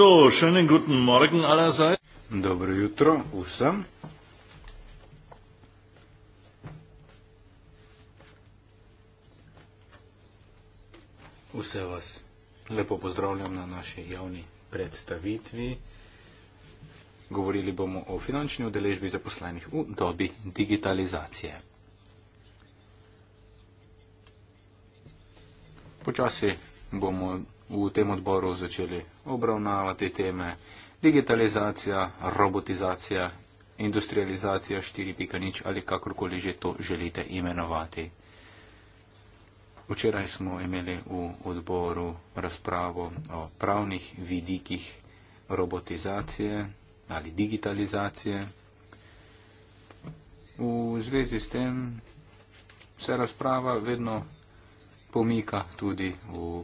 So, schönen guten Morgen allerseits. Dobro jutro vsem. Vse vas lepo pozdravljam na naši javni predstavitvi. Govorili bomo o finančni udeležbi zaposlenih v dobi digitalizacije. Počasi bomo v tem odboru začeli obravnavati teme digitalizacija, robotizacija, industrializacija 4.0 ali kakorkoli že to želite imenovati. Včeraj smo imeli v odboru razpravo o pravnih vidikih robotizacije ali digitalizacije. V zvezi s tem se razprava vedno pomika tudi v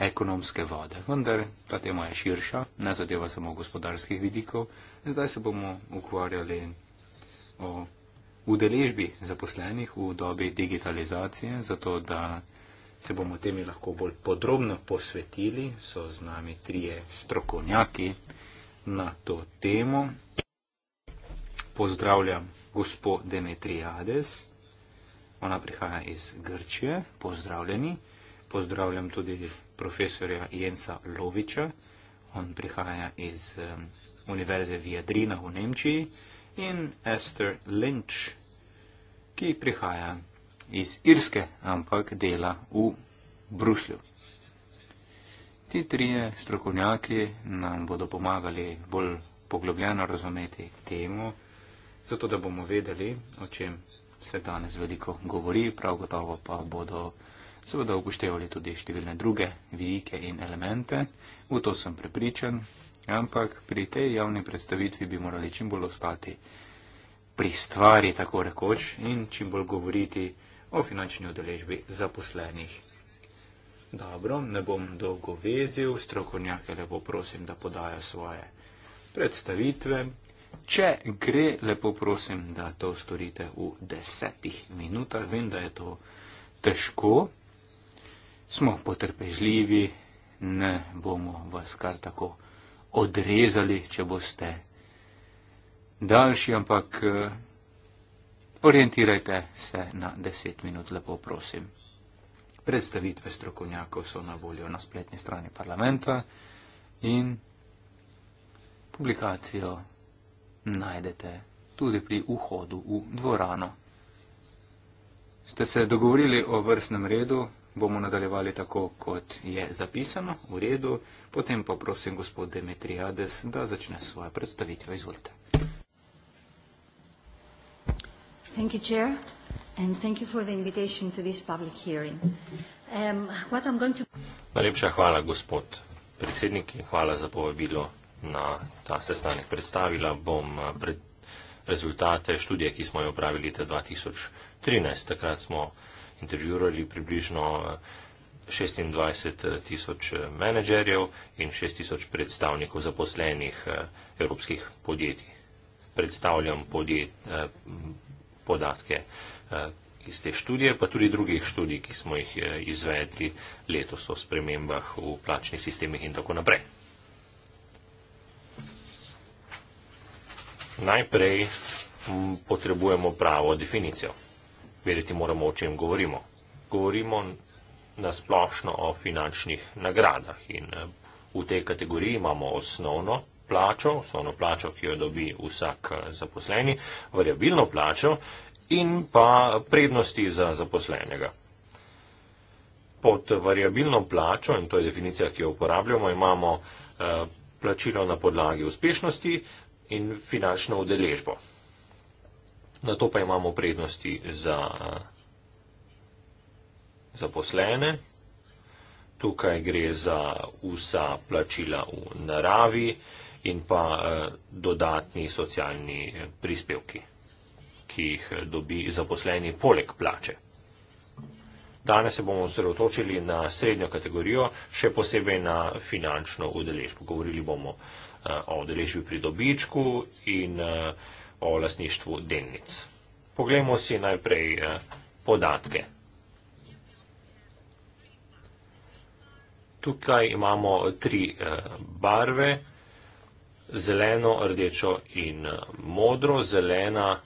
ekonomske vode. Vendar ta tema je širša, ne zadeva samo gospodarskih vidikov. Zdaj se bomo ukvarjali o udeležbi zaposlenih v dobi digitalizacije, zato da se bomo temi lahko bolj podrobno posvetili. So z nami trije strokovnjaki na to temo. Pozdravljam gospod Demetriades. Ona prihaja iz Grčije. Pozdravljeni pozdravljam tudi profesorja Jensa Loviča. On prihaja iz um, Univerze Viadrina v Nemčiji in Esther Lynch, ki prihaja iz Irske, ampak dela v Bruslju. Ti trije strokovnjaki nam bodo pomagali bolj poglobljeno razumeti temu, zato da bomo vedeli, o čem se danes veliko govori, prav gotovo pa bodo seveda upoštevali tudi številne druge vijike in elemente, v to sem prepričan, ampak pri tej javni predstavitvi bi morali čim bolj ostati pri stvari, tako rekoč, in čim bolj govoriti o finančni udeležbi zaposlenih. Dobro, ne bom dolgo vezil, strokovnjake lepo prosim, da podajo svoje predstavitve. Če gre, lepo prosim, da to storite v desetih minutah, vem, da je to težko smo potrpežljivi, ne bomo vas kar tako odrezali, če boste daljši, ampak eh, orientirajte se na deset minut, lepo prosim. Predstavitve strokovnjakov so na voljo na spletni strani parlamenta in publikacijo najdete tudi pri vhodu v dvorano. Ste se dogovorili o vrstnem redu? bomo nadaljevali tako, kot je zapisano, v redu. Potem pa prosim gospod Demetriades, da začne svojo predstavitev. Izvolite. Thank you, Chair, and thank you for the invitation to this public hearing. Um, to... Najlepša hvala, gospod predsednik, in hvala za povabilo na ta sestanek. Predstavila bom eh, pred rezultate študije, ki smo jo upravili leta 2013. Takrat smo intervjuirali približno 26 eh, eh, tisoč eh, menedžerjev in 6 tisoč predstavnikov zaposlenih evropskih podjetij. Predstavljam podjet, podatke iz te študije, pa tudi drugih študij, ki smo jih izvedli letos o spremembah v plačnih sistemih in tako naprej. Najprej potrebujemo pravo definicijo vedeti moramo, o čem govorimo. Govorimo nasplošno o finančnih nagradah in eh, v tej kategoriji imamo osnovno plačo, osnovno plačo, ki jo dobi vsak eh, zaposleni, variabilno plačo in pa prednosti za zaposlenega. Pod variabilno plačo, in to je definicija, ki jo uporabljamo, imamo eh, plačilo na podlagi uspešnosti in finančno udeležbo. Na to pa imamo prednosti za eh, zaposlene. Tukaj gre za vsa plačila v naravi in pa eh, dodatni socialni eh, prispevki, ki jih dobi zaposleni poleg plače. Danes se bomo osredotočili na srednjo kategorijo, še posebej na finančno udeležbo. Govorili bomo o udeležbi pri dobičku in o lasništvu delnic. Poglejmo si najprej eh, podatke. Tukaj imamo tri eh, barve, zeleno, rdečo in eh, modro. Zelena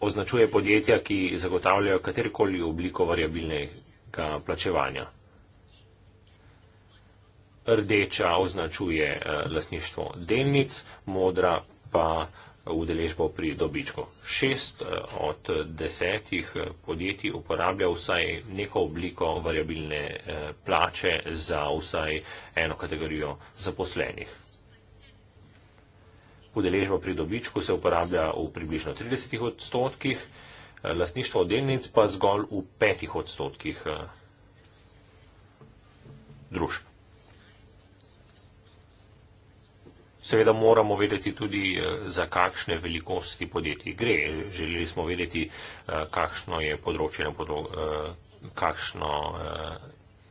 označuje podjetja, ki zagotavljajo katerkoli obliko variabilnega plačevanja. Rdeča označuje lasništvo delnic, modra pa označuje udeležbo pri dobičku. Šest eh, od desetih eh, podjetij uporablja vsaj neko obliko variabilne eh, plače za vsaj eno kategorijo zaposlenih. Udeležba pri dobičku se uporablja v približno 30 odstotkih, lasništvo delnic pa zgolj v petih odstotkih družb. Seveda moramo vedeti tudi, eh, za kakšne velikosti podjetij gre. Želeli smo vedeti, eh, kakšno je področje, eh, kakšno,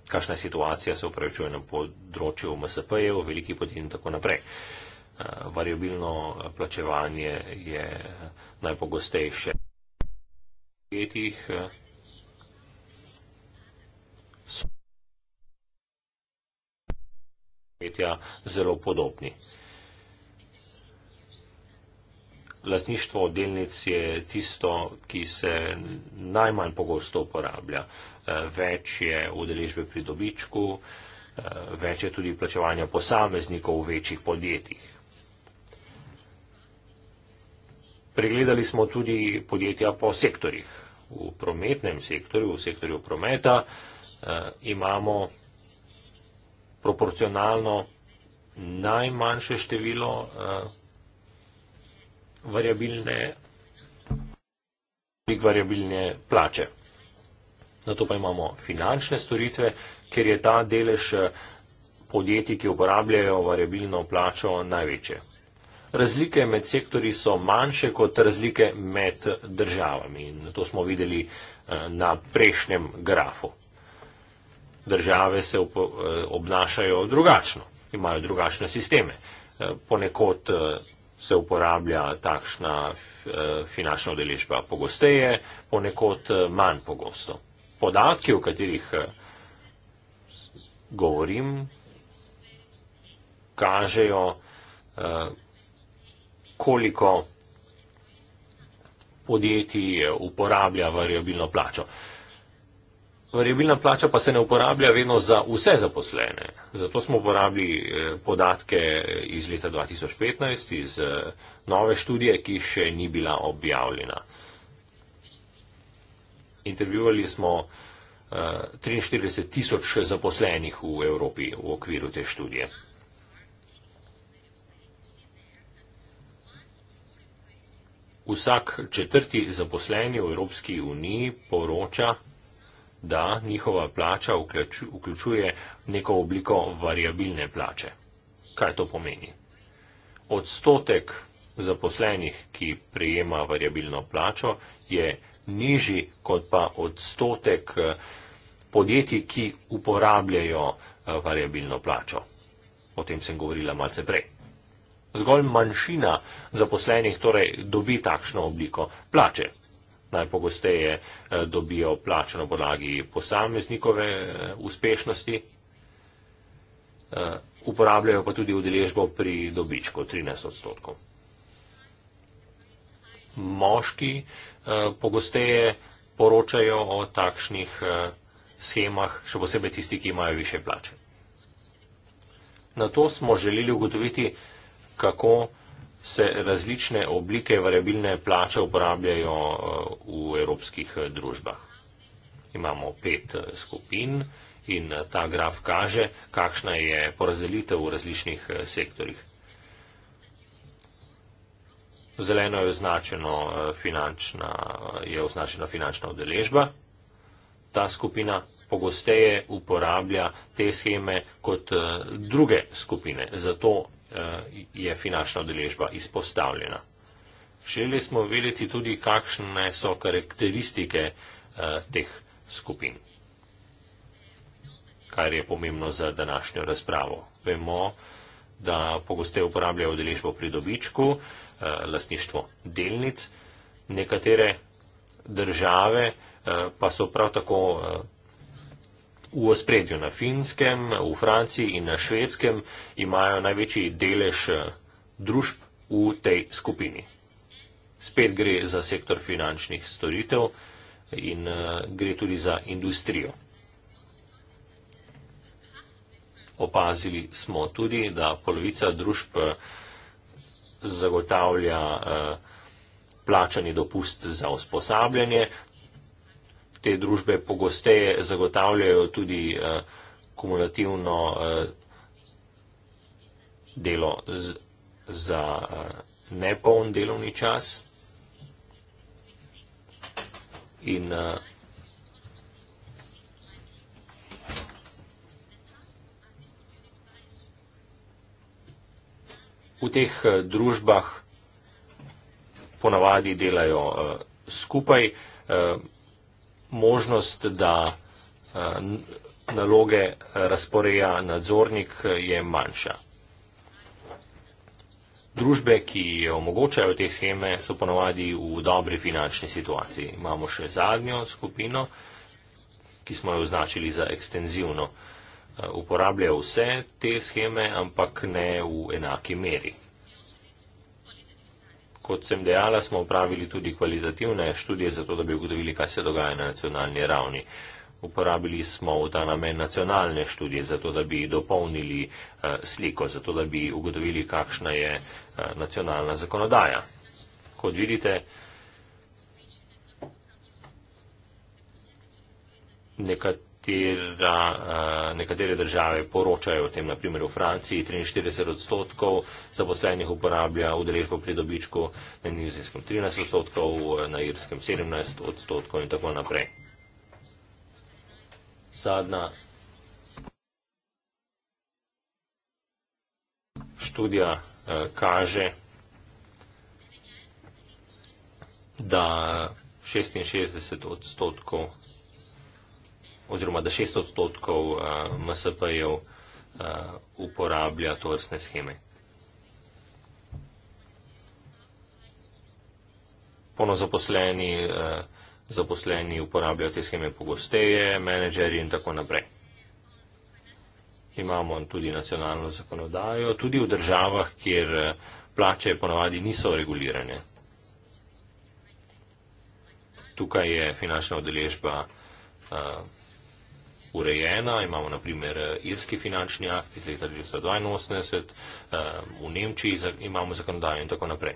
kakšna je situacija se upravičuje na področju MSP-jev, velikih podjetij in tako naprej. Variabilno plačevanje je najpogostejše. Zelo podobni. Uh, lasništvo delnic je tisto, ki se najmanj pogosto uporablja. Eh, več je udeležbe pri dobičku, eh, več je tudi plačevanja posameznikov v večjih podjetjih. Pregledali smo tudi podjetja po sektorjih. V prometnem sektorju, v sektorju prometa eh, imamo proporcionalno najmanjše število variabilne, velik variabilne plače. Na to pa imamo finančne storitve, ker je ta delež eh, podjetij, ki uporabljajo variabilno plačo, največje. Razlike med sektori so manjše kot razlike med državami. In to smo videli eh, na prejšnjem grafu. Države se eh, obnašajo drugačno, imajo drugačne sisteme. Ponekod se uporablja takšna eh, finančna odeležba pogosteje, ponekod eh, manj pogosto. Podatki, o katerih eh, govorim, kažejo, koliko podjetij uporablja variabilno plačo. Variabilna plača pa se ne uporablja vedno za vse zaposlene. Zato smo uporabili eh, podatke iz leta 2015, iz eh, nove študije, ki še ni bila objavljena. Intervjuvali smo 43 eh, tisoč zaposlenih v Evropi v okviru te študije. Vsak četrti zaposleni v Evropski uniji poroča, da njihova plača vključuje neko obliko variabilne plače. Kaj to pomeni? Odstotek zaposlenih, ki prejema variabilno plačo, je nižji kot pa odstotek eh, podjetij, ki uporabljajo eh, variabilno plačo. O tem sem govorila malce prej. Zgolj manjšina zaposlenih torej dobi takšno obliko plače najpogosteje eh, dobijo plačo na podlagi posameznikove eh, uspešnosti, eh, uporabljajo pa tudi udeležbo pri dobičku 13 odstotkov. Moški pogosteje poročajo o takšnih schemah, še posebej tisti, ki imajo više plače. Na to smo želeli ugotoviti, kako se različne oblike variabilne plače uporabljajo eh, v evropskih eh, družbah. Imamo pet eh, skupin in ta graf kaže, kakšna je porazdelitev v različnih sektorjih. Zeleno je, finančna, je označena finančna udeležba. Ta skupina pogosteje uporablja te scheme kot druge skupine. Zato Eh, je finančna odeležba izpostavljena. Želeli smo vedeti tudi, kakšne so karakteristike eh, teh skupin, kar je pomembno za današnjo razpravo. Vemo, da pogosteje uporabljajo odeležbo pri dobičku, eh, lasništvo delnic, nekatere države pa so prav tako V ospredju na Finskem, v Franciji in na Švedskem imajo največji delež eh, družb v tej skupini. Spet gre za sektor finančnih storitev in eh, gre tudi za industrijo. Opazili smo tudi, da polovica družb eh, zagotavlja plačani dopust za usposabljanje, te družbe pogosteje zagotavljajo tudi eh, kumulativno eh, delo za eh, nepoln delovni čas. In v teh družbah ponavadi delajo skupaj možnost, da eh, naloge eh, razporeja nadzornik, eh, je manjša. Družbe, ki omogočajo te scheme, so ponovadi v dobri finančni situaciji. Imamo še zadnjo skupino, ki smo jo označili za ekstenzivno. Uporabljajo vse te scheme, ampak ne v enaki meri kot sem dejala, smo upravili tudi kvalitativne študije, zato da bi ugotovili, kaj se dogaja na nacionalni ravni. Uporabili smo v ta namen nacionalne študije, zato da bi dopolnili uh, sliko, zato da bi ugotovili, kakšna je uh, nacionalna zakonodaja. Kot vidite, nekat, kjer a, eh, nekatere države poročajo o tem, naprimer v Franciji 43 odstotkov zaposlenih uporablja udeležbo pri dobičku, na Nizozemskem 13 odstotkov, na Irskem 17 odstotkov in tako naprej. Zadnja študija a, eh, kaže, da 66 odstotkov oziroma da 600 odstotkov uh, eh, MSP-jev uh, eh, uporablja to vrstne scheme. Ponov zaposleni, uh, eh, zaposleni uporabljajo te scheme pogosteje, menedžeri in tako naprej. Imamo tudi nacionalno zakonodajo, tudi v državah, kjer plače ponovadi niso regulirane. Tukaj je finančna odeležba uh, urejena. Imamo naprimer irski finančni akt iz leta 1982, eh, v Nemčiji imamo zakonodajo in tako naprej.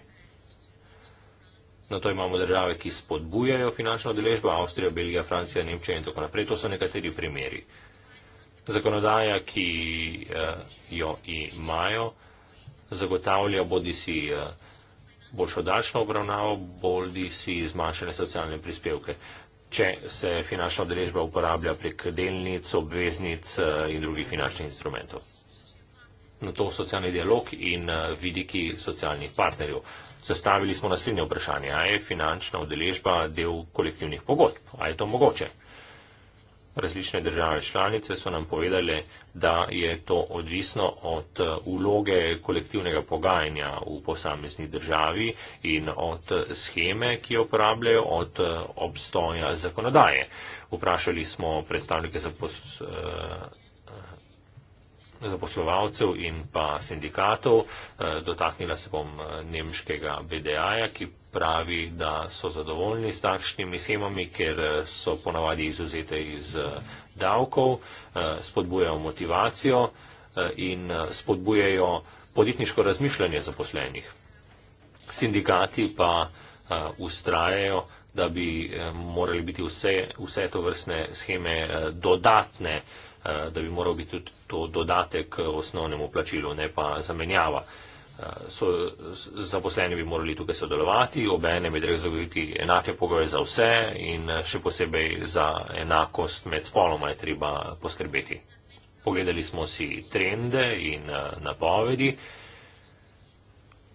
Na to imamo države, ki spodbujajo finančno deležbo, Avstrija, Belgija, Francija, Nemčija in tako naprej. To so nekateri primeri. Zakonodaja, ki eh, jo imajo, zagotavlja bodi si eh, boljšo dačno obravnavo, bodi si zmanjšene socialne prispevke če se finančna odrežba uporablja prek delnic, obveznic eh, in drugih finančnih instrumentov. Na to socialni dialog in eh, vidiki socialnih partnerjev. Zastavili smo naslednje vprašanje. A je finančna odrežba del kolektivnih pogodb? A je to mogoče? Različne države članice so nam povedali, da je to odvisno od uloge eh, kolektivnega pogajanja v posamezni državi in od eh, scheme, ki jo uporabljajo, od eh, obstoja zakonodaje. Vprašali smo predstavnike zaposlovalcev in pa sindikatov. Dotaknila se bom nemškega BDA-ja, ki pravi, da so zadovoljni s takšnimi schemami, ker eh, so ponavadi izuzete iz eh, davkov, eh, spodbujajo motivacijo in spodbujajo podjetniško razmišljanje zaposlenih. Sindikati pa ustrajajo, da bi morali biti vse, vse to vrstne scheme dodatne, da bi moral biti tudi to dodatek osnovnemu plačilu, ne pa zamenjava. Eh, so zaposleni bi morali tukaj sodelovati, ob enem je treba zagotoviti enake pogoje za vse in eh, še posebej za enakost med spoloma je treba poskrbeti. Pogledali smo si trende in eh, napovedi.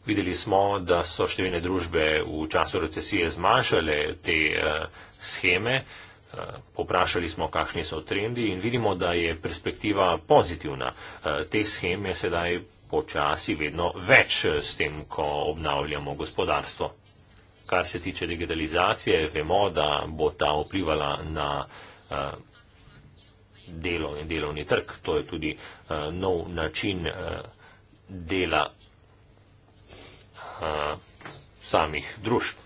Videli smo, da so številne družbe v času recesije zmanjšale te scheme. Poprašali smo, kakšni so trendi in vidimo, da je perspektiva pozitivna. Te scheme sedaj počasi vedno več eh, s tem, ko obnavljamo gospodarstvo. Kar se tiče digitalizacije, vemo, da bo ta vplivala na uh, delo in delovni trg. To je tudi uh, nov način uh, dela uh, samih družb.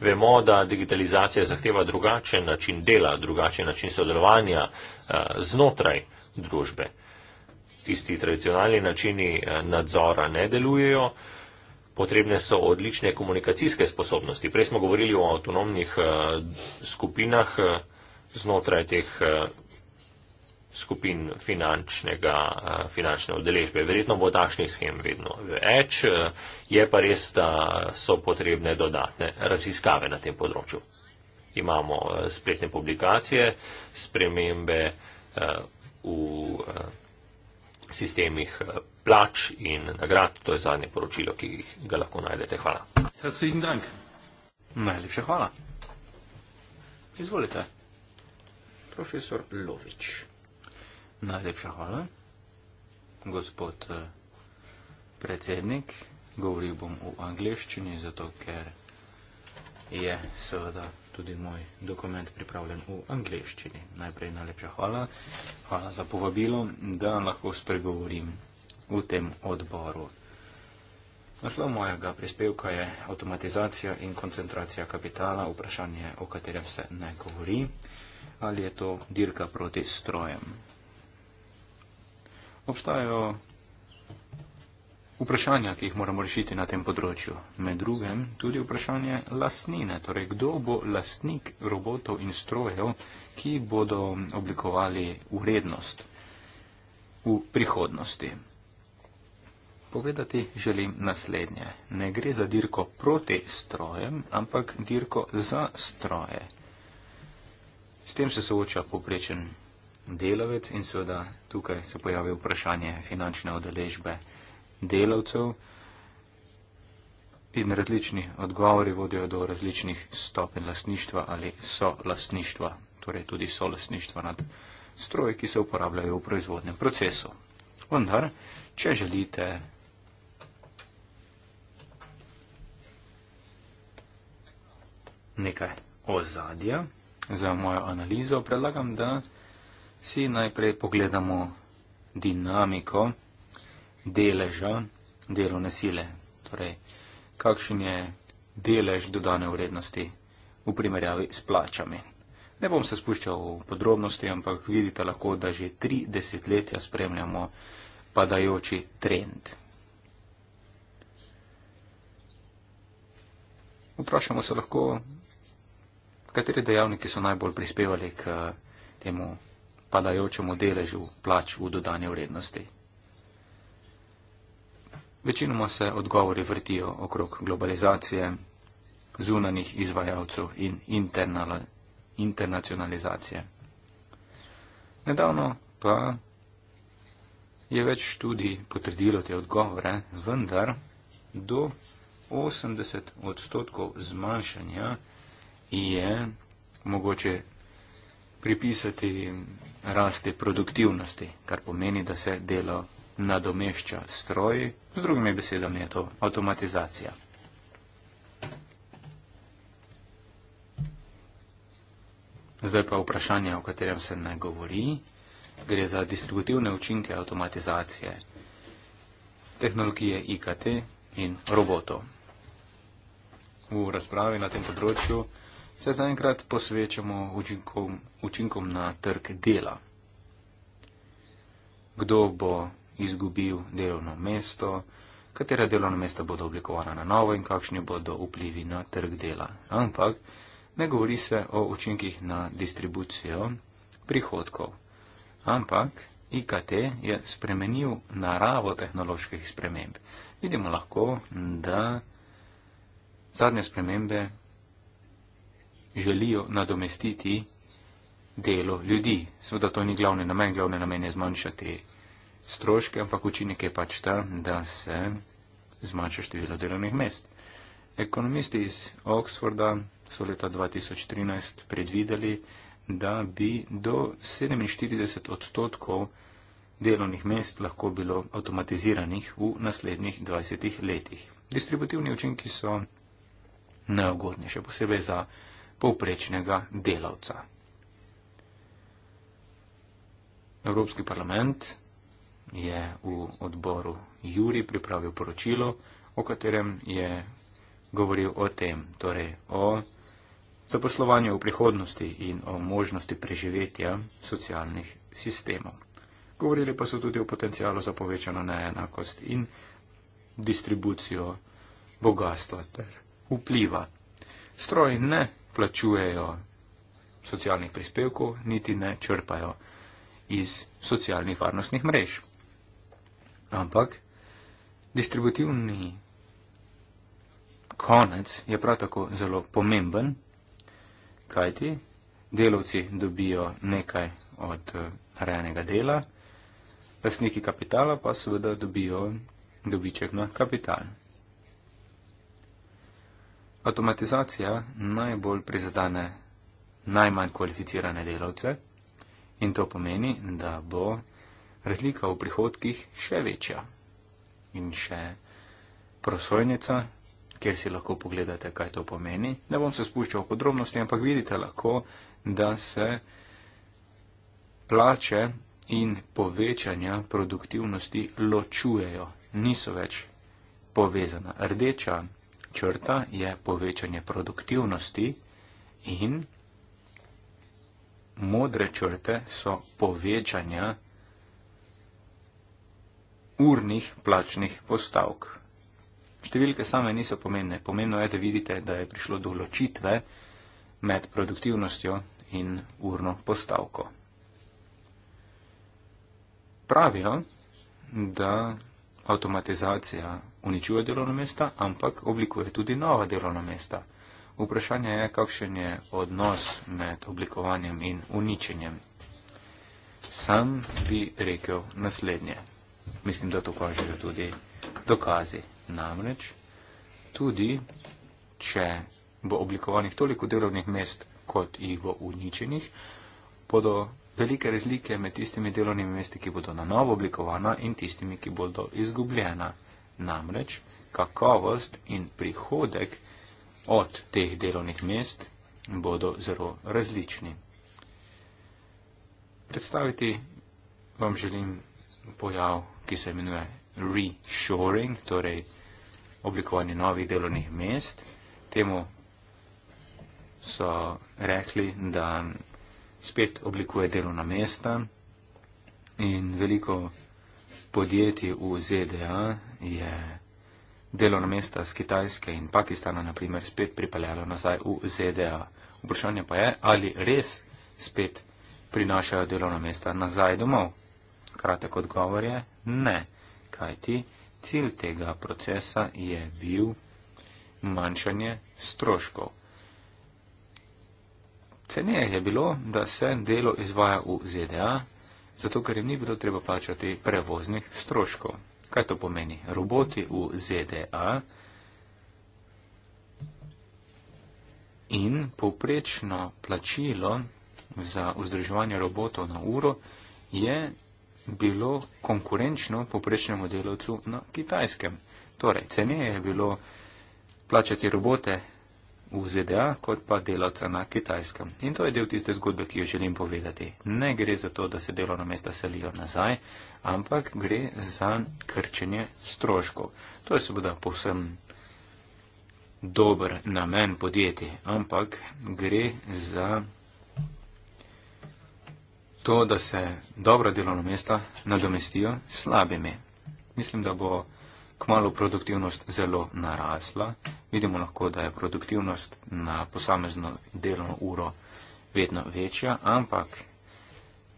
Vemo, da digitalizacija zahteva drugačen način dela, drugačen način sodelovanja uh, znotraj družbe tisti tradicionalni načini eh, nadzora ne delujejo. Potrebne so odlične komunikacijske sposobnosti. Prej smo govorili o avtonomnih eh, skupinah eh, znotraj teh skupin finančnega, finančne udeležbe. Verjetno bo takšnih schem vedno več, je pa res, da so potrebne dodatne raziskave na tem področju. Imamo spletne publikacije, spremembe v sistemih eh, plač in nagrad. To je zadnje poročilo, ki ga lahko najdete. Hvala. Srcen dank. Najlepše hvala. Izvolite. Profesor Lovič. Najlepša hvala. Gospod eh, predsednik, govoril bom v angleščini, zato ker je seveda tudi moj dokument pripravljen v angleščini. Najprej najlepša hvala. Hvala za povabilo, da lahko spregovorim v tem odboru. Naslov mojega prispevka je Automatizacija in koncentracija kapitala, vprašanje, o katerem se ne govori, ali je to dirka proti strojem. Obstajajo vprašanja, ki jih moramo rešiti na tem področju. Med drugim tudi vprašanje lastnine, torej kdo bo lastnik robotov in strojev, ki bodo oblikovali urednost v prihodnosti. Povedati želim naslednje. Ne gre za dirko proti strojem, ampak dirko za stroje. S tem se sooča poprečen delavec in seveda tukaj se pojavi vprašanje finančne odeležbe delavcev in različni odgovori vodijo do različnih stopen lasništva ali so lasništva, torej tudi so lasništva nad stroje, ki se uporabljajo v proizvodnem procesu. Vendar, če želite nekaj ozadja za mojo analizo, predlagam, da si najprej pogledamo dinamiko deleža delovne sile. Torej, kakšen je delež dodane vrednosti v primerjavi s plačami. Ne bom se spuščal v podrobnosti, ampak vidite lahko, da že tri desetletja spremljamo padajoči trend. Vprašamo se lahko, kateri dejavniki so najbolj prispevali k temu padajočemu deležu plač v dodane vrednosti. Večinoma se odgovori vrtijo okrog globalizacije, zunanih izvajalcev in internala, internacionalizacije. Nedavno pa je več študij potrdilo te odgovore, vendar do 80 odstotkov zmanjšanja je mogoče pripisati rasti produktivnosti, kar pomeni, da se delo nadomešča stroji Z drugimi besedami je to avtomatizacija. Zdaj pa vprašanje, o katerem se ne govori. Gre za distributivne učinke avtomatizacije tehnologije IKT in robotov. V razpravi na tem področju se zaenkrat posvečamo učinkom, učinkom na trg dela. Kdo bo izgubil delovno mesto, katera delovna mesta bodo oblikovana na novo in kakšni bodo vplivi na trg dela. Ampak ne govori se o učinkih na distribucijo prihodkov. Ampak IKT je spremenil naravo tehnoloških sprememb. Vidimo lahko, da zadnje spremembe želijo nadomestiti delo ljudi. Seveda to ni glavni namen, glavni namen je zmanjšati stroške, ampak učinek je pač ta, da se zmanjša število delovnih mest. Ekonomisti iz Oxforda so leta 2013 predvideli, da bi do 47 odstotkov delovnih mest lahko bilo avtomatiziranih v naslednjih 20 letih. Distributivni učinki so neugodni, še posebej za povprečnega delavca. Evropski parlament je v odboru Juri pripravil poročilo, o katerem je govoril o tem, torej o zaposlovanju v prihodnosti in o možnosti preživetja socialnih sistemov. Govorili pa so tudi o potencijalu za povečano neenakost in distribucijo bogatstva ter vpliva. Stroji ne plačujejo socialnih prispevkov, niti ne črpajo iz socialnih varnostnih mrež. Ampak distributivni konec je prav tako zelo pomemben, kajti delavci dobijo nekaj od eh, narejenega dela, lastniki kapitala pa seveda dobijo dobiček na kapital. Avtomatizacija najbolj prizadane najmanj kvalificirane delavce in to pomeni, da bo razlika v prihodkih še večja. In še prosojnica, kjer si lahko pogledate, kaj to pomeni. Ne bom se spuščal v podrobnosti, ampak vidite lahko, da se plače in povečanja produktivnosti ločujejo, niso več povezana. Rdeča črta je povečanje produktivnosti in modre črte so povečanja produktivnosti urnih plačnih postavk. Številke same niso pomembne. Pomembno je, da vidite, da je prišlo do ločitve med produktivnostjo in urno postavko. Pravijo, da avtomatizacija uničuje delovna mesta, ampak oblikuje tudi nova delovna mesta. Vprašanje je, kakšen je odnos med oblikovanjem in uničenjem. Sam bi rekel naslednje mislim, da to kažejo tudi dokazi. Namreč tudi, če bo oblikovanih toliko delovnih mest, kot jih bo uničenih, bodo velike razlike med tistimi delovnimi mesti, ki bodo na novo oblikovana in tistimi, ki bodo izgubljena. Namreč kakovost in prihodek od teh delovnih mest bodo zelo različni. Predstaviti vam želim pojav, ki se imenuje reshoring, torej oblikovanje novih delovnih mest. Temu so rekli, da spet oblikuje delovna mesta in veliko podjetij v ZDA je delovna mesta z Kitajske in Pakistana naprimer spet pripeljalo nazaj v ZDA. Vprašanje pa je, ali res spet prinašajo delovna mesta nazaj domov. Kratek odgovor je ne, kajti cilj tega procesa je bil manjšanje stroškov. Ceneje je bilo, da se delo izvaja v ZDA, zato ker jim ni bilo treba plačati prevoznih stroškov. Kaj to pomeni? Roboti v ZDA in povprečno plačilo za vzdrževanje robotov na uro je bilo konkurenčno poprečnemu delovcu na kitajskem. Torej, ceneje je bilo plačati robote v ZDA, kot pa delavca na kitajskem. In to je del tiste zgodbe, ki jo želim povedati. Ne gre za to, da se delovna mesta selijo nazaj, ampak gre za krčenje stroškov. To je seveda povsem dober namen podjetij, ampak gre za to, da se dobra delovna mesta nadomestijo slabimi. Mislim, da bo kmalo produktivnost zelo narasla. Vidimo lahko, da je produktivnost na posamezno delovno uro vedno večja, ampak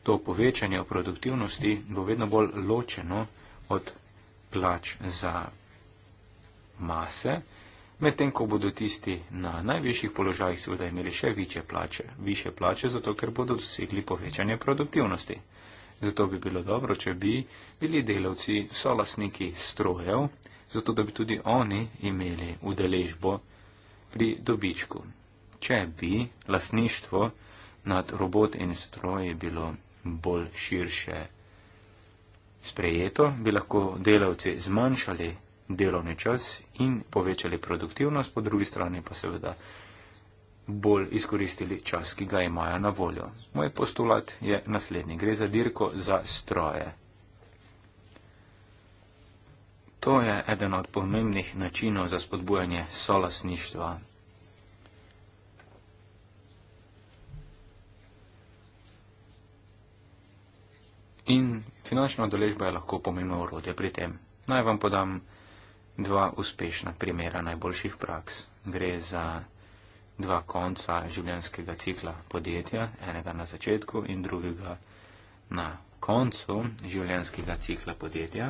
to povečanje produktivnosti bo vedno bolj ločeno od plač za mase medtem ko bodo tisti na najvišjih položajih seveda imeli še više plače. Više plače zato, ker bodo dosegli povečanje produktivnosti. Zato bi bilo dobro, če bi bili delavci solasniki strojev, zato da bi tudi oni imeli udeležbo pri dobičku. Če bi lasništvo nad robot in stroji bilo bolj širše sprejeto, bi lahko delavci zmanjšali delovni čas in povečali produktivnost, po drugi strani pa seveda bolj izkoristili čas, ki ga imajo na voljo. Moj postulat je naslednji. Gre za dirko za stroje. To je eden od pomembnih načinov za spodbujanje solasništva. In finančna odeležba je lahko pomembno orodje pri tem. Naj vam podam dva uspešna primera najboljših praks. Gre za dva konca življenjskega cikla podjetja, enega na začetku in drugega na koncu življenjskega cikla podjetja.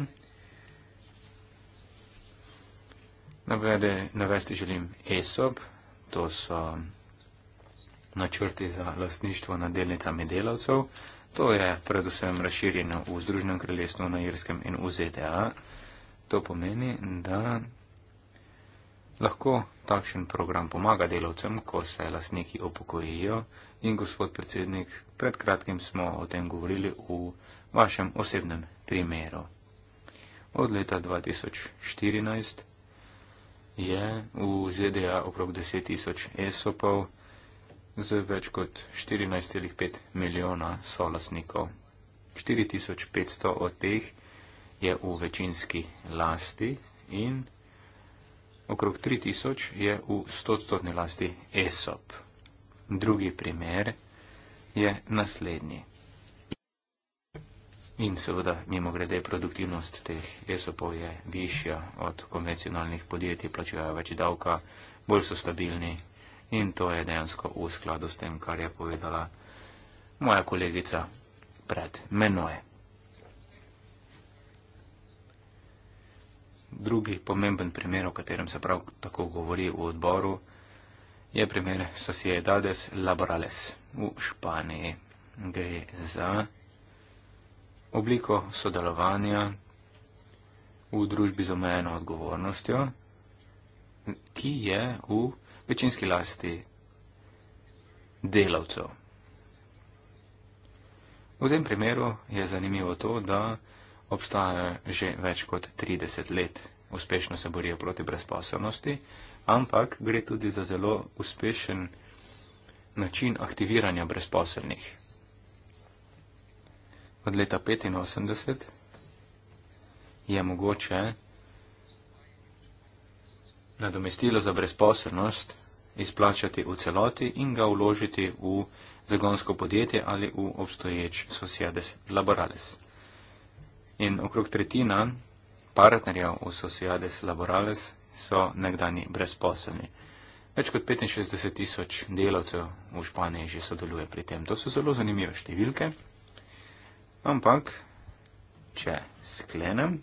Navede, navesti želim ESOP, to so načrti za lastništvo nad delnicami delavcev. To je predvsem razširjeno v Združenem kraljestvu na Irskem in v ZDA. To pomeni, da lahko takšen program pomaga delovcem, ko se lasniki opokojijo. In gospod predsednik, pred kratkim smo o tem govorili v vašem osebnem primeru. Od leta 2014 je v ZDA okrog 10 tisoč esopov z več kot 14,5 milijona solasnikov. 4500 od teh je v večinski lasti in okrog 3000 je v stotstotni lasti ESOP. Drugi primer je naslednji. In seveda, mimo grede, produktivnost teh ESOP-ov je višja od konvencionalnih podjetij, plačujejo več davka, bolj so stabilni in to je dejansko v skladu s tem, kar je povedala moja kolegica pred menoj. Drugi pomemben primer, o katerem se prav tako govori v odboru, je primer Sociedades Laborales v Španiji. Gre za obliko sodelovanja v družbi z omejeno odgovornostjo, ki je v večinski lasti delavcev. V tem primeru je zanimivo to, da obstajajo že več kot 30 let. Uspešno se borijo proti brezposobnosti, ampak gre tudi za zelo uspešen način aktiviranja brezposobnih. Od leta 1985 je mogoče nadomestilo za brezposobnost izplačati v celoti in ga vložiti v zagonsko podjetje ali v obstoječ sosedes laborales in okrog tretjina partnerjev v Sociades Laborales so nekdani brezposelni. Več kot 65 tisoč delavcev v Španiji že sodeluje pri tem. To so zelo zanimive številke, ampak če sklenem,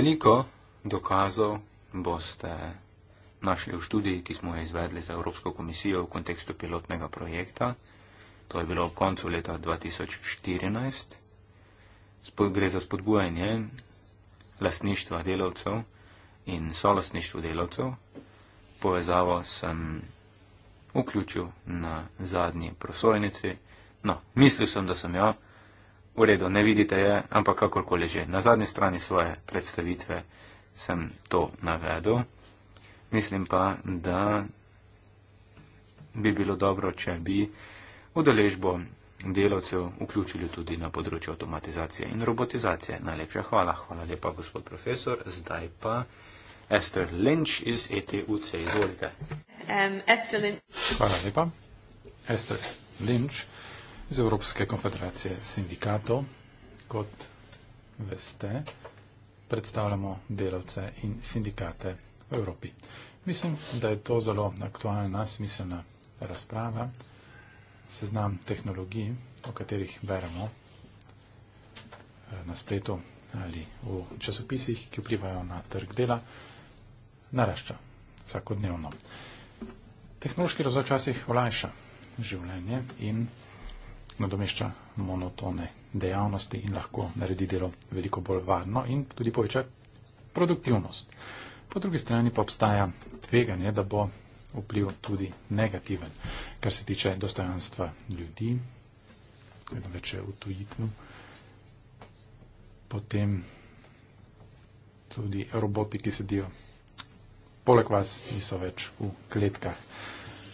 veliko dokazov boste našli v študiji, ki smo jo izvedli za Evropsko komisijo v kontekstu pilotnega projekta to je bilo ob koncu leta 2014. Spod gre za spodbujanje lasništva delavcev in solastništvo delavcev. Povezavo sem vključil na zadnji prosojnici. No, mislil sem, da sem jo. V redu, ne vidite je, ampak kakorkoli že. Na zadnji strani svoje predstavitve sem to navedel. Mislim pa, da bi bilo dobro, če bi udeležbo delavcev vključili tudi na področju avtomatizacije in robotizacije. Najlepša hvala. Hvala lepa, gospod profesor. Zdaj pa Ester Lynch iz ETUC. Izvolite. Um, Esther Lynch. Hvala lepa. Ester Lynch iz Evropske konfederacije sindikato. Kot veste, predstavljamo delavce in sindikate v Evropi. Mislim, da je to zelo aktualna, smiselna razprava seznam tehnologij, o katerih beremo eh, na spletu ali v časopisih, ki vplivajo na trg dela, narašča vsakodnevno. Tehnološki razvoj včasih olajša življenje in nadomešča monotone dejavnosti in lahko naredi delo veliko bolj varno in tudi poveča produktivnost. Po drugi strani pa obstaja tveganje, da bo vpliv tudi negativen, kar se tiče dostojanstva ljudi, vedno več je utujitno. Potem tudi roboti, ki sedijo poleg vas, niso več v kletkah.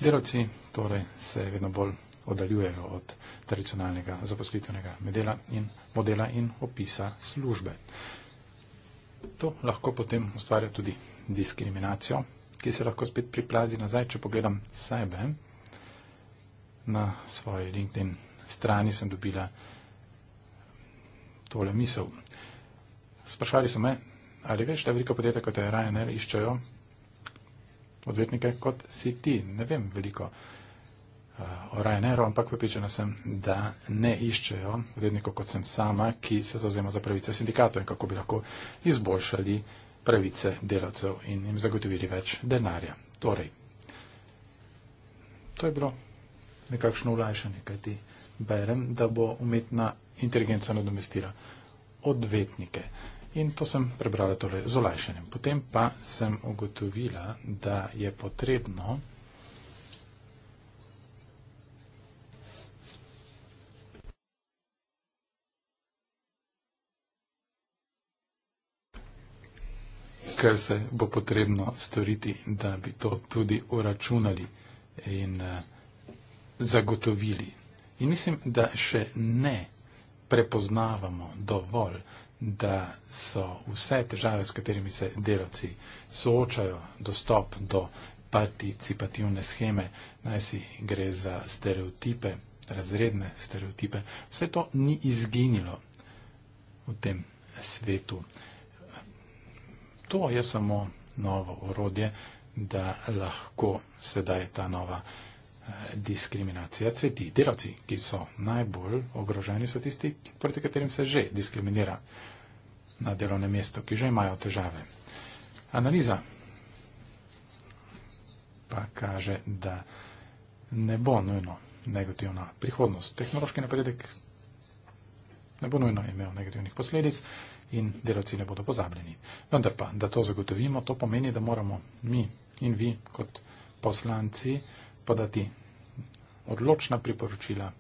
Delavci torej se vedno bolj oddaljujejo od tradicionalnega zaposlitvenega modela in, modela in opisa službe. To lahko potem ustvarja tudi diskriminacijo, ki se lahko spet priplazi nazaj, če pogledam sebe. Na svoji LinkedIn strani sem dobila tole misel. Sprašvali so me, ali veš, da veliko podjetja kot je Ryanair iščejo odvetnike kot si ti. Ne vem veliko uh, o Ryanairu, ampak pripričana sem, da ne iščejo odvetnikov kot sem sama, ki se zauzema za pravice sindikatov in kako bi lahko izboljšali uh, pravice delavcev in jim zagotovili več denarja. Torej, to je bilo nekakšno ulajšanje, kajti berem, da bo umetna inteligenca nadomestila odvetnike. In to sem prebrala tole z olajšanjem. Potem pa sem ugotovila, da je potrebno kar se bo potrebno storiti, da bi to tudi uračunali in uh, zagotovili. In mislim, da še ne prepoznavamo dovolj, da so vse težave, s katerimi se delavci soočajo, dostop do participativne scheme, naj si gre za stereotipe, razredne stereotipe, vse to ni izginilo v tem svetu. Uh, to je samo novo orodje, da lahko sedaj ta nova eh, diskriminacija cveti. Delavci, ki so najbolj ogroženi, so tisti, proti katerim se že diskriminira na delovnem mestu, ki že imajo težave. Analiza pa kaže, da ne bo nujno negativna prihodnost. Tehnološki napredek ne bo nujno imel negativnih posledic in delavci ne bodo pozabljeni. Vendar pa, da to zagotovimo, to pomeni, da moramo mi in vi kot poslanci podati odločna priporočila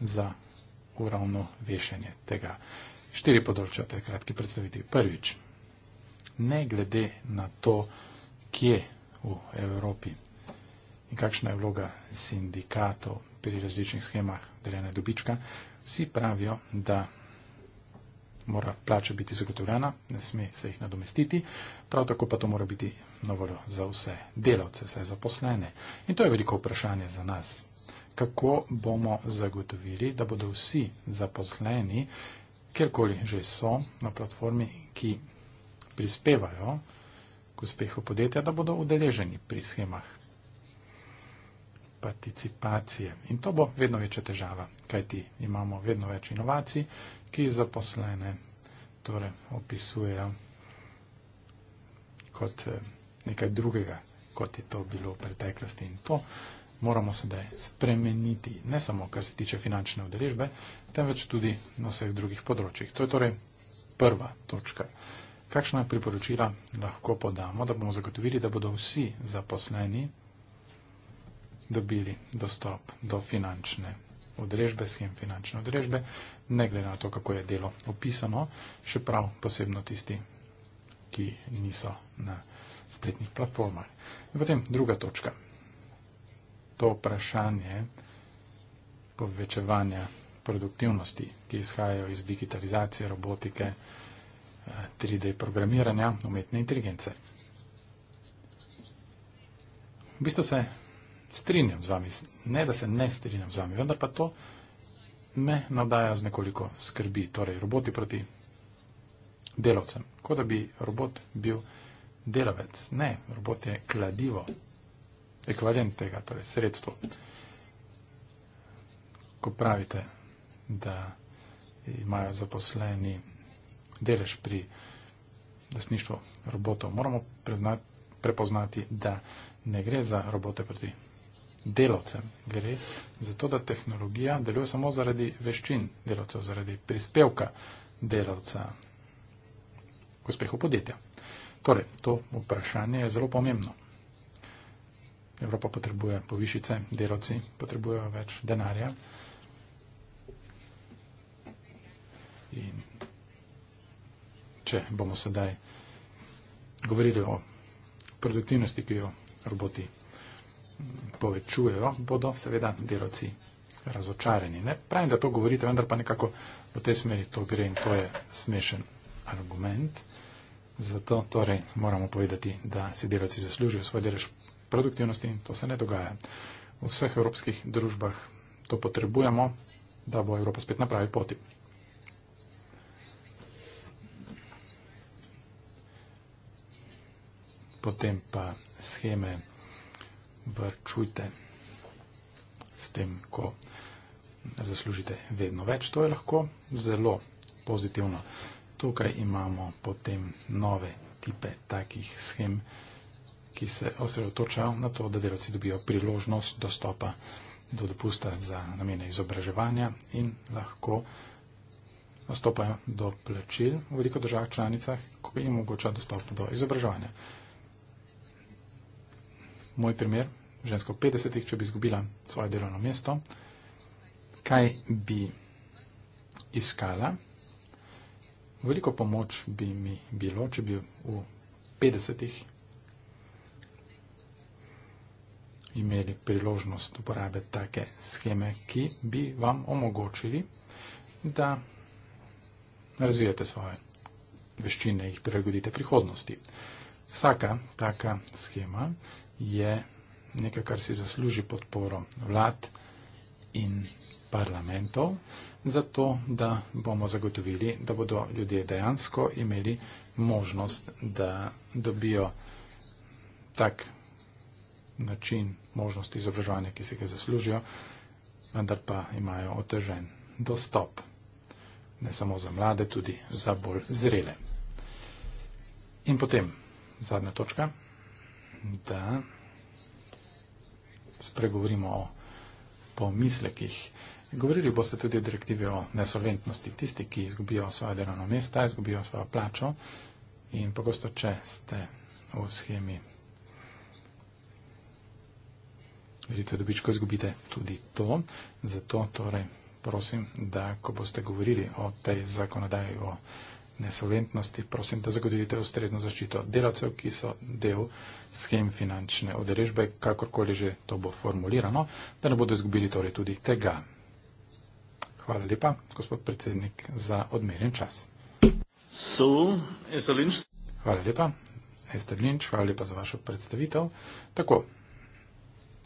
za uravnovešenje tega. Štiri področja, to je kratki predstaviti. Prvič, ne glede na to, kje v Evropi in kakšna je vloga sindikatov pri različnih schemah deljene dobička, vsi pravijo, da mora plača biti zagotovljena, ne sme se jih nadomestiti, prav tako pa to mora biti na voljo za vse delavce, vse zaposlene. In to je veliko vprašanje za nas. Kako bomo zagotovili, da bodo vsi zaposleni, kjerkoli že so na platformi, ki prispevajo k uspehu podjetja, da bodo udeleženi pri schemah participacije. In to bo vedno večja težava, kajti imamo vedno več inovacij, ki zaposlene torej, opisujejo kot eh, nekaj drugega, kot je to bilo v preteklosti. In to moramo sedaj spremeniti, ne samo kar se tiče finančne udeležbe, temveč tudi na vseh drugih področjih. To je torej prva točka. Kakšna priporočila lahko podamo, da bomo zagotovili, da bodo vsi zaposleni dobili dostop do finančne udeležbe, schem finančne udeležbe, ne glede na to, kako je delo opisano, še prav posebno tisti, ki niso na spletnih platformah. In potem druga točka. To vprašanje povečevanja produktivnosti, ki izhajajo iz digitalizacije, robotike, 3D eh, programiranja, umetne inteligence. V bistvu se strinjam z vami, ne da se ne strinjam z vami, vendar pa to me nadaja z nekoliko skrbi, torej roboti proti delavcem. Kot da bi robot bil delavec. Ne, robot je kladivo, ekvivalent tega, torej sredstvo. Ko pravite, da imajo zaposleni delež pri lasništvu robotov, moramo prepoznati, da ne gre za robote proti delavcem. Gre za to, da tehnologija deluje samo zaradi veščin delavcev, zaradi prispevka delavca k uspehu podjetja. Torej, to vprašanje je zelo pomembno. Evropa potrebuje povišice, delavci potrebujejo več denarja. In če bomo sedaj govorili o produktivnosti, ki jo roboti povečujejo, bodo seveda delavci razočarani. Ne? Pravim, da to govorite, vendar pa nekako v tej smeri to gre in to je smešen argument. Zato torej moramo povedati, da si delavci zaslužijo svoj delež produktivnosti in to se ne dogaja. V vseh evropskih družbah to potrebujemo, da bo Evropa spet na pravi poti. Potem pa scheme vrčujte s tem, ko zaslužite vedno več. To je lahko zelo pozitivno. Tukaj imamo potem nove tipe takih schem, ki se osredotočajo na to, da delavci dobijo priložnost dostopa do dopusta za namene izobraževanja in lahko dostopajo do plačil v veliko državah članicah, ko jim omogoča dostop do izobraževanja moj primer, žensko v 50-ih, če bi izgubila svoje delovno mesto, kaj bi iskala, veliko pomoč bi mi bilo, če bi v 50-ih imeli priložnost uporabe take scheme, ki bi vam omogočili, da razvijete svoje veščine in jih prilagodite prihodnosti. Vsaka taka schema je nekaj, kar si zasluži podporo vlad in parlamentov, zato da bomo zagotovili, da bodo ljudje dejansko imeli možnost, da dobijo tak način možnosti izobraževanja, ki si ga zaslužijo, vendar pa imajo otežen dostop. Ne samo za mlade, tudi za bolj zrele. In potem zadnja točka da spregovorimo o pomislekih. Govorili boste tudi o direktivi o nesolventnosti. Tisti, ki izgubijo svoje delovno mesto, izgubijo svojo plačo in pogosto, če ste v schemi, vidite dobičko, izgubite tudi to. Zato torej prosim, da ko boste govorili o tej zakonodaji o nesolventnosti, prosim, da zagotovite ustrezno zaščito delavcev, ki so del schem finančne odrežbe, kakorkoli že to bo formulirano, da ne bodo izgubili torej tudi tega. Hvala lepa, gospod predsednik, za odmerjen čas. So, hvala lepa, Ester Linč, hvala lepa za vašo predstavitev. Tako,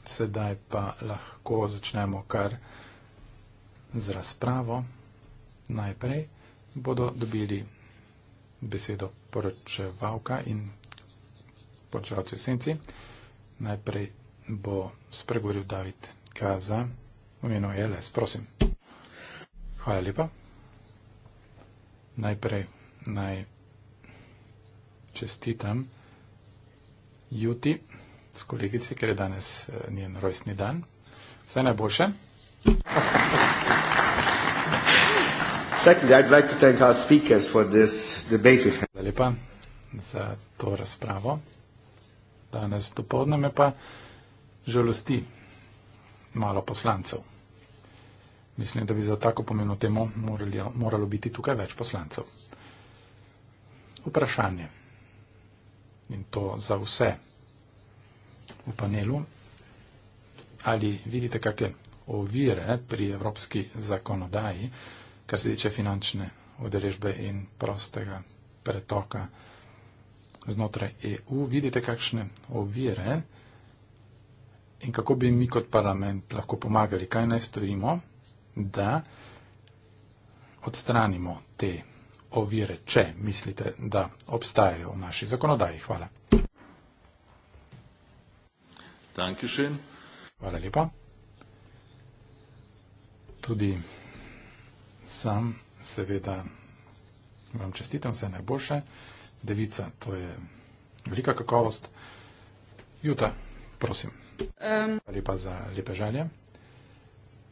sedaj pa lahko začnemo kar z razpravo. Najprej bodo dobili besedo poročevalka in poročevalci v senci. Najprej bo spregovoril David Kaza, omenil e LS, prosim. Hvala lepa. Najprej naj čestitam Juti s kolegici, ker je danes eh, njen rojstni dan. Vse najboljše. Hvala lepa za to razpravo. Danes dopoledne me pa žalosti malo poslancev. Mislim, da bi za tako pomeno temo morali, moralo biti tukaj več poslancev. Vprašanje in to za vse v panelu. Ali vidite kakšne ovire pri evropski zakonodaji? kar se tiče finančne odrežbe in prostega pretoka znotraj EU. Vidite, kakšne ovire in kako bi mi kot parlament lahko pomagali, kaj naj storimo, da odstranimo te ovire, če mislite, da obstajajo v naši zakonodaji. Hvala. Hvala lepa. Tudi Sam seveda vam čestitam vse najboljše. Devica, to je velika kakovost. Juta, prosim. Um. Lepa za lepe žalje.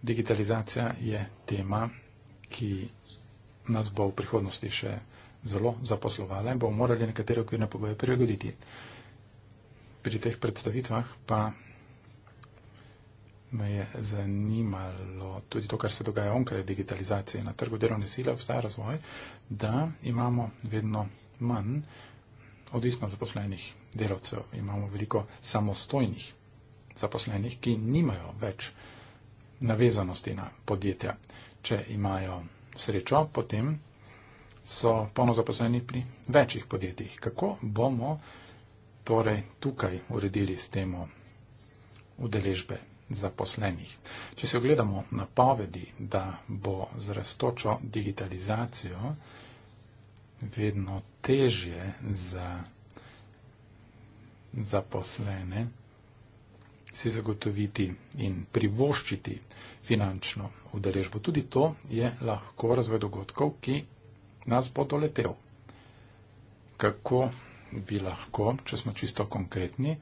Digitalizacija je tema, ki nas bo v prihodnosti še zelo zaposlovala in bomo morali nekatere okvirne pogoje prilagoditi. Pri teh predstavitvah pa me je zanimalo tudi to, kar se dogaja onkraj digitalizacije na trgu delovne sile, obstaja razvoj, da imamo vedno manj odvisno zaposlenih delavcev, imamo veliko samostojnih zaposlenih, ki nimajo več navezanosti na podjetja. Če imajo srečo, potem so ponov zaposleni pri večjih podjetjih. Kako bomo torej tukaj uredili s temo udeležbe zaposlenih. Če se ogledamo na povedi, da bo z rastočo digitalizacijo vedno težje za zaposlene si zagotoviti in privoščiti finančno udeležbo. Tudi to je lahko razvoj dogodkov, ki nas bo doletel. Kako bi lahko, če smo čisto konkretni,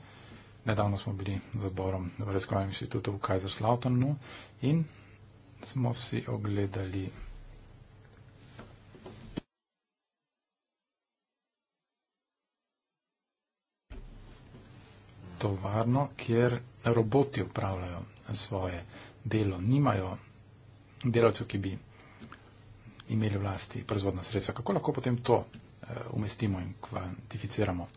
Nedavno smo bili z odborom v Raziskovalnem inštitutu v Kajzerslautonu in smo si ogledali. Tovarno, kjer roboti upravljajo svoje delo, nimajo delavcev, ki bi imeli vlasti proizvodna sredstva. Kako lahko potem to eh, umestimo in kvantificiramo? Uh,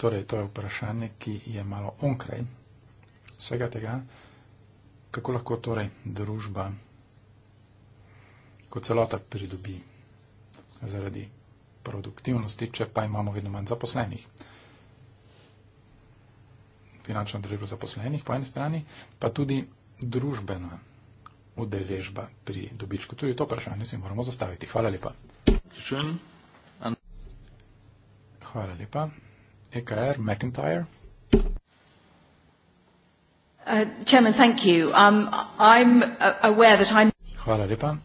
Torej, to je vprašanje, ki je malo onkraj vsega tega, kako lahko torej družba kot celota pridobi zaradi produktivnosti, če pa imamo vedno manj zaposlenih. Finančno družbo zaposlenih po eni strani, pa tudi družbena udeležba pri dobičku. Tudi to vprašanje si moramo zastaviti. Hvala lepa. Hvala lepa. EKR, McIntyre. Uh, Chairman, thank you. Um, I'm uh, aware that I'm- Hvala lepa.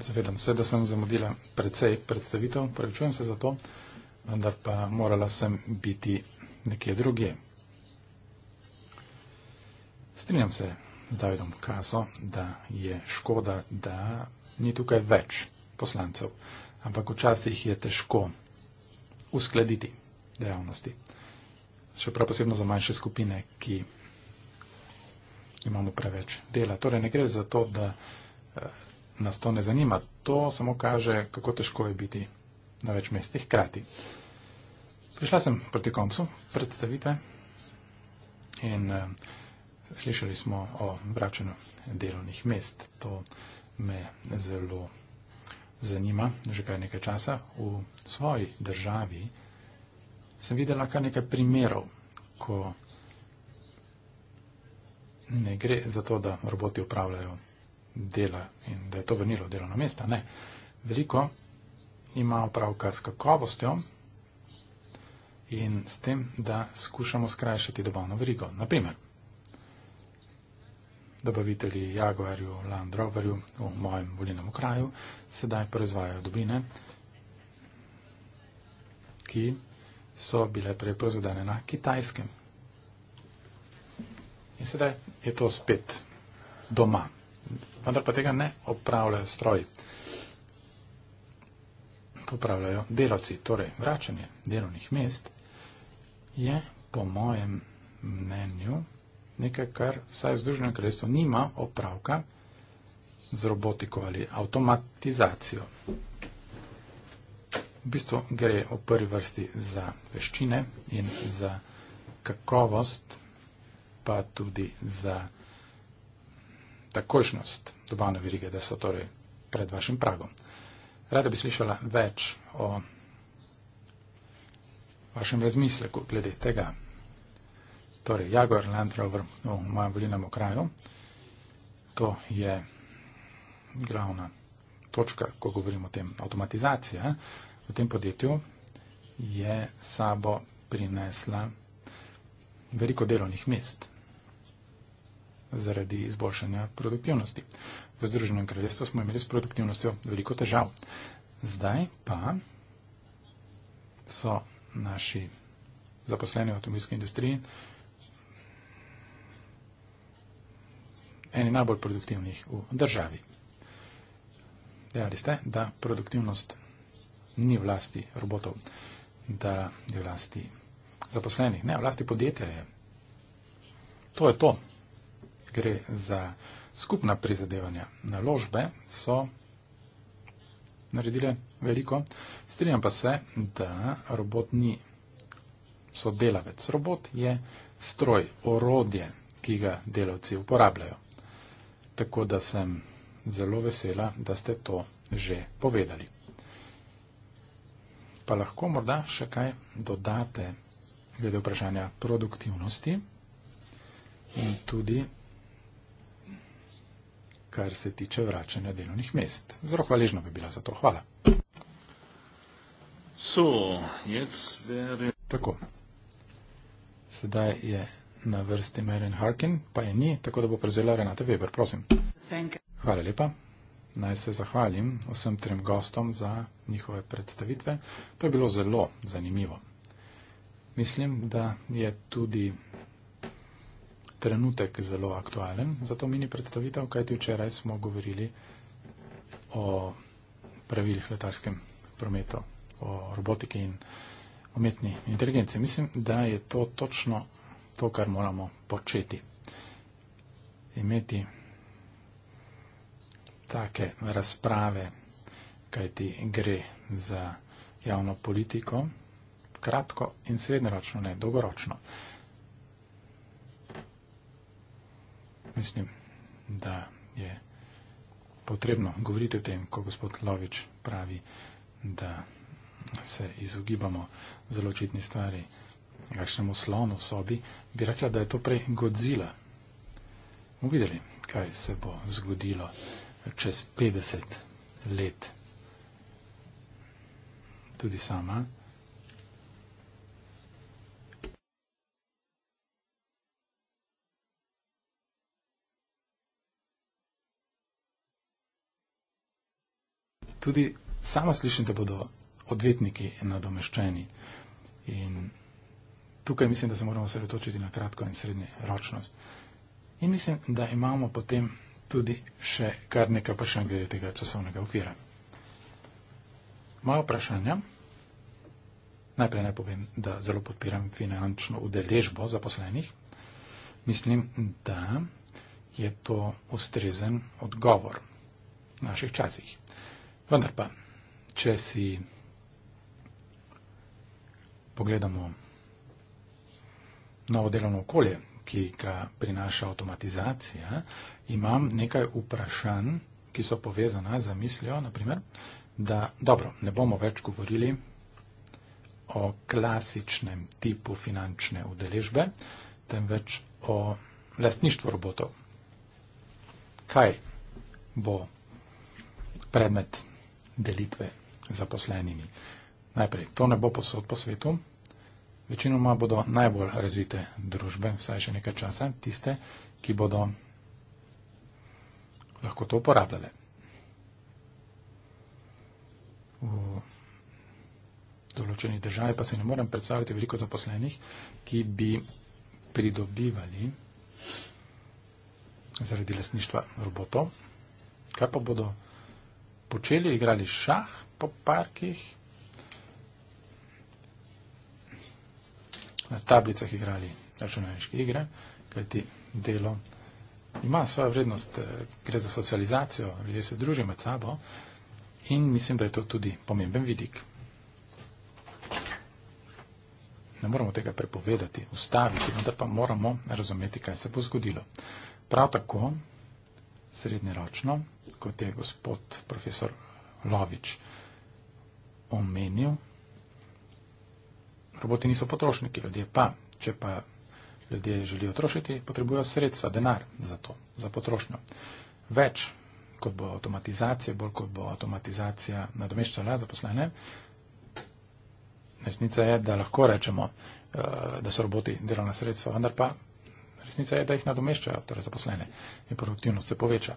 Zavedam se, da sem zamudila precej predstavitev, prevečujem se za to, vendar pa morala sem biti nekje druge. Strinjam se z Davidom Kaso, da je škoda, da ni tukaj več poslancev, ampak včasih je težko uskladiti dejavnosti. Še prav posebno za manjše skupine, ki imamo preveč dela. Torej ne gre za to, da eh, nas to ne zanima. To samo kaže, kako težko je biti na več mestih krati. Prišla sem proti koncu predstavitve in uh, slišali smo o vračanju delovnih mest. To me zelo zanima že kar nekaj časa. V svoji državi uh, sem videla kar nekaj primerov, ko ne gre za to, da roboti upravljajo dela in da je to vrnilo delovna mesta. Ne. Veliko ima opravka s kakovostjo in s tem, da skušamo skrajšati dobavno verigo. Naprimer, dobavitelji Jaguarju, Land Roverju v mojem volilnem kraju sedaj proizvajajo dobine, ki so bile prej prozadane na kitajskem. In sedaj je to spet doma. Vendar pa tega ne opravljajo stroji. To upravljajo delavci. Torej, vračanje delovnih mest je po mojem mnenju nekaj, kar vsaj v Združenem kraljestvu nima opravka z robotiko ali avtomatizacijo v bistvu gre v prvi vrsti za veščine in za kakovost, pa tudi za takošnost dobavne verige, da so torej pred vašim pragom. Rada bi slišala več o vašem razmisleku glede tega. Torej, Jaguar Land Rover v mojem volilnem okraju, to je glavna točka, ko govorimo o tem, avtomatizacija. Eh? v tem podjetju je sabo prinesla veliko delovnih mest zaradi izboljšanja produktivnosti. V Združenem kraljestvu smo imeli s produktivnostjo veliko težav. Zdaj pa so naši zaposleni v avtomobilski industriji eni najbolj produktivnih v državi. Dejali ste, da produktivnost ni v lasti robotov, da je v lasti zaposlenih, ne, v lasti podjetja je. To je to. Gre za skupna prizadevanja. Naložbe so naredile veliko, strinjam pa se, da robot ni sodelavec. Robot je stroj, orodje, ki ga delavci uporabljajo. Tako da sem zelo vesela, da ste to že povedali pa lahko morda še kaj dodate glede vprašanja produktivnosti in tudi kar se tiče vračanja delovnih mest. Zelo hvaležna bi bila za to. Hvala. So, very... Tako. Sedaj je na vrsti Marian Harkin, pa je ni, tako da bo prevzela Renata Weber. Prosim. Thank you. Hvala lepa. Naj se zahvalim vsem trem gostom za njihove predstavitve. To je bilo zelo zanimivo. Mislim, da je tudi trenutek zelo aktualen za to mini predstavitev, kajti včeraj smo govorili o pravilih letarskem prometu, o robotiki in umetni inteligenci. Mislim, da je to točno to, kar moramo početi. Imeti take razprave, kajti gre za javno politiko, kratko in srednjeročno, ne dolgoročno. Mislim, da je potrebno govoriti o tem, ko gospod Lovič pravi, da se izogibamo zelo očitni stvari, kakšnemu slonu v sobi, bi rekla, da je to prej Godzilla. Uvideli, kaj se bo zgodilo čez 50 let. Tudi sama. Tudi sama slišim, da bodo odvetniki nadomeščeni. In tukaj mislim, da se moramo osredotočiti na kratko in srednjo ročnost. In mislim, da imamo potem tudi še kar nekaj vprašanj glede tega časovnega okvira. Moje vprašanje. Najprej naj povem, da zelo podpiram finančno udeležbo zaposlenih. Mislim, da je to ustrezen odgovor v naših časih. Vendar pa, če si pogledamo novo delovno okolje, ki ga prinaša avtomatizacija, imam nekaj vprašanj, ki so povezana z mislijo, naprimer, da dobro, ne bomo več govorili o klasičnem tipu finančne udeležbe, temveč o lastništvu robotov. Kaj bo predmet delitve zaposlenimi? Najprej, to ne bo posod po svetu. Večinoma bodo najbolj razvite družbe, vsaj še nekaj časa, tiste, ki bodo lahko to uporabljale. V določeni državi pa se ne morem predstavljati veliko zaposlenih, ki bi pridobivali zaradi lasništva roboto. Kaj pa bodo počeli, igrali šah po parkih, na tablicah igrali računalniške igre, kajti delo ima svojo vrednost, eh, gre za socializacijo, ljudje se družijo med sabo in mislim, da je to tudi pomemben vidik. Ne moramo tega prepovedati, ustaviti, vendar pa moramo razumeti, kaj se bo zgodilo. Prav tako, srednjeročno, kot je gospod profesor Lovič omenil, roboti niso potrošniki, ljudje pa. Če pa ljudje želijo trošiti, potrebujejo sredstva, denar za to, za potrošnjo. Več, kot bo avtomatizacija, bolj kot bo avtomatizacija nadomeščala zaposlene, resnica je, da lahko rečemo, eh, da so roboti delovna sredstva, vendar pa resnica je, da jih nadomeščajo, torej zaposlene in produktivnost se poveča.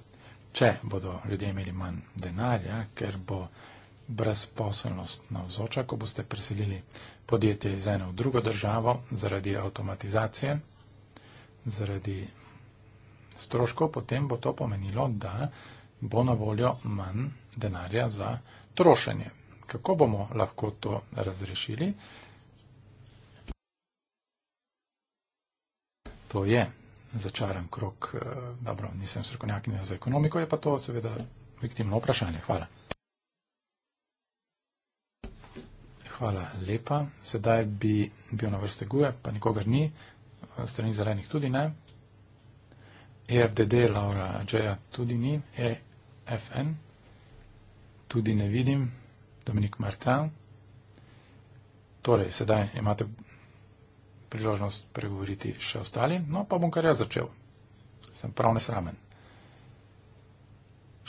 Če bodo ljudje imeli manj denarja, ker bo brezposelnost navzoča, ko boste preselili podjetje iz eno v drugo državo zaradi avtomatizacije, zaradi stroškov, potem bo to pomenilo, da bo na voljo manj denarja za trošenje. Kako bomo lahko to razrešili? To je začaran krok. Eh, dobro, nisem srkonjakinja za ekonomiko, je pa to seveda legitimno vprašanje. Hvala. Hvala lepa. Sedaj bi bil na vrste guje, pa nikogar ni, strani zelenih tudi ne. EFDD, Laura Džeja, tudi ni. EFN, tudi ne vidim. Dominik Martin. Torej, sedaj imate priložnost pregovoriti še ostali. No, pa bom kar jaz začel. Sem prav nesramen.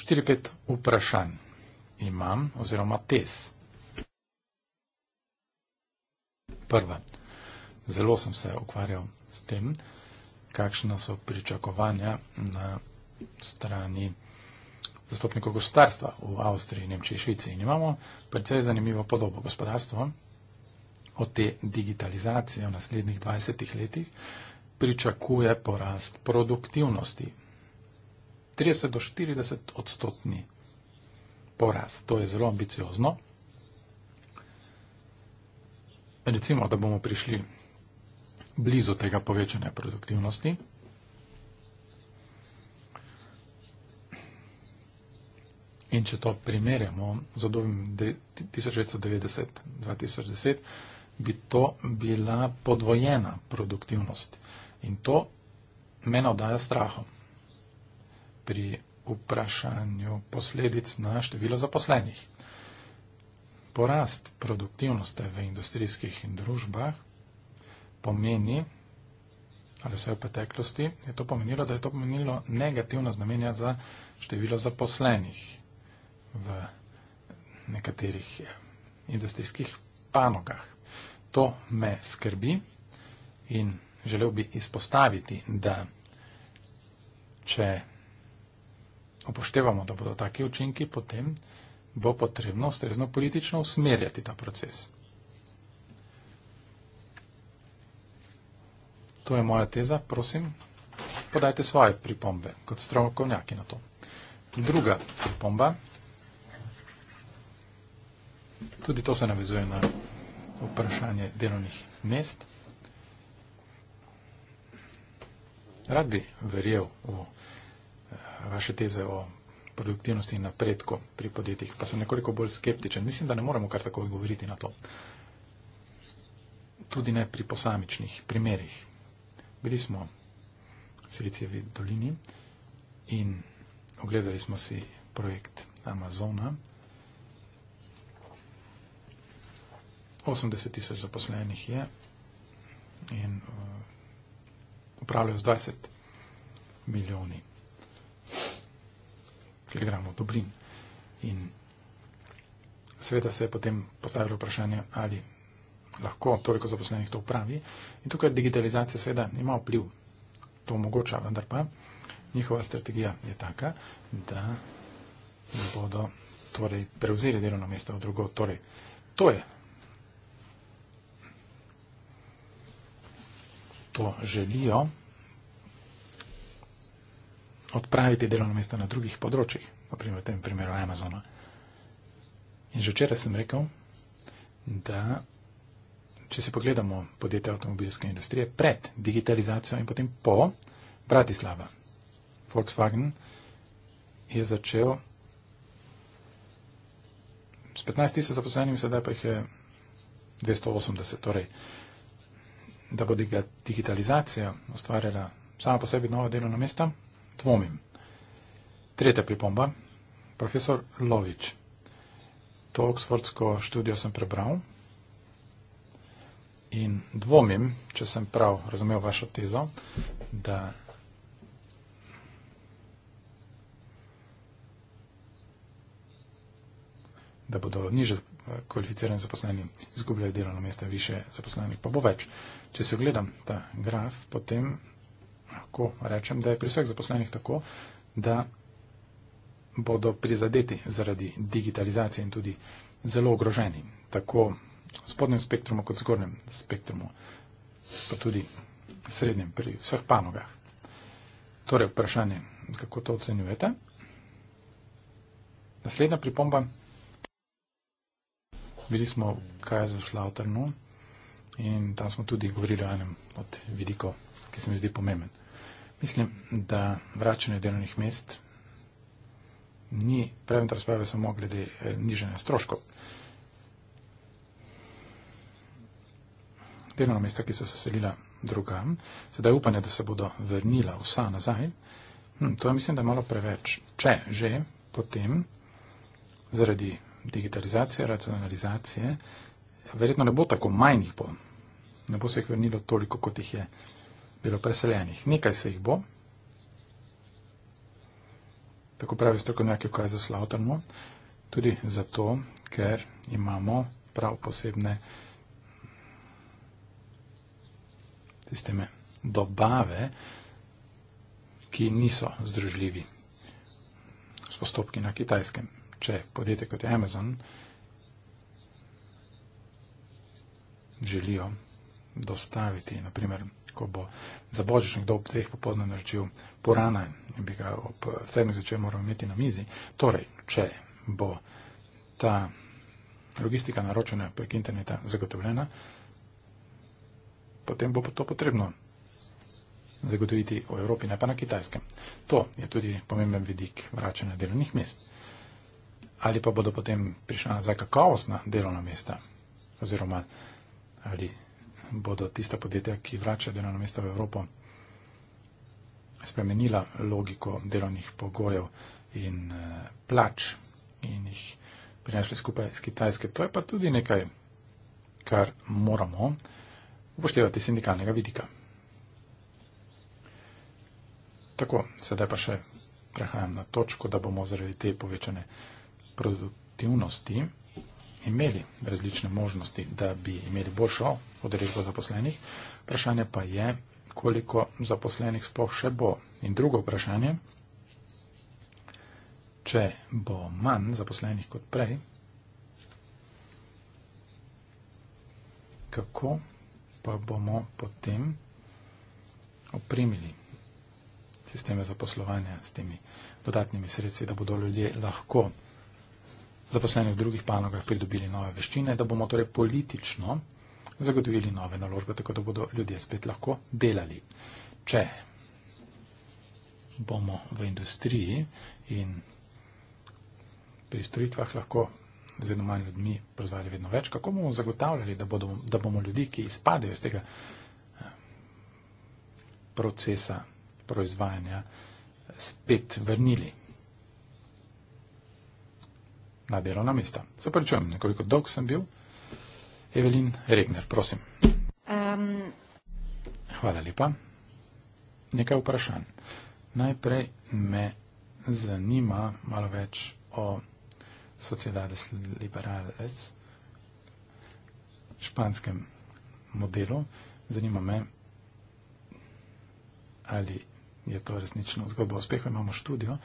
4-5 vprašanj imam, oziroma tes. prva. Zelo sem se ukvarjal s tem, kakšna so pričakovanja na strani zastopnikov gospodarstva v Avstriji, Nemčiji, Švici. In imamo precej zanimivo podobo gospodarstva od te digitalizacije v naslednjih 20 letih pričakuje porast produktivnosti. 30 do 40 odstotni porast. To je zelo ambiciozno recimo, da bomo prišli blizu tega povečanja produktivnosti, in če to primerjamo z obdobjem 1990-2010, bi to bila podvojena produktivnost. In to meni oddaja strahom pri vprašanju posledic na število zaposlenih porast produktivnosti v industrijskih in družbah pomeni, ali vse v preteklosti, je to pomenilo, da je to pomenilo negativno znamenje za število zaposlenih v nekaterih industrijskih panogah. To me skrbi in želel bi izpostaviti, da če upoštevamo, da bodo taki učinki, potem bo potrebno ustrezno politično usmerjati ta proces. To je moja teza, prosim, podajte svoje pripombe kot strokovnjaki na to. Druga pripomba, tudi to se navezuje na vprašanje delovnih mest. Rad bi verjel v eh, vaše teze o produktivnosti in napredku pri podjetjih, pa sem nekoliko bolj skeptičen. Mislim, da ne moramo kar tako govoriti na to. Tudi ne pri posamičnih primerih. Bili smo v Silicijevi dolini in ogledali smo si projekt Amazona. 80 tisoč zaposlenih je in eh, upravljajo z 20 milijoni kilogramov dobrin. In seveda se je potem postavilo vprašanje, ali lahko toliko zaposlenih to upravi. In tukaj digitalizacija seveda ima vpliv, to omogoča, vendar pa njihova strategija je taka, da bodo torej, preuzeli delovno mesto v drugo. Torej, to je to želijo odpraviti delovno mesto na drugih področjih, naprimer v tem primeru Amazona. In že včeraj sem rekel, da če si pogledamo podjetja avtomobilske industrije pred digitalizacijo in potem po Bratislava, Volkswagen je začel s 15 tisoč zaposlenimi, sedaj pa jih je 280. Torej, da bo digitalizacija ustvarjala sama po sebi nova delovna mesta, Dvomim. Tretja pripomba. Profesor Lovič. To oksfordsko študijo sem prebral in dvomim, če sem prav razumel vašo tezo, da da bodo niže kvalificirani zaposleni izgubljali delovno mesto, više zaposlenih pa bo več. Če se ogledam ta graf, potem lahko rečem, da je pri vseh zaposlenih tako, da bodo prizadeti zaradi digitalizacije in tudi zelo ogroženi, tako v spodnjem spektrumu kot v zgornjem spektrumu, pa tudi v srednjem, pri vseh panogah. Torej, vprašanje, kako to ocenjujete? Naslednja pripomba. Bili smo v Kajzerslautrnu in tam smo tudi govorili o enem od vidikov, ki se mi zdi pomemben. Mislim, da vračanje delovnih mest ni predmet razprave samo glede eh, niženja stroškov. Delovna mesta, ki so se selila drugam, sedaj upanje, da se bodo vrnila vsa nazaj, hm, to je mislim, da je malo preveč. Če že potem zaradi digitalizacije, racionalizacije, verjetno ne bo tako manjih, ne bo se jih vrnilo toliko, kot jih je bilo preseljenih. Nekaj se jih bo, tako pravi strokovnjaki, kaj za Slautermo, tudi zato, ker imamo prav posebne sisteme dobave, ki niso združljivi s postopki na kitajskem. Če podjetje kot Amazon želijo dostaviti. Naprimer, ko bo za božič nekdo ob dveh popoldne naročil porana in bi ga ob sedmih začel moral imeti na mizi. Torej, če bo ta logistika naročena prek interneta zagotovljena, potem bo to potrebno zagotoviti v Evropi, ne pa na Kitajskem. To je tudi pomemben vidik vračanja delovnih mest. Ali pa bodo potem prišla nazaj kakovostna delovna mesta, oziroma ali bodo tista podjetja, ki vračajo delovno mesto v Evropo, spremenila logiko delovnih pogojev in eh, plač in jih prinesli skupaj s Kitajske. To je pa tudi nekaj, kar moramo upoštevati iz sindikalnega vidika. Tako, sedaj pa še prehajam na točko, da bomo zaradi te povečane produktivnosti imeli različne možnosti, da bi imeli boljšo odrežbo zaposlenih. Vprašanje pa je, koliko zaposlenih sploh še bo. In drugo vprašanje, če bo manj zaposlenih kot prej, kako pa bomo potem oprimili sisteme zaposlovanja s temi dodatnimi sredstvi, da bodo ljudje lahko zaposleni v drugih panogah pridobili nove veščine, da bomo torej politično zagotovili nove naložbe, tako da bodo ljudje spet lahko delali. Če bomo v industriji in pri storitvah lahko z vedno manj ljudmi proizvajali vedno več, kako bomo zagotavljali, da, bodo, da bomo ljudi, ki izpadejo iz tega eh, procesa proizvajanja, spet vrnili na delovna mesta. Se prečujem, nekoliko dolg sem bil. Evelin Regner, prosim. Um... Hvala lepa. Nekaj vprašanj. Najprej me zanima malo več o Sociedades Liberales, španskem modelu. Zanima me, ali je to resnično zgodba o uspehu. Imamo študijo,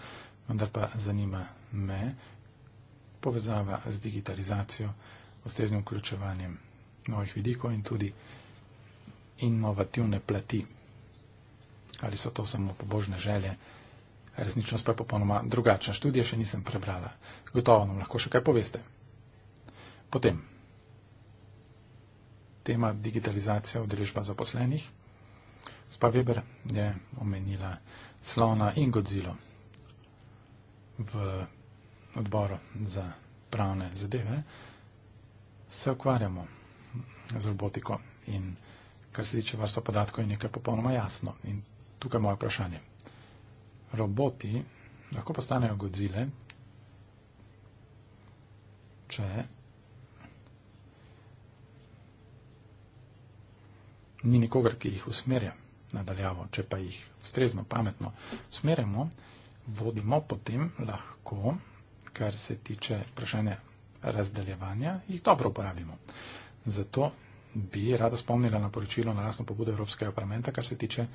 vendar pa zanima me, povezava z digitalizacijo, ustreznim vključevanjem novih vidikov in tudi inovativne plati. Ali so to samo pobožne želje, resničnost pa je popolnoma drugačna. Študije še nisem prebrala. Gotovo nam lahko še kaj poveste. Potem, tema digitalizacija, udeležba zaposlenih. Spa Weber je omenila slona in Godzilla v odboru za pravne zadeve, se ukvarjamo z robotiko in kar se tiče varstva podatkov je nekaj popolnoma jasno. In tukaj moje vprašanje. Roboti lahko postanejo godzile, če ni nikogar, ki jih usmerja nadaljavo, če pa jih ustrezno, pametno usmerjamo, vodimo potem lahko kar se tiče vprašanja razdaljevanja, jih dobro uporabimo. Zato bi rada spomnila na poročilo na lasno pobudo Evropskega parlamenta, kar se tiče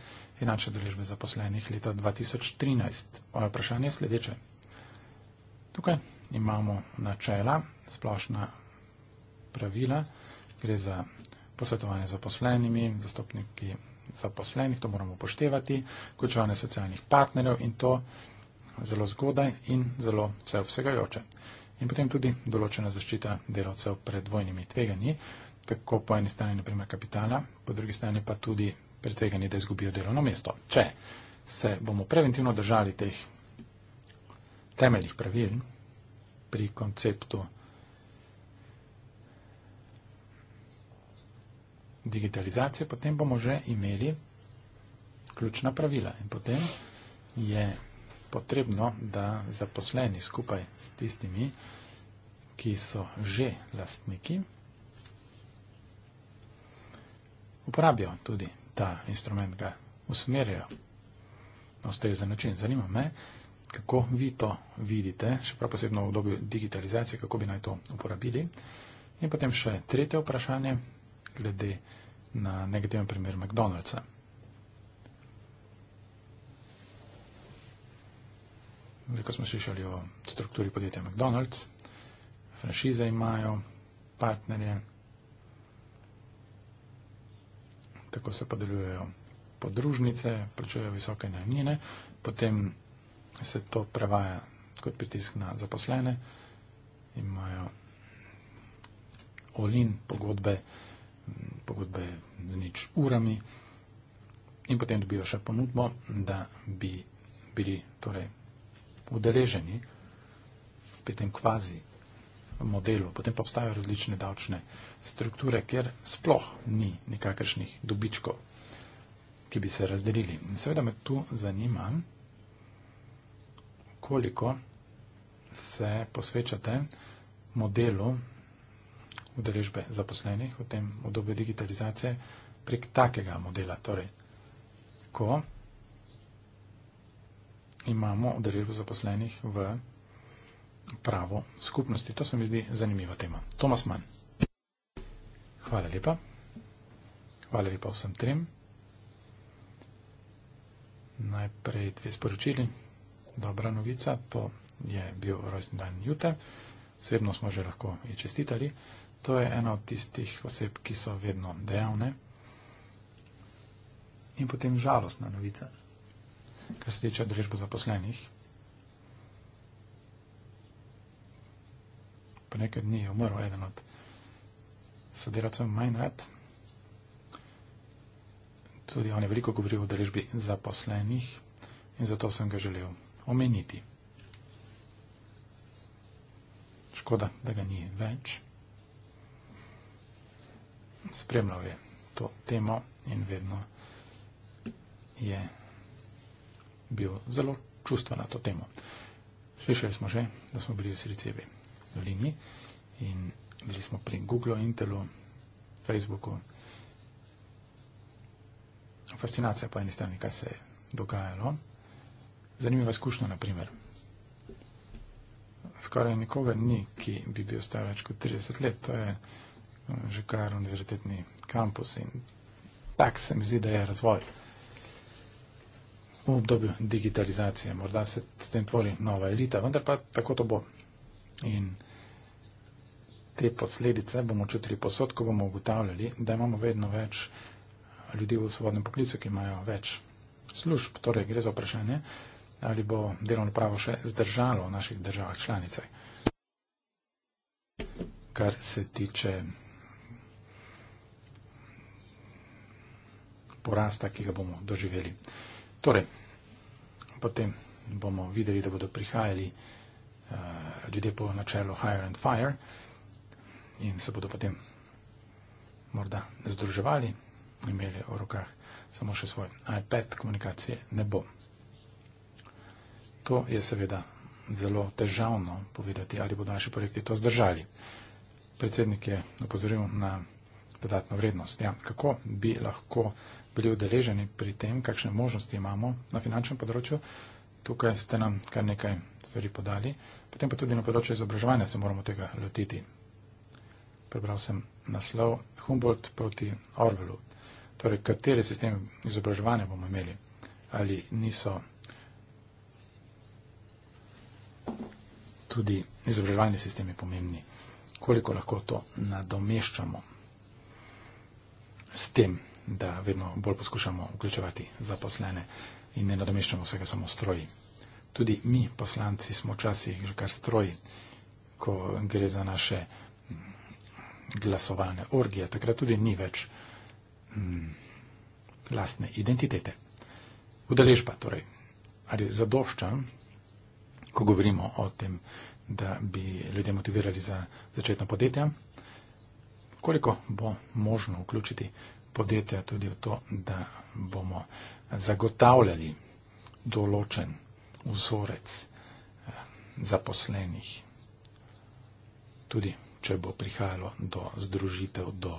enačne deležbe zaposlenih leta 2013. Moje vprašanje je sledeče. Tukaj imamo načela, splošna pravila, gre za posvetovanje zaposlenimi, zastopniki zaposlenih, to moramo upoštevati, vključevanje socialnih partnerjev in to zelo zgodaj in zelo vseobsegajoče. In potem tudi določena zaščita delavcev pred vojnimi tveganji, tako po eni strani naprimer kapitala, po drugi strani pa tudi pred tveganji, da izgubijo delovno mesto. Če se bomo preventivno držali teh temeljih pravil pri konceptu digitalizacije, potem bomo že imeli ključna pravila. In potem je potrebno, da zaposleni skupaj s tistimi, ki so že lastniki, uporabijo tudi ta instrument, ga usmerjajo na ustrezen način. Zanima me, kako vi to vidite, še prav posebno v dobi digitalizacije, kako bi naj to uporabili. In potem še tretje vprašanje glede na negativen primer McDonald'sa. Veliko smo slišali o strukturi podjetja McDonald's, franšize imajo, partnerje, tako se podeljujejo podružnice, plačujejo visoke najemnine, potem se to prevaja kot pritisk na zaposlene, imajo olin pogodbe, pogodbe z nič urami in potem dobijo še ponudbo, da bi bili torej udeleženi pri tem kvazi modelu. Potem pa obstajajo različne davčne strukture, kjer sploh ni nekakršnih dobičkov, ki bi se razdelili. In seveda me tu zanima, koliko se posvečate modelu udeležbe zaposlenih v tem obdobju digitalizacije prek takega modela. Torej, ko imamo udeležbo zaposlenih v pravo skupnosti. To se mi zdi zanimiva tema. Tomas Mann. Hvala lepa. Hvala lepa vsem trem. Najprej dve sporočili. Dobra novica, to je bil rojstni dan Jute. Osebno smo že lahko je čestitali. To je ena od tistih oseb, ki so vedno dejavne. In potem žalostna novica kar se tiče odrežbe zaposlenih. Po nekaj dni je umrl eden od sodelavcev Majnrad. Tudi on je veliko govoril o odrežbi zaposlenih in zato sem ga želel omeniti. Škoda, da ga ni več. Spremljal je to temo in vedno je bil zelo čustven na to temo. Slišali smo že, da smo bili v Sredcevi dolini in bili smo pri Google, Intelu, Facebooku. Fascinacija po eni strani, kaj se je dogajalo. Zanimiva izkušnja, na primer. Skoraj nikoga ni, ki bi bil star več kot 30 let. To je eh, že kar univerzitetni kampus in tak se mi zdi, da je razvoj v obdobju digitalizacije. Morda se s tem tvori nova elita, vendar pa tako to bo. In te posledice bomo čutili posod, ko bomo ugotavljali, da imamo vedno več ljudi v svobodnem poklicu, ki imajo več služb. Torej gre za vprašanje, ali bo delovno pravo še zdržalo v naših državah članicah. Kar se tiče porasta, ki ga bomo doživeli. Torej, potem bomo videli, da bodo prihajali uh, ljudje po načelu Hire and Fire in se bodo potem morda združevali, imeli v rokah samo še svoj iPad, komunikacije ne bo. To je seveda zelo težavno povedati, ali bodo naši projekti to zdržali. Predsednik je opozoril na dodatno vrednost. Ja, kako bi lahko bili udeleženi pri tem, kakšne možnosti imamo na finančnem področju. Tukaj ste nam kar nekaj stvari podali. Potem pa tudi na področju izobraževanja se moramo tega lotiti. Prebral sem naslov Humboldt proti Orvelu. Torej, kateri sistem izobraževanja bomo imeli? Ali niso tudi izobraževalni sistemi pomembni? Koliko lahko to nadomeščamo s tem? da vedno bolj poskušamo vključevati zaposlene in ne nadomeščamo vsega samo stroji. Tudi mi, poslanci, smo včasih že kar stroji, ko gre za naše mm, glasovalne orgije, takrat tudi ni več mm, lastne identitete. Udeležba torej, ali zadošča, ko govorimo o tem, da bi ljudje motivirali za začetno podjetje, koliko bo možno vključiti podjetja tudi v to, da bomo zagotavljali določen vzorec eh, zaposlenih, tudi če bo prihajalo do združitev, do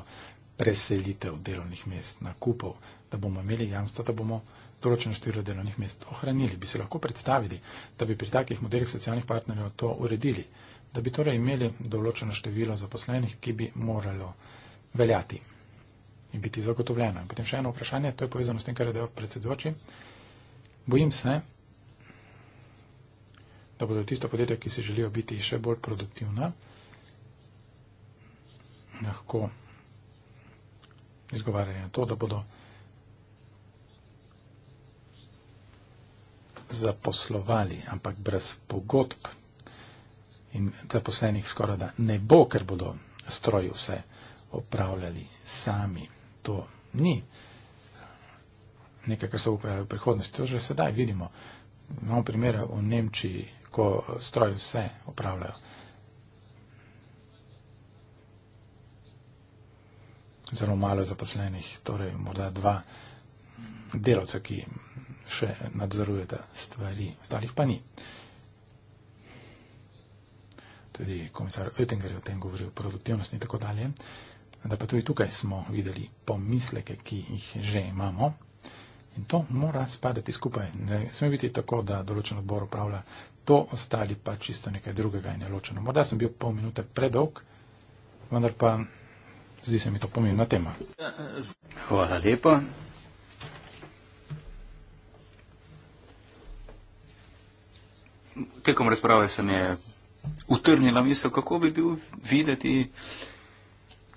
preselitev delovnih mest, nakupov, da bomo imeli jamstvo, da bomo določeno število delovnih mest ohranili. Bi se lahko predstavili, da bi pri takih modelih socialnih partnerjev to uredili, da bi torej imeli določeno število zaposlenih, ki bi moralo veljati in biti zagotovljena. Potem še eno vprašanje, to je povezano s tem, kar je dejal predsedujoči. Bojim se, da bodo tista podjetja, ki si želijo biti še bolj produktivna, lahko izgovarjajo na to, da bodo zaposlovali, ampak brez pogodb in zaposlenih skoraj da ne bo, ker bodo stroji vse opravljali sami to ni nekaj, kar se bo pojavilo v prihodnosti. To že sedaj vidimo. Imamo primere v Nemčiji, ko stroj vse upravljajo. Zelo malo zaposlenih, torej morda dva delavca, ki še nadzorujete stvari, ostalih pa ni. Tudi komisar Oettinger je o tem govoril, produktivnost in tako dalje da pa tudi tukaj smo videli pomisleke, ki jih že imamo. In to mora spadati skupaj. Ne sme biti tako, da določen odbor upravlja to, ostali pa čisto nekaj drugega in neločeno. Morda sem bil pol minute predolg, vendar pa zdi se mi to pomembna tema. Hvala lepa. Tekom razprave se mi je utrnila misel, kako bi bil videti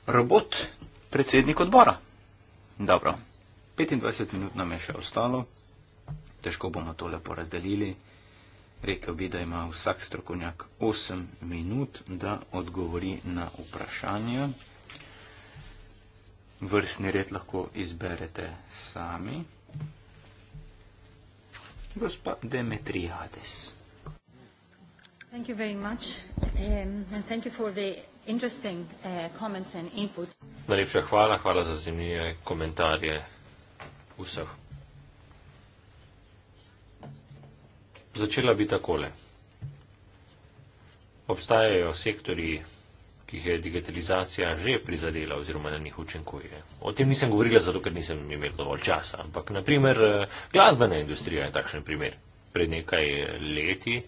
robot, predsednik odbora. Dobro, 25 minut nam je še ostalo, težko bomo to lepo razdelili. Rekel bi, da ima vsak strokovnjak 8 minut, da odgovori na vprašanje. Vrstni red lahko izberete sami. Gospa Demetriades. Hvala lepa in hvala za interesting uh, comments and input. Najlepša hvala, hvala za zanimive komentarje vseh. Začela bi takole. Obstajajo sektori, ki jih je digitalizacija že prizadela oziroma na njih učinkuje. O tem nisem govorila zato, ker nisem imel dovolj časa, ampak naprimer eh, glasbena industrija je takšen primer. Pred nekaj eh, leti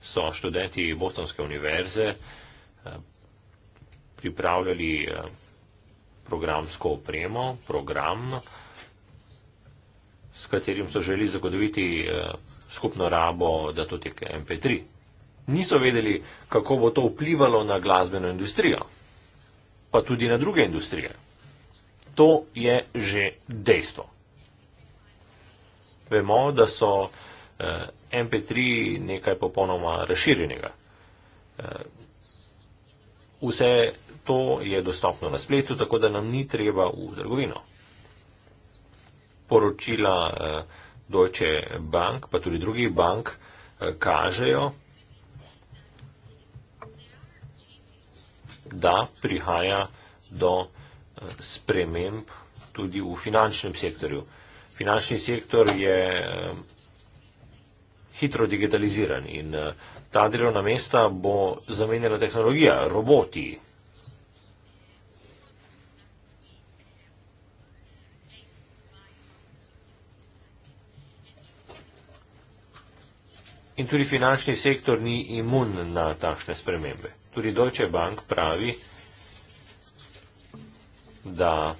so študenti Bostonske univerze pripravljali eh, programsko opremo, program, s katerim so želi zagotoviti eh, skupno rabo datoteke MP3. Niso vedeli, kako bo to vplivalo na glasbeno industrijo, pa tudi na druge industrije. To je že dejstvo. Vemo, da so eh, MP3 nekaj popolnoma razširjenega. Vse to je dostopno na spletu, tako da nam ni treba v trgovino. Poročila eh, Deutsche Bank, pa tudi drugih bank, eh, kažejo, da prihaja do eh, sprememb tudi v finančnem sektorju. Finančni sektor je hitro digitaliziran in ta delovna mesta bo zamenjala tehnologija, roboti. In tudi finančni sektor ni imun na takšne spremembe. Tudi Deutsche Bank pravi, da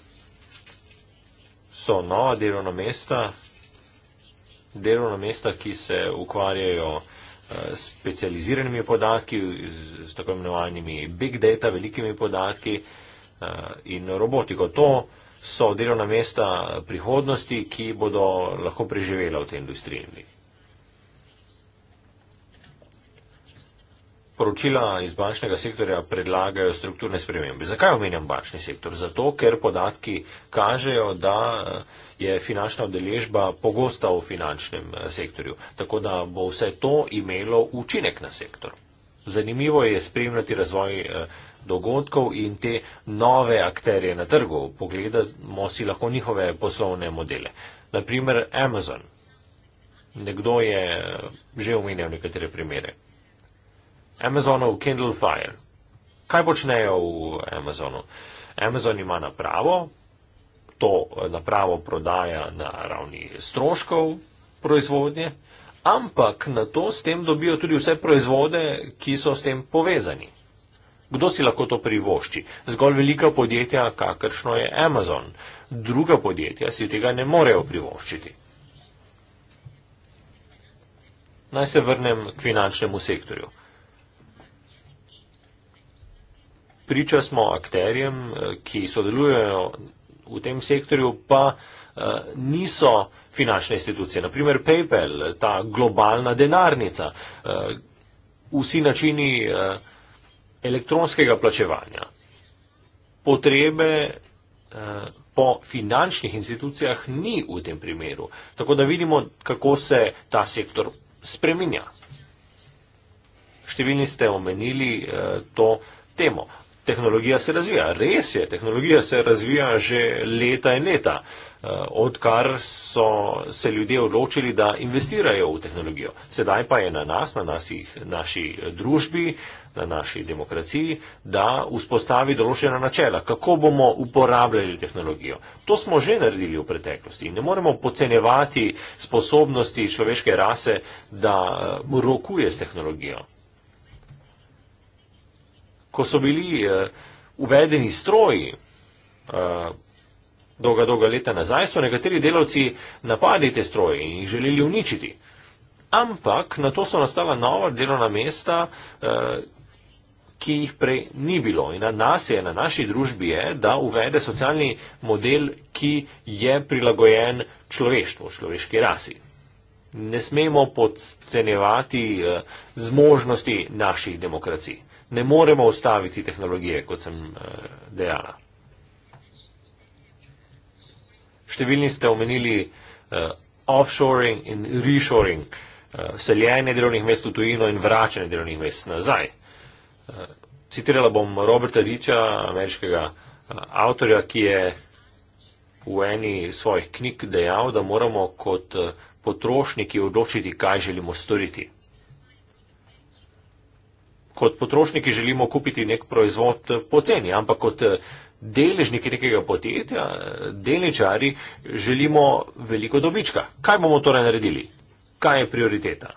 so nova delovna mesta, delovna mesta, ki se ukvarjajo eh, s specializiranimi podatki, s tako imenovanimi big data, velikimi podatki eh, in robotiko. To so delovna mesta prihodnosti, ki bodo lahko preživela v tej industriji. poročila iz bančnega sektorja predlagajo strukturne spremembe. Zakaj omenjam bančni sektor? Zato, ker podatki kažejo, da eh, je finančna odeležba pogosta v finančnem eh, sektorju. Tako da bo vse to imelo učinek na sektor. Zanimivo je spremljati razvoj eh, dogodkov in te nove akterje na trgu. Pogledamo si lahko njihove poslovne modele. Naprimer Amazon. Nekdo je že omenjal nekatere primere. Amazonov Kindle Fire. Kaj počnejo v Amazonu? Amazon ima napravo, to napravo prodaja na ravni stroškov proizvodnje, ampak na to s tem dobijo tudi vse proizvode, ki so s tem povezani. Kdo si lahko to privošči? Zgolj velika podjetja, kakršno je Amazon. Druga podjetja si tega ne morejo privoščiti. Naj se vrnem k finančnemu sektorju. priča smo akterjem, eh, ki sodelujejo v tem sektorju, pa eh, niso finančne institucije. Naprimer PayPal, ta globalna denarnica, eh, vsi načini elektronskega plačevanja. Potrebe po finančnih institucijah ni v tem primeru. Tako da vidimo, kako se ta sektor spreminja. Številni ste omenili to temo tehnologija se razvija. Res je, tehnologija se razvija že leta in leta, eh, odkar so se ljudje odločili, da investirajo v tehnologijo. Sedaj pa je na nas, na nasih, naši družbi, na naši demokraciji, da vzpostavi določena načela, kako bomo uporabljali tehnologijo. To smo že naredili v preteklosti in ne moremo pocenjevati sposobnosti človeške rase, da eh, rokuje s tehnologijo ko so bili uh, uvedeni stroji, uh, dolga, dolga leta nazaj, so nekateri delavci napadli te stroje in jih želeli uničiti. Ampak na to so nastala nova delovna mesta, uh, ki jih prej ni bilo. In na nas je, na naši družbi je, da uvede socialni model, ki je prilagojen človeštvu, človeški rasi. Ne smemo podcenjevati zmožnosti naših demokracij ne moremo ustaviti tehnologije, kot sem eh, dejala. Številni ste omenili eh, offshoring in reshoring, eh, seljenje delovnih mest v tujino in vračanje delovnih mest nazaj. Citirala bom Roberta Riča, ameriškega avtorja, ki je v eni svojih knjig dejal, da moramo kot potrošniki odločiti, kaj želimo storiti kot potrošniki želimo kupiti nek proizvod eh, poceni, ampak kot eh, deležniki nekega podjetja, eh, deležari, želimo veliko dobička. Kaj bomo torej naredili? Kaj je prioriteta?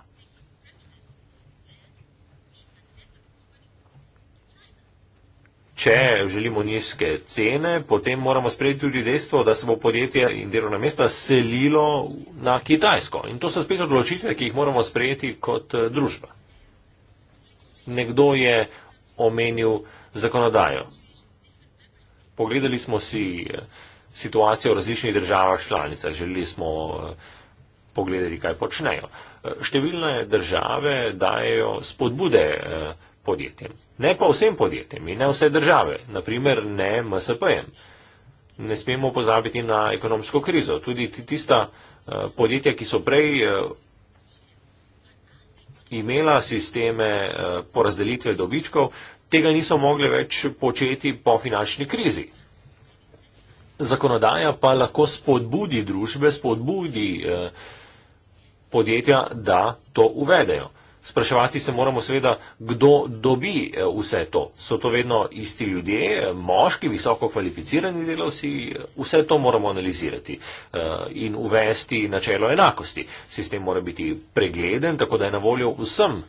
Če želimo nizke cene, potem moramo sprejeti tudi dejstvo, da se bo podjetje in delovna mesta selilo na Kitajsko. In to so spet odločitve, ki jih moramo sprejeti kot družba. Nekdo je omenil zakonodajo. Pogledali smo si eh, situacijo v različnih državah članicah, želeli smo eh, pogledati, kaj počnejo. Eh, številne države dajo spodbude podjetjem, ne pa vsem podjetjem in ne vse države, naprimer ne MSP-jem. Ne smemo pozabiti na ekonomsko krizo. Tudi tista podjetja, ki so prej imela sisteme eh, porazdelitve dobičkov, tega niso mogli več početi po finančni krizi. Zakonodaja pa lahko spodbudi družbe, spodbudi eh, podjetja, da to uvedejo. Spraševati se moramo seveda, kdo dobi eh, vse to. So to vedno isti ljudje, moški, visoko kvalificirani delavci, eh, vse to moramo analizirati eh, in uvesti načelo enakosti. Sistem mora biti pregleden, tako da je na voljo vsem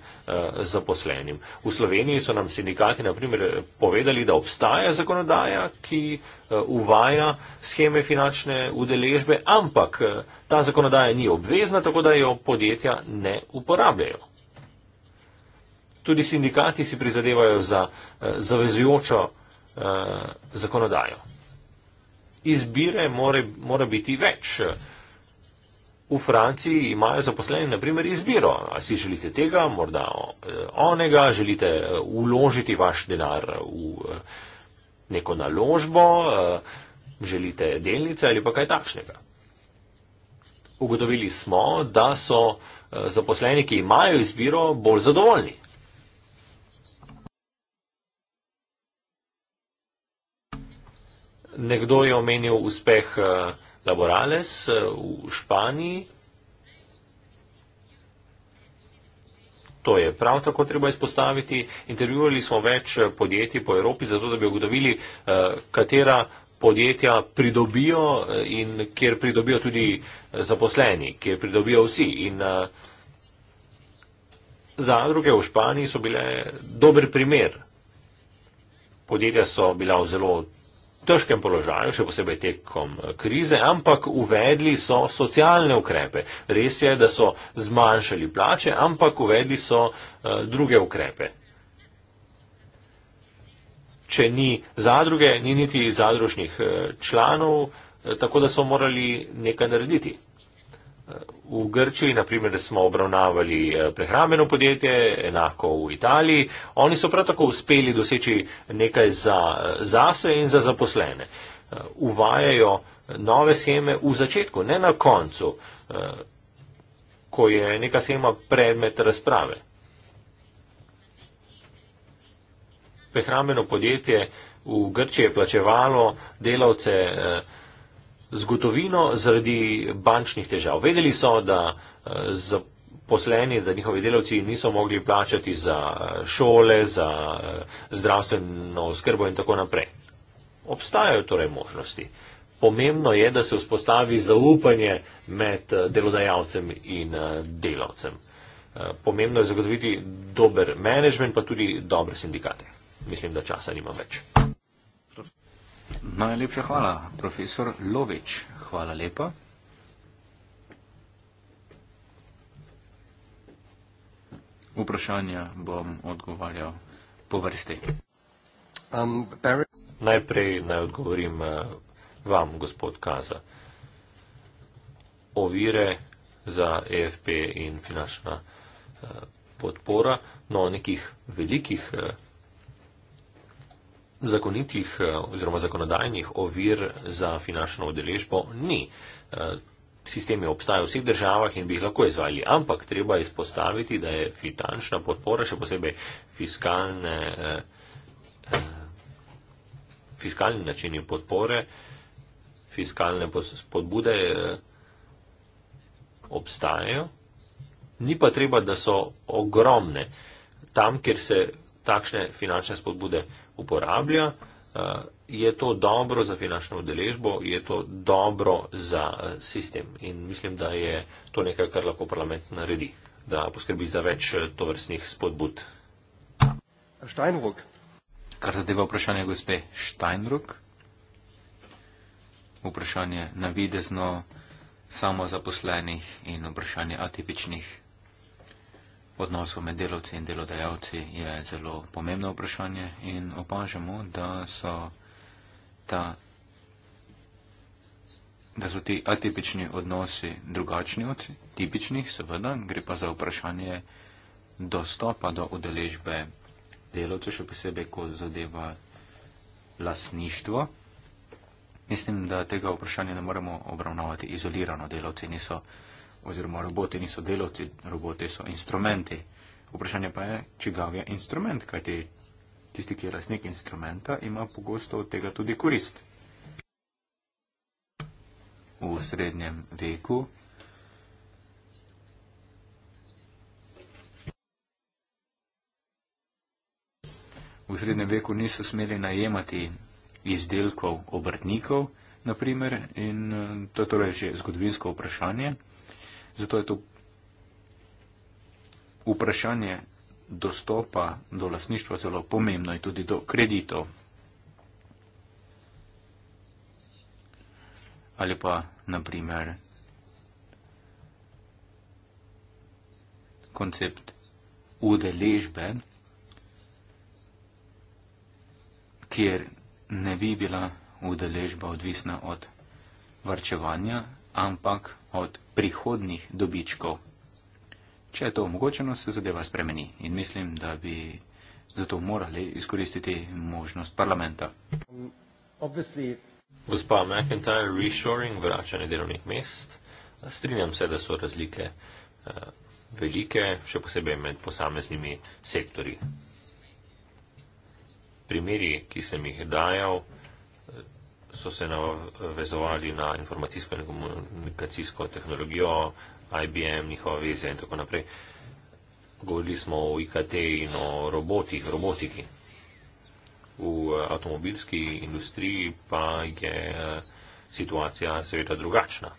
zaposlenim. V Sloveniji so nam sindikati naprimer povedali, da obstaja zakonodaja, ki uvaja scheme finančne udeležbe, ampak ta zakonodaja ni obvezna, tako da jo podjetja ne uporabljajo tudi sindikati si prizadevajo za uh, zavezujočo uh, zakonodajo. Izbire more, mora biti več. V Franciji imajo zaposleni naprimer izbiro, ali si želite tega, morda eh, onega, želite uložiti vaš denar v neko naložbo, želite delnice ali pa kaj takšnega. Ugotovili smo, da so zaposleni, ki imajo izbiro, bolj zadovoljni. Nekdo je omenil uspeh eh, Laborales eh, v Španiji. To je prav tako treba izpostaviti. Intervjuvali smo več eh, podjetij po Evropi, zato da bi ugotovili, katera podjetja pridobijo in kjer pridobijo tudi zaposleni, kjer pridobijo vsi. In zadruge v Španiji so bile dober primer. Podjetja so bila v zelo težkem položaju, še posebej tekom eh, krize, ampak uvedli so socialne ukrepe. Res je, da so zmanjšali plače, ampak uvedli so eh, druge ukrepe. Če ni zadruge, ni niti zadružnih eh, članov, tako da so morali nekaj narediti. V Grčiji, naprimer, smo obravnavali eh, prehrameno podjetje, enako v Italiji. Oni so prav tako uspeli doseči nekaj za eh, zase in za zaposlene. Eh, uvajajo nove scheme v začetku, ne na koncu, ko je neka schema predmet razprave. Prehrameno podjetje v Grčiji je plačevalo delavce zgodovino zaradi bančnih težav. Vedeli so, da eh, zaposleni, da njihovi delavci niso mogli plačati za eh, šole, za eh, zdravstveno oskrbo in tako naprej. Obstajajo torej možnosti. Pomembno je, da se vzpostavi zaupanje med delodajalcem in delavcem. Pomembno je zagotoviti dober menedžment, pa tudi dobre sindikate. Mislim, da časa nima več. Najlepša hvala, profesor Lovič. Hvala lepa. Vprašanja bom odgovarjal po vrsti. Um, Barry... Najprej naj odgovorim eh, vam, gospod Kaza. Ovire za EFP in finančna eh, podpora, no nekih velikih eh, zakonitih eh, oziroma zakonodajnih ovir za finančno udeležbo ni. Eh, sistem je obstajal v vseh državah in bi jih lahko izvajali, ampak treba izpostaviti, da je finančna podpora, še posebej fiskalne, eh, eh fiskalni načini podpore, fiskalne spodbude eh, obstajajo. Ni pa treba, da so ogromne. Tam, kjer se takšne finančne spodbude uporablja, eh, je to dobro za finančno udeležbo, je to dobro za eh, sistem in mislim, da je to nekaj, kar lahko parlament naredi, da poskrbi za več eh, tovrstnih spodbud. Steinruck. Kar zadeva vprašanje gospe Steinruck, vprašanje navidezno samozaposlenih in vprašanje atipičnih odnosov med delavci in delodajalci je zelo pomembno vprašanje in opažamo, da so, ta, da so ti atipični odnosi drugačni od tipičnih, seveda, gre pa za vprašanje dostopa do udeležbe delavcev, še posebej, ko zadeva lasništvo. Mislim, da tega vprašanja ne moremo obravnavati izolirano. Delavci niso oziroma roboti niso delovci, roboti so instrumenti. Vprašanje pa je, čigav je instrument, kajti tisti, ki je lasnik instrumenta, ima pogosto od tega tudi korist. V srednjem veku V srednjem veku niso smeli najemati izdelkov obrtnikov, naprimer, in eh, to torej je že zgodovinsko vprašanje. Zato je to vprašanje dostopa do lasništva zelo pomembno in tudi do kreditov. Ali pa, na primer, koncept udeležbe, kjer ne bi bila udeležba odvisna od varčevanja, ampak od prihodnih dobičkov. Če je to omogočeno, se zadeva spremeni in mislim, da bi zato morali izkoristiti možnost parlamenta. Obviously. Gospa McIntyre, reshoring, vračanje delovnih mest. Strinjam se, da so razlike uh, velike, še posebej med posameznimi sektori. Primeri, ki sem jih dajal, so se navezovali na informacijsko in komunikacijsko tehnologijo, IBM, njihova vizija in tako naprej. Govorili smo o IKT in o robotih, robotiki. V eh, avtomobilski industriji pa je eh, situacija seveda drugačna.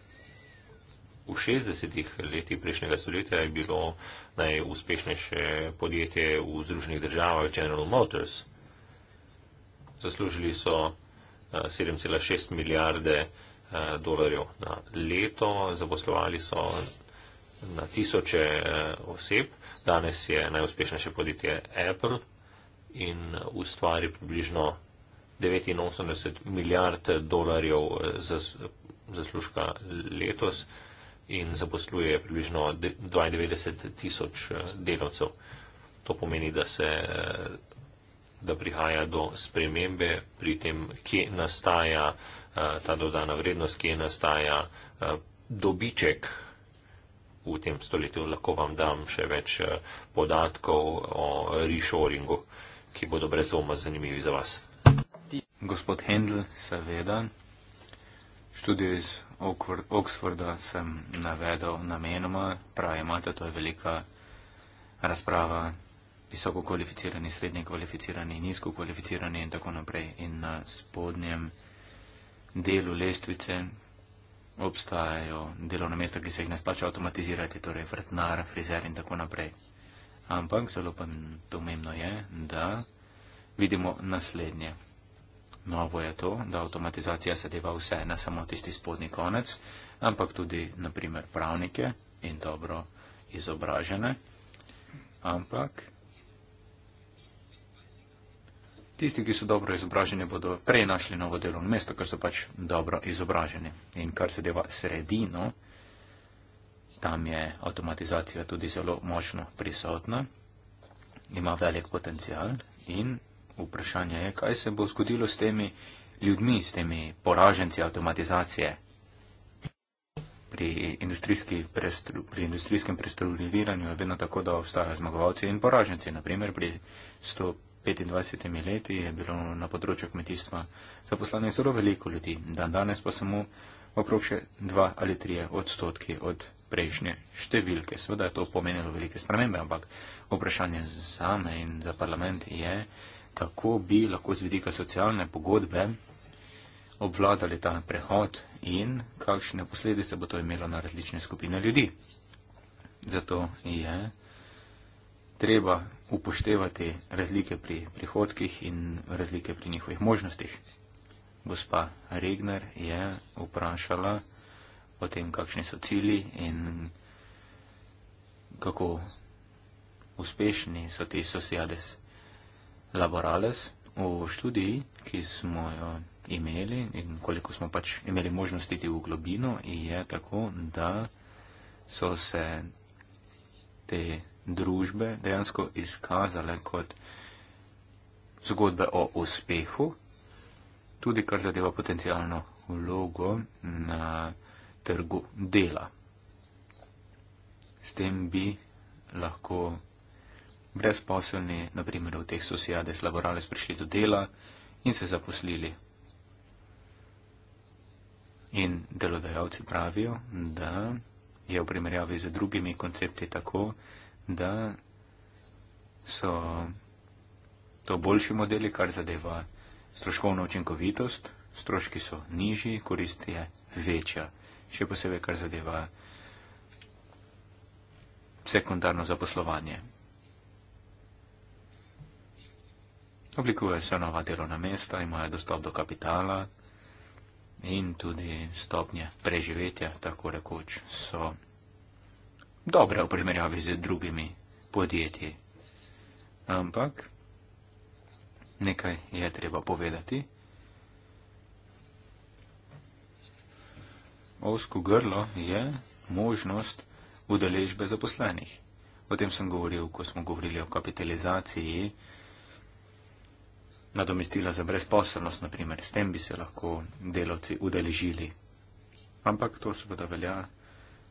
V 60-ih letih prejšnjega stoletja je bilo najuspešnejše podjetje v Združenih državah General Motors. Zaslužili so 7,6 milijarde eh, dolarjev na leto, zaposlovali so na tisoče eh, oseb, danes je najuspešnejše podjetje Apple in ustvari približno 89 milijard dolarjev eh, zaslužka letos in zaposluje približno 92 tisoč delavcev. To pomeni, da se da prihaja do spremembe pri tem, kje nastaja eh, ta dodana vrednost, kje nastaja eh, dobiček v tem stoletju. Lahko vam dam še več eh, podatkov o reshoringu, ki bodo brez dvoma zanimivi za vas. Gospod Hendl, seveda. Študijo iz Oxforda sem navedel namenoma, pravi imate, to je velika razprava visoko kvalificirani, srednje kvalificirani, nizko kvalificirani in tako naprej. In na spodnjem delu lestvice obstajajo delovna mesta, ki se jih ne splača avtomatizirati, torej vrtnar, frizer in tako naprej. Ampak zelo pomembno je, da vidimo naslednje. Novo je to, da avtomatizacija sedeva vse, ne samo tisti spodnji konec, ampak tudi, naprimer, pravnike in dobro izobražene. Ampak Tisti, ki so dobro izobraženi, bodo prej našli novo delovno mesto, ker so pač dobro izobraženi. In kar se deva sredino, tam je avtomatizacija tudi zelo močno prisotna, ima velik potencial in vprašanje je, kaj se bo zgodilo s temi ljudmi, s temi poraženci avtomatizacije pri, industrijski prestru, pri industrijskem prestruktiviranju je vedno tako, da obstajajo zmagovalci in poraženci, naprimer pri stop 25 leti je bilo na področju kmetijstva zaposlenih zelo veliko ljudi, dan danes pa samo okrog še 2 ali 3 odstotki od prejšnje številke. Seveda je to pomenilo velike spremembe, ampak vprašanje za me in za parlament je, kako bi lahko z vidika socialne pogodbe obvladali ta prehod in kakšne posledice bo to imelo na različne skupine ljudi. Zato je treba upoštevati razlike pri prihodkih in razlike pri njihovih možnostih. Gospa Regner je vprašala o tem, kakšni so cili in kako uspešni so ti sociades laborales v študiji, ki smo jo imeli in koliko smo pač imeli možnosti iti v globino, je tako, da so se te družbe dejansko izkazale kot zgodbe o uspehu, tudi kar zadeva potencijalno vlogo na trgu dela. S tem bi lahko brezposelni, naprimer v teh sosijades laborales, prišli do dela in se zaposlili. In delodajalci pravijo, da je v primerjavi z drugimi koncepti tako, da so to boljši modeli, kar zadeva stroškovno učinkovitost, stroški so nižji, korist je večja, še posebej, kar zadeva sekundarno zaposlovanje. Oblikujejo se nova delovna mesta, imajo dostop do kapitala in tudi stopnje preživetja, tako rekoč, so dobre v primerjavi z drugimi podjetji. Ampak nekaj je treba povedati. Ovsko grlo je možnost udeležbe zaposlenih. O tem sem govoril, ko smo govorili o kapitalizaciji nadomestila za brezposobnost, na primer, s tem bi se lahko delavci udeležili. Ampak to seveda velja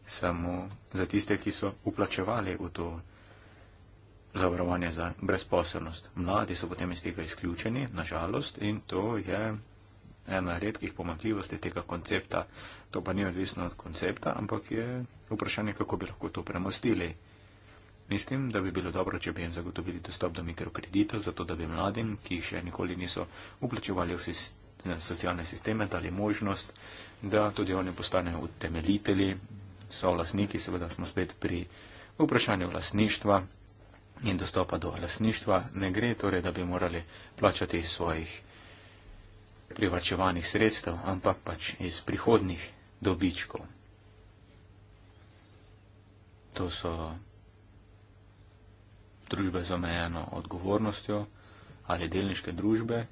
samo za tiste, ki so uplačevali v to zavarovanje za brezposobnost. Mladi so potem iz tega izključeni, nažalost, in to je ena redkih pomakljivosti tega koncepta. To pa ni odvisno od koncepta, ampak je vprašanje, kako bi lahko to premostili. Mislim, da bi bilo dobro, če bi jim zagotovili dostop do mikrokredita, zato da bi mladim, ki še nikoli niso uplačevali v sist socialne sisteme, dali možnost, da tudi oni postanejo utemeljitelji so vlasniki, seveda smo spet pri vprašanju vlasništva in dostopa do lasništva ne gre, torej da bi morali plačati iz svojih privačevanih sredstev, ampak pač iz prihodnih dobičkov. To so družbe z omejeno odgovornostjo ali delniške družbe,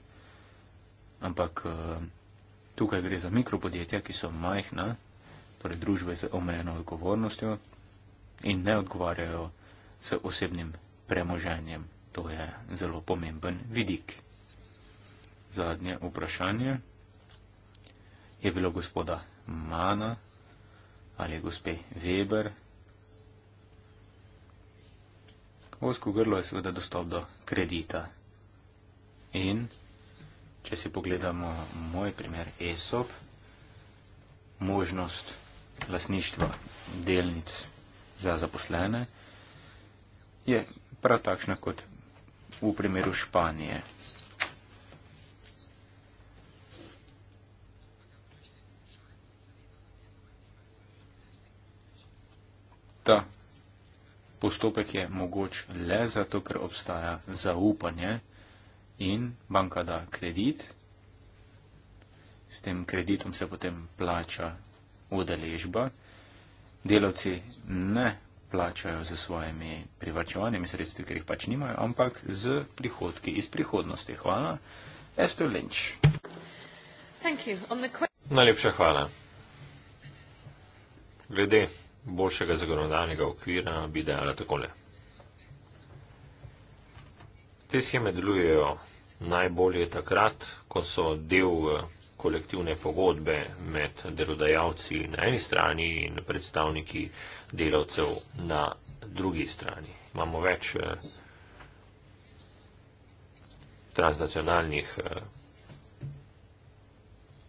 ampak eh, tukaj gre za mikropodjetja, ki so majhna, torej družbe z omejeno odgovornostjo in ne odgovarjajo s osebnim premoženjem. To je zelo pomemben vidik. Zadnje vprašanje je bilo gospoda Mana ali gospe Weber. Osko grlo je seveda dostop do kredita. In če si pogledamo moj primer ESOP, možnost lasništva delnic za zaposlene, je prav takšna kot v primeru Španije. Ta postopek je mogoč le zato, ker obstaja zaupanje in banka da kredit. S tem kreditom se potem plača udeležba. Delavci ne plačajo z svojimi privačevanimi sredstvi, ker jih pač nimajo, ampak z prihodki iz prihodnosti. Hvala. Esther Lynch. Najlepša hvala. Glede boljšega zakonodajnega okvira bi dejala takole. Te scheme delujejo najbolje takrat, ko so del kolektivne pogodbe med delodajalci na eni strani in predstavniki delavcev na drugi strani. Imamo več eh, transnacionalnih eh,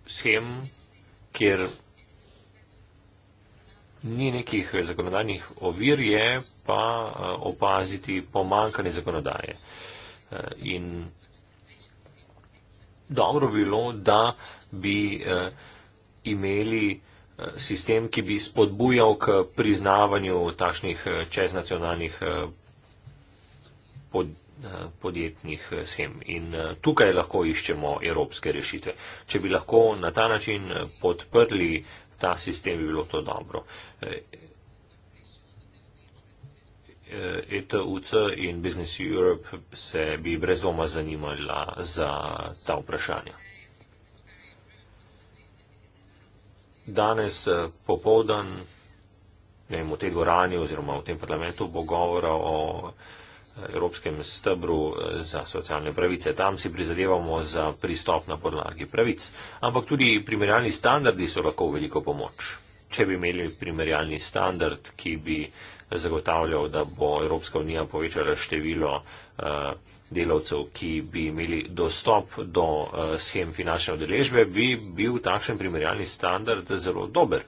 schem, kjer ni nekih zakonodajnih ovir, je pa eh, opaziti pomankanje zakonodaje. In dobro bilo, da bi eh, imeli eh, sistem, ki bi spodbujal k priznavanju takšnih eh, čeznacionalnih eh, pod, podjetnih schem. In tukaj lahko iščemo evropske rešitve. Če bi lahko na ta način podprli ta sistem, bi bilo to dobro. ETUC e in Business Europe se bi brez dvoma zanimala za ta vprašanja. Danes e, popovdan vem, v tej dvorani oziroma v tem parlamentu bo govora o e, Evropskem stebru za socialne pravice. Tam si prizadevamo za pristop na podlagi pravic, ampak tudi primerjalni standardi so lahko veliko pomoč. Če bi imeli primerjalni standard, ki bi uh, zagotavljal, da bo Evropska unija povečala število eh, delavcev, ki bi imeli dostop do eh, schem finančne odeležbe, bi bil takšen primerjalni standard zelo dober.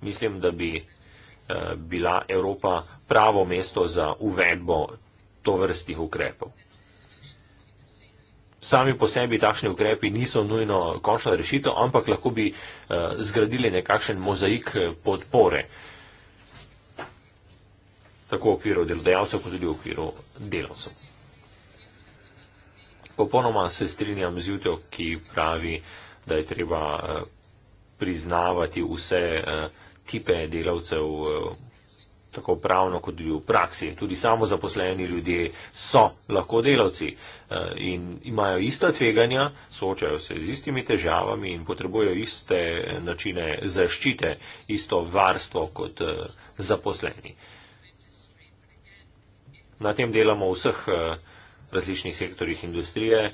Mislim, da bi eh, bila Evropa pravo mesto za uvedbo to vrstih ukrepov. Sami po sebi takšni ukrepi niso nujno končna rešitev, ampak lahko bi zgradili nekakšen mozaik podpore tako v okviru delodajalcev, kot tudi v okviru delavcev. Popolnoma se strinjam z Jutjo, ki pravi, da je treba eh, priznavati vse eh, tipe delavcev, eh, tako pravno kot tudi v praksi. Tudi samo zaposleni ljudje so lahko delavci in imajo ista tveganja, soočajo se z istimi težavami in potrebujejo iste načine zaščite, isto varstvo kot zaposleni. Na tem delamo v vseh eh, različnih sektorjih industrije.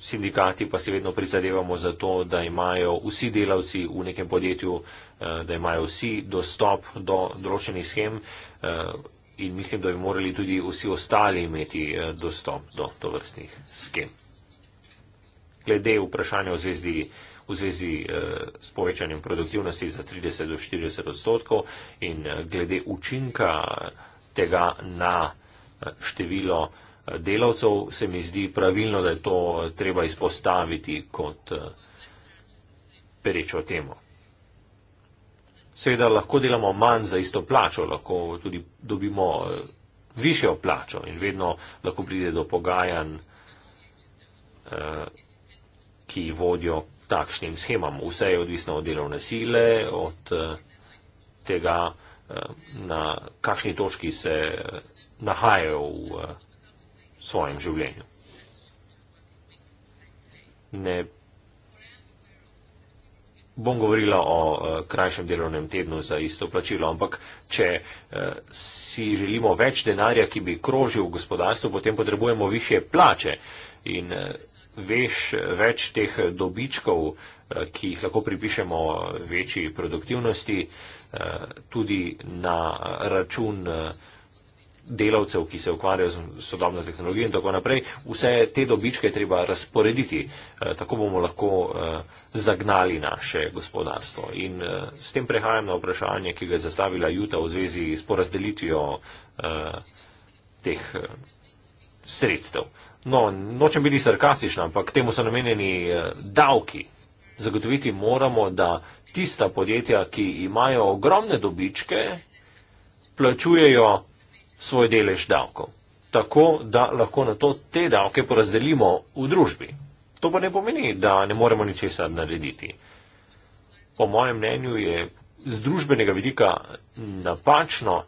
Sindikati pa se vedno prizadevamo za to, da imajo vsi delavci v nekem podjetju, eh, da imajo vsi dostop do določenih schem eh, in mislim, da bi morali tudi vsi ostali imeti dostop do tovrstnih schem. Glede vprašanja v zvezdi, v zvezdi s povečanjem produktivnosti za 30 do 40 odstotkov in glede učinka tega na eh, število eh, delavcev, se mi zdi pravilno, da je to eh, treba izpostaviti kot perečo temo. Seveda lahko delamo manj za isto plačo, lahko tudi dobimo višjo plačo in vedno lahko pride do pogajanj, ki vodijo takšnim schemam. Vse je odvisno od delovne sile, od tega, Eh, na kakšni točki se eh, nahajajo v eh, svojem življenju. Ne bom govorila o krajšem delovnem tednu za isto plačilo, ampak če si želimo več denarja, ki bi krožil v gospodarstvu, potem potrebujemo više plače in veš več teh dobičkov, ki jih lahko pripišemo večji produktivnosti. Eh, tudi na račun eh, delavcev, ki se ukvarjajo z sodobno tehnologijo in tako naprej. Vse te dobičke je treba razporediti, eh, tako bomo lahko zagnali naše gospodarstvo. In s tem prehajam na vprašanje, ki ga je zastavila Juta v zvezi s porazdelitvijo teh sredstev. No, nočem biti sarkastična, ampak temu so namenjeni davki. Zagotoviti moramo, da tista podjetja, ki imajo ogromne dobičke, plačujejo svoj delež davkov, tako da lahko na to te davke porazdelimo v družbi. To pa ne pomeni, da ne moremo ničesar narediti. Po mojem mnenju je z družbenega vidika napačno,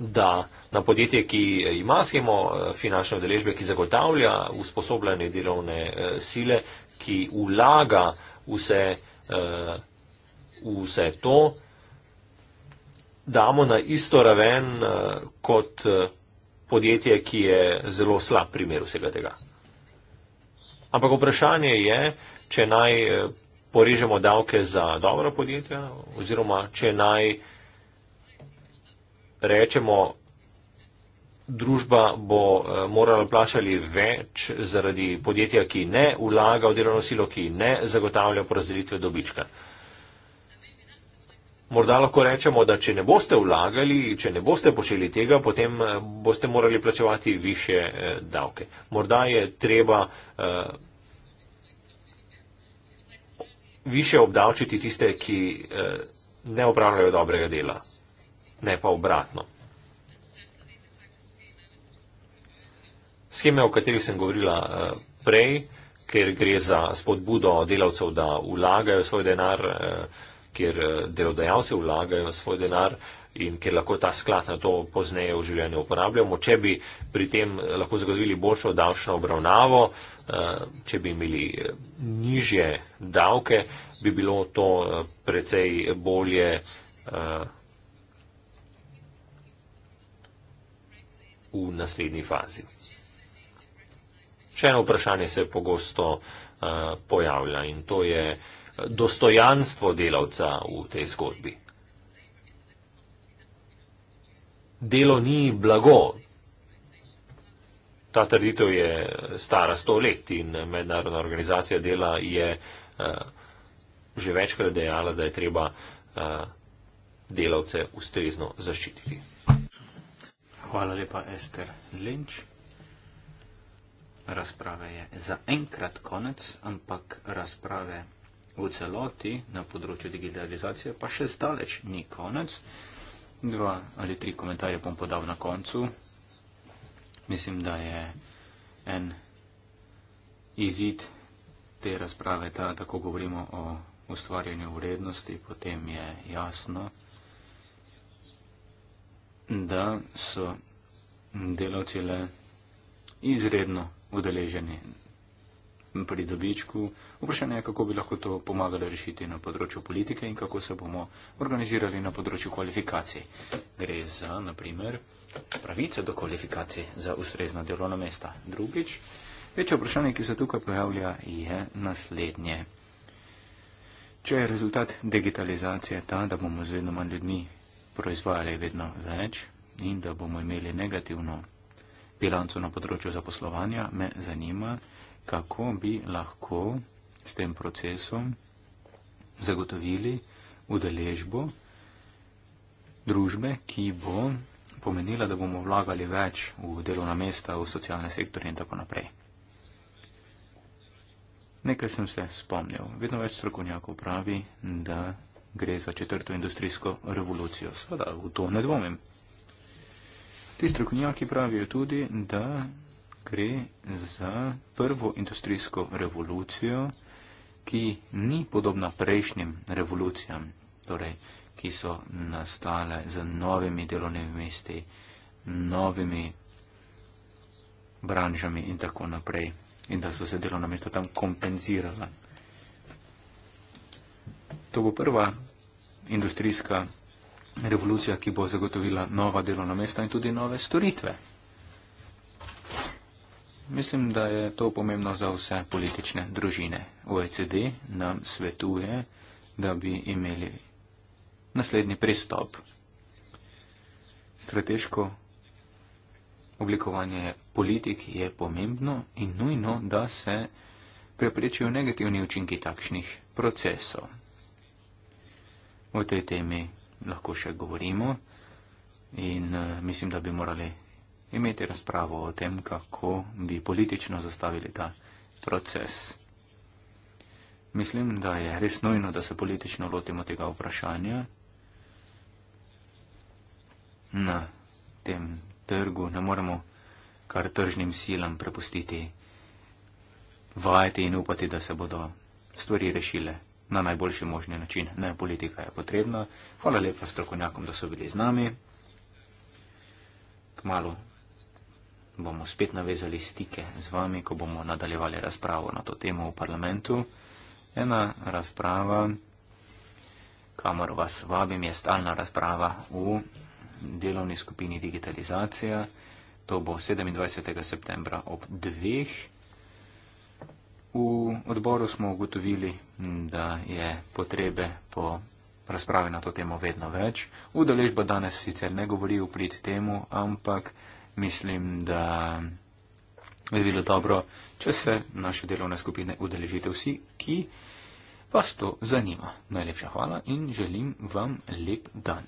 da na podjetje, ki ima schemo eh, finančne odeležbe, ki zagotavlja usposobljene delovne eh, sile, ki vlaga vse Eh, vse to damo na isto raven eh, kot eh, podjetje, ki je zelo slab primer vsega tega. Ampak vprašanje je, če naj porežemo davke za dobra podjetja oziroma če naj rečemo, družba bo eh, morala plačati več zaradi podjetja, ki ne vlaga v delovno silo, ki ne zagotavlja porazdelitve dobička. Morda lahko rečemo, da če ne boste vlagali, če ne boste počeli tega, potem eh, boste morali plačevati više eh, davke. Morda je treba uh, više obdavčiti tiste, ki uh, ne upravljajo dobrega dela, ne pa obratno. Scheme, o katerih sem govorila eh, prej, ker gre za spodbudo delavcev, da vlagajo svoj denar, eh, ker eh, delodajalce vlagajo svoj denar in ker lahko ta sklad na to pozneje v življenju uporabljamo. Če bi pri tem lahko zagotovili boljšo davčno obravnavo, če bi imeli nižje davke, bi bilo to precej bolje. V naslednji fazi. Še eno vprašanje se pogosto uh, pojavlja in to je eh, dostojanstvo delavca v tej zgodbi. Delo ni blago. Ta trditev je stara sto let in mednarodna organizacija dela je uh, že večkrat dejala, da je treba uh, delavce ustrezno zaščititi. Hvala lepa, Ester Lenč razprave je zaenkrat konec, ampak razprave v celoti na področju digitalizacije pa še zdaleč ni konec. Dva ali tri komentarje bom podal na koncu. Mislim, da je en izid te razprave ta, da ko govorimo o ustvarjanju vrednosti, potem je jasno, da so delavci le izredno udeleženi pri dobičku. Vprašanje je, kako bi lahko to pomagalo rešiti na področju politike in kako se bomo organizirali na področju kvalifikacij. Gre za, na primer, pravice do kvalifikacij za ustrezna delovna mesta. Drugič, večje vprašanje, ki se tukaj pojavlja, je naslednje. Če je rezultat digitalizacije ta, da bomo z vedno manj ljudmi proizvajali vedno več in da bomo imeli negativno bilancu na področju zaposlovanja, me zanima, kako bi lahko s tem procesom zagotovili udeležbo družbe, ki bo pomenila, da bomo vlagali več v delovna mesta, v socialne sektorje in tako naprej. Nekaj sem se spomnil. Vedno več strokovnjakov pravi, da gre za četrto industrijsko revolucijo. Sveda, v to ne dvomim. Ti strokovnjaki pravijo tudi, da gre za prvo industrijsko revolucijo, ki ni podobna prejšnjim revolucijam, torej, ki so nastale z novimi delovnimi mesti, novimi branžami in tako naprej, in da so se delovna mesta tam kompenzirala. To bo prva industrijska revolucija revolucija, ki bo zagotovila nova delovna mesta in tudi nove storitve. Mislim, da je to pomembno za vse politične družine. OECD nam svetuje, da bi imeli naslednji pristop. Strateško oblikovanje politik je pomembno in nujno, da se preprečijo negativni učinki takšnih procesov. O tej temi lahko še govorimo in uh, mislim, da bi morali imeti razpravo o tem, kako bi politično zastavili ta proces. Mislim, da je res nujno, da se politično lotimo tega vprašanja na tem trgu. Ne moremo kar tržnim silam prepustiti vajeti in upati, da se bodo stvari rešile na najboljši možni način. Ne, politika je potrebna. Hvala lepa strokovnjakom, da so bili z nami. Kmalo bomo spet navezali stike z vami, ko bomo nadaljevali razpravo na to temo v parlamentu. Ena razprava, kamor vas vabim, je stalna razprava v delovni skupini digitalizacija. To bo 27. septembra ob dveh. V odboru smo ugotovili, da je potrebe po razpravi na to temo vedno več. Udeležba danes sicer ne govori v prid temu, ampak mislim, da bi bilo dobro, če se naše delovne skupine udeležite vsi, ki vas to zanima. Najlepša hvala in želim vam lep dan.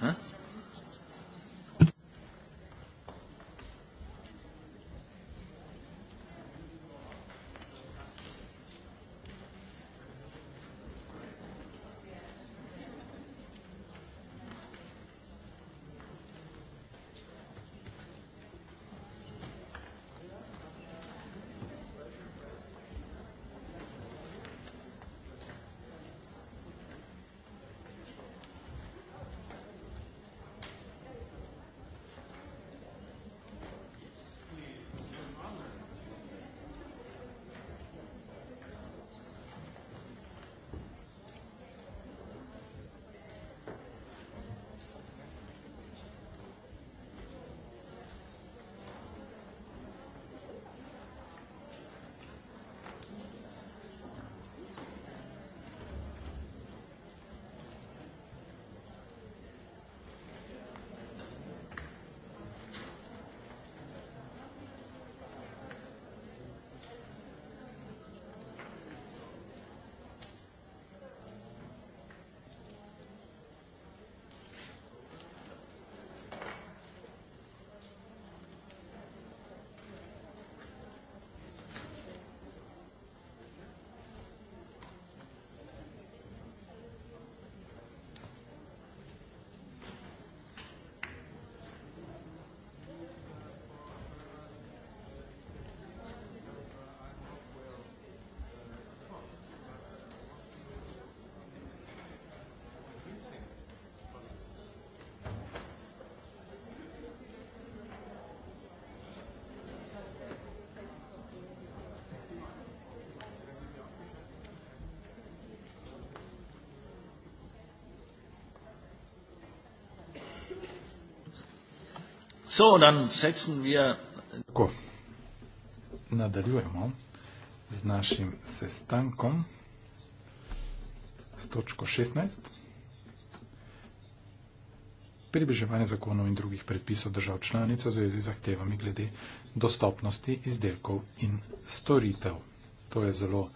Huh? So, dann setzen wir. Tako, nadaljujemo z našim sestankom s točko 16. Približevanje zakonov in drugih predpisov držav članic v zvezi z zahtevami glede dostopnosti izdelkov in storitev. To je zelo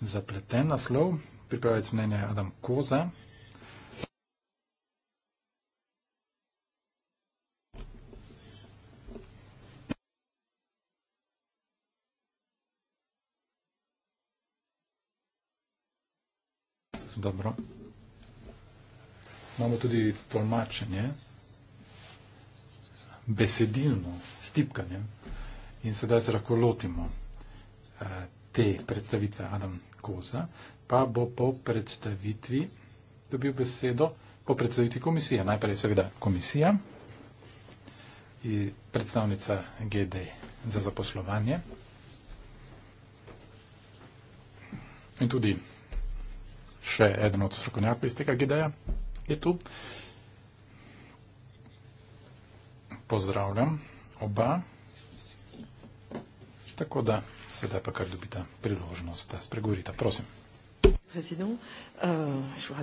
zapleten naslov. Pripravec mnenja je Adam Koza, Dobro. Imamo tudi tolmačenje, besedilno, s tipkanjem. In sedaj se lahko lotimo eh, te predstavitve Adam Koza, pa bo po predstavitvi dobil besedo, po predstavitvi komisije. Najprej seveda komisija in predstavnica GD za zaposlovanje. In tudi še eden od strokovnjakov iz tega GDE-ja je tu. Pozdravljam oba. Tako da sedaj pa kar dobita priložnost, da spregovorita. Prosim. Euh,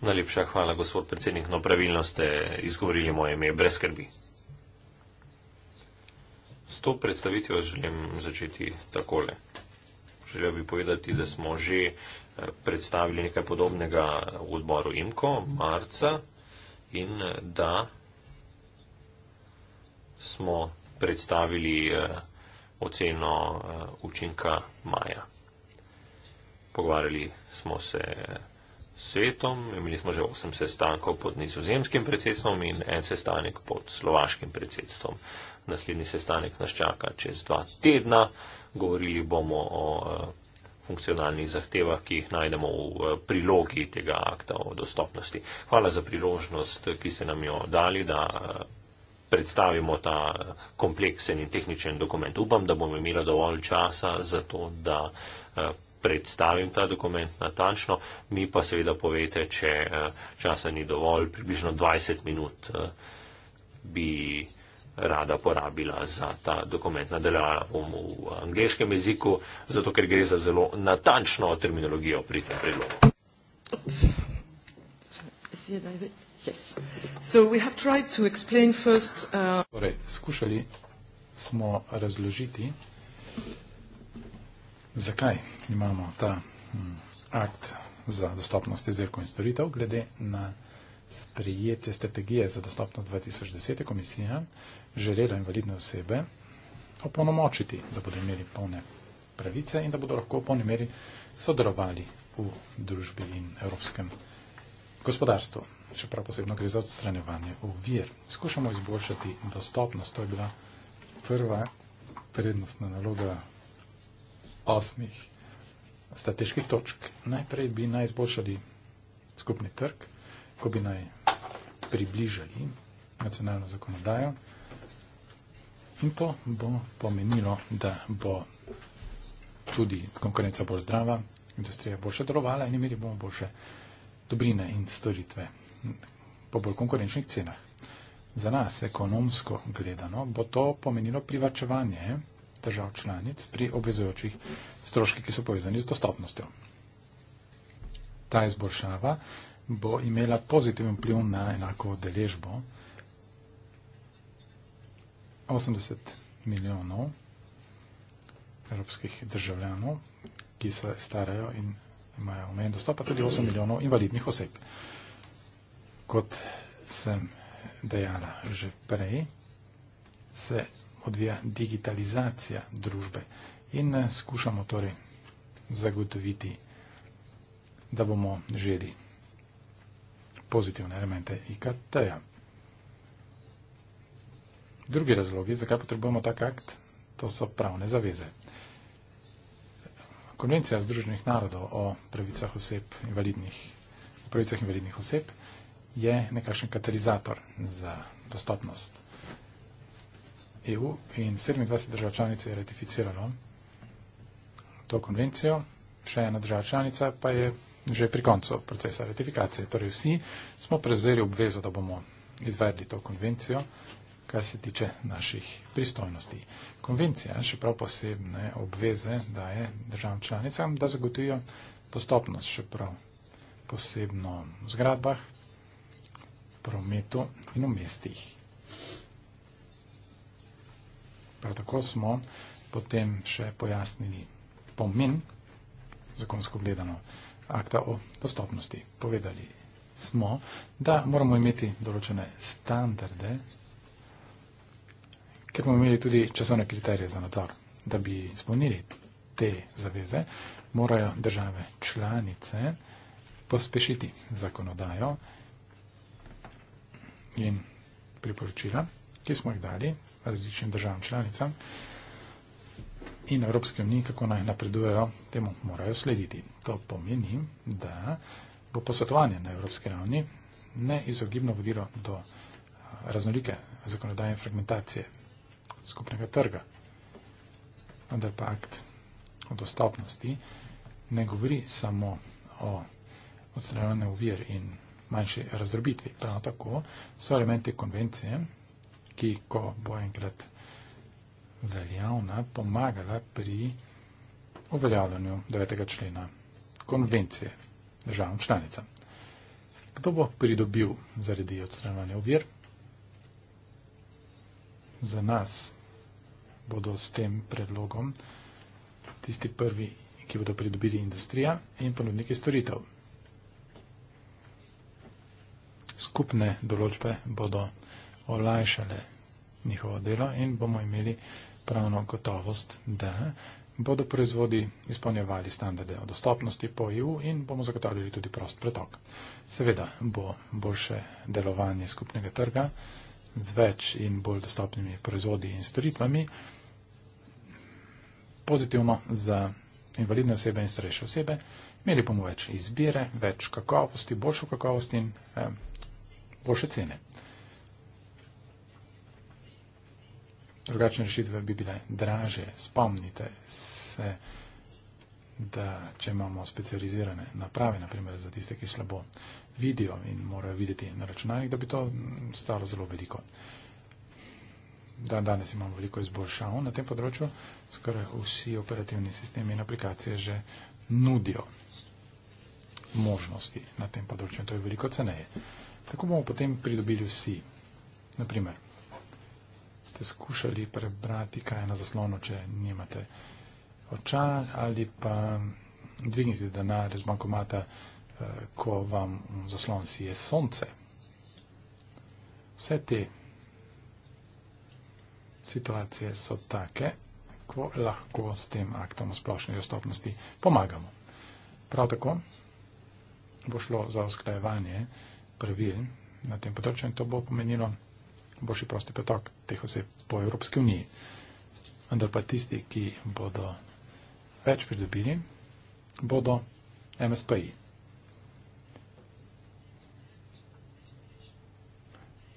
Najlepša hvala, gospod predsednik. No, pravilno ste izgovorili moje ime, brez skrbi. S to predstavitvijo želim začeti takole. Želel bi povedati, da smo že predstavili nekaj podobnega v odboru IMKO marca in da smo predstavili eh, oceno eh, učinka maja. Pogovarjali smo se s svetom, imeli smo že osem sestankov pod nizozemskim predsedstvom in en sestanek pod slovaškim predsedstvom. Naslednji sestanek nas čaka čez dva tedna. Govorili bomo o eh, funkcionalnih zahtevah, ki jih najdemo v eh, prilogi tega akta o dostopnosti. Hvala za priložnost, eh, ki ste nam jo dali, da eh, predstavimo ta kompleksen in tehničen dokument. Upam, da bomo imeli dovolj časa za to, da predstavim ta dokument natančno. Mi pa seveda povete, če časa ni dovolj, približno 20 minut bi rada porabila za ta dokument. Nadaljala bom v angliškem jeziku, zato ker gre za zelo natančno terminologijo pri tem predlogu. Uh, torej, skušali smo razložiti, zakaj imamo ta hm, akt za dostopnost izdelkov in storitev, glede na sprejetje strategije za dostopnost 2010. Komisija želelo invalidne osebe opolnomočiti, da bodo imeli polne pravice in da bodo lahko v polni meri sodelovali v družbi in evropskem gospodarstvu. Čeprav posebno gre za odstranjevanje ovir. Skušamo izboljšati dostopnost. To je bila prva prednostna naloga osmih strateških točk. Najprej bi naj izboljšali skupni trg, ko bi naj približali nacionalno zakonodajo. In to bo pomenilo, da bo tudi konkurenca bolj zdrava, industrija boljše delovala in imeli bomo boljše dobrine in storitve po bolj konkurenčnih cenah. Za nas, ekonomsko gledano, bo to pomenilo privačevanje držav članic pri obvezujočih stroških, ki so povezani z dostopnostjo. Ta izboljšava bo imela pozitiven vpliv na enako deležbo 80 milijonov evropskih državljanov, ki se starajo in imajo omejen dostop, pa tudi 8 milijonov invalidnih oseb. Kot sem dejala že prej, se odvija digitalizacija družbe in eh, skušamo torej zagotoviti, da bomo želi pozitivne elemente IKT-ja. -ja. Drugi razlogi, zakaj potrebujemo tak akt, to so pravne zaveze. Konvencija Združenih narodov o pravicah oseb invalidnih, o pravicah invalidnih oseb je nekakšen katalizator za dostopnost EU in 27 držav članic je ratificiralo to konvencijo, še ena država članica pa je že pri koncu procesa ratifikacije. Torej vsi smo prevzeli obvezo, da bomo izvedli to konvencijo kar se tiče naših pristojnosti. Konvencija še prav posebne obveze daje državam članicam, da zagotujo dostopnost še prav posebno v zgradbah, prometu in v mestih. Prav tako smo potem še pojasnili pomen, zakonsko gledano, akta o dostopnosti. Povedali smo, da moramo imeti določene standarde ker bomo imeli tudi časovne kriterije za nadzor. Da bi izpolnili te zaveze, morajo države članice pospešiti zakonodajo in priporočila, ki smo jih dali različnim državam članicam in Evropske unije, kako naj napredujejo, temu morajo slediti. To pomeni, da bo posvetovanje na Evropske ravni neizogibno vodilo do raznolike zakonodajne fragmentacije skupnega trga. Vendar pa akt o dostopnosti ne govori samo o odstranjevanju uvir in manjši razdrobitvi. Prav tako so elementi konvencije, ki, ko bo enkrat veljavna, pomagala pri uveljavljanju 9. člena konvencije državam članicam. Kdo bo pridobil zaradi odstranjevanja uvir? za nas bodo s tem predlogom tisti prvi, ki bodo pridobili industrija in ponudniki storitev. Skupne določbe bodo olajšale njihovo delo in bomo imeli pravno gotovost, da bodo proizvodi izpolnjevali standarde o dostopnosti po EU in bomo zagotavljali tudi prost pretok. Seveda bo boljše delovanje skupnega trga z več in bolj dostopnimi proizvodi in storitvami. Pozitivno za invalidne osebe in starejše osebe. Imeli bomo več izbire, več kakovosti, boljšo kakovost in eh, boljše cene. Drugačne rešitve bi bile draže. Spomnite se, da če imamo specializirane naprave, naprimer za tiste, ki slabo vidijo in morajo videti na računalnik, da bi to stalo zelo veliko. Dan danes imamo veliko izboljšav na tem področju, skoraj vsi operativni sistemi in aplikacije že nudijo možnosti na tem področju in to je veliko ceneje. Tako bomo potem pridobili vsi. Naprimer, ste skušali prebrati kaj na zaslonu, če nimate očal ali pa dvigniti denar iz bankomata, ko vam zaslon sije sonce. Vse te situacije so take, ko lahko s tem aktom o splošni dostopnosti pomagamo. Prav tako bo šlo za usklajevanje pravil na tem področju in to bo pomenilo boljši prosti potok teh oseb po Evropski uniji. Vendar pa tisti, ki bodo več pridobili, bodo MSPI.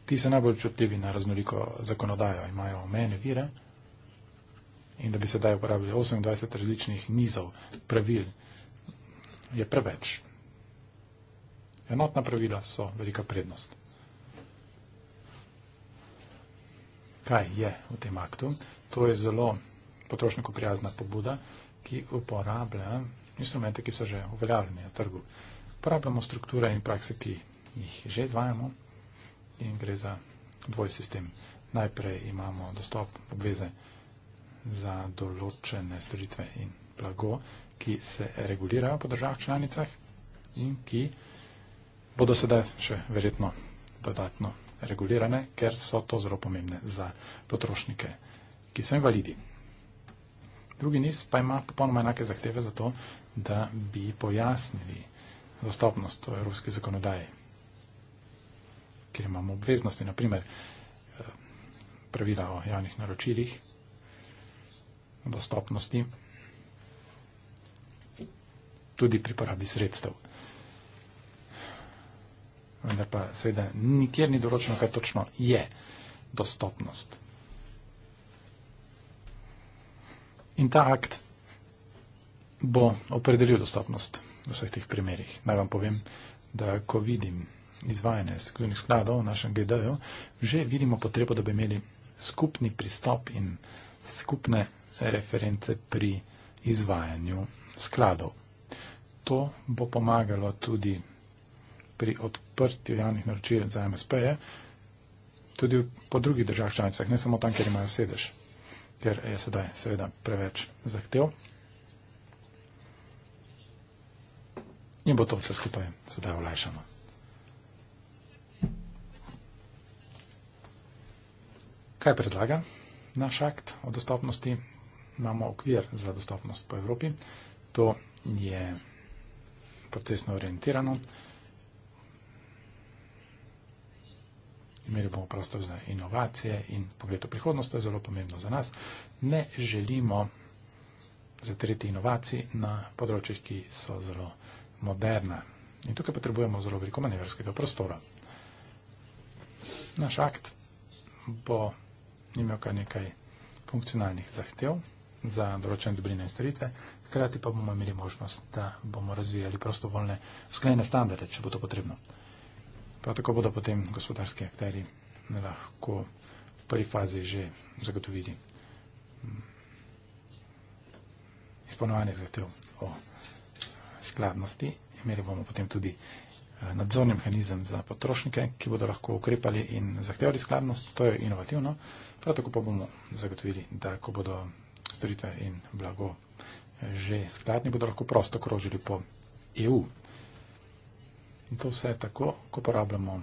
ti so najbolj čutljivi na raznoliko zakonodajo, imajo omejene vire in da bi se daj uporabljali 28 različnih nizov pravil, je preveč. Enotna pravila so velika prednost. Kaj je v tem aktu? To je zelo potrošniku prijazna pobuda, ki uporablja instrumente, ki so že uveljavljeni na trgu. Uporabljamo strukture in prakse, ki jih že izvajamo in gre za dvoj sistem. Najprej imamo dostop obveze za določene storitve in blago, ki se regulirajo po državah članicah in ki bodo sedaj še verjetno dodatno regulirane, ker so to zelo pomembne za potrošnike, ki so invalidi. Drugi niz pa ima popolnoma enake zahteve za to, da bi pojasnili dostopnost v evropski zakonodaji kjer imamo obveznosti, naprimer eh, pravila o javnih naročilih, o dostopnosti, tudi pri porabi sredstev. Vendar pa seveda nikjer ni določeno, kaj točno je dostopnost. In ta akt bo opredelil dostopnost v vseh teh primerih. Naj vam povem, da ko vidim izvajanja strukturnih skladov v našem GDO, že vidimo potrebo, da bi imeli skupni pristop in skupne reference pri izvajanju skladov. To bo pomagalo tudi pri odprtju javnih naročil za MSP-je, tudi po drugih državah članicah, ne samo tam, kjer imajo sedež, ker je sedaj seveda preveč zahtev. In bo to vse skupaj sedaj olajšano. Kaj predlaga naš akt o dostopnosti? Imamo okvir za dostopnost po Evropi. To je procesno orientirano. Imeli bomo prostor za inovacije in pogled v prihodnost, to je zelo pomembno za nas. Ne želimo zatreti inovacij na področjih, ki so zelo moderna. In tukaj potrebujemo zelo veliko manevrskega prostora. Naš akt bo nimajo kar nekaj funkcionalnih zahtev za določene dobrine in storitve, hkrati pa bomo imeli možnost, da bomo razvijali prostovoljne sklene standarde, če bo to potrebno. Prav tako bodo potem gospodarski akteri lahko v prvi fazi že zagotovili mm, izpolnjevanje zahtev o skladnosti. Imeli bomo potem tudi eh, nadzorni mehanizem za potrošnike, ki bodo lahko ukrepali in zahtevali skladnost. To je inovativno. Prav tako pa bomo zagotovili, da ko bodo storitve in blago eh, že skladni, bodo lahko prosto krožili po EU. In to vse je tako, ko uporabljamo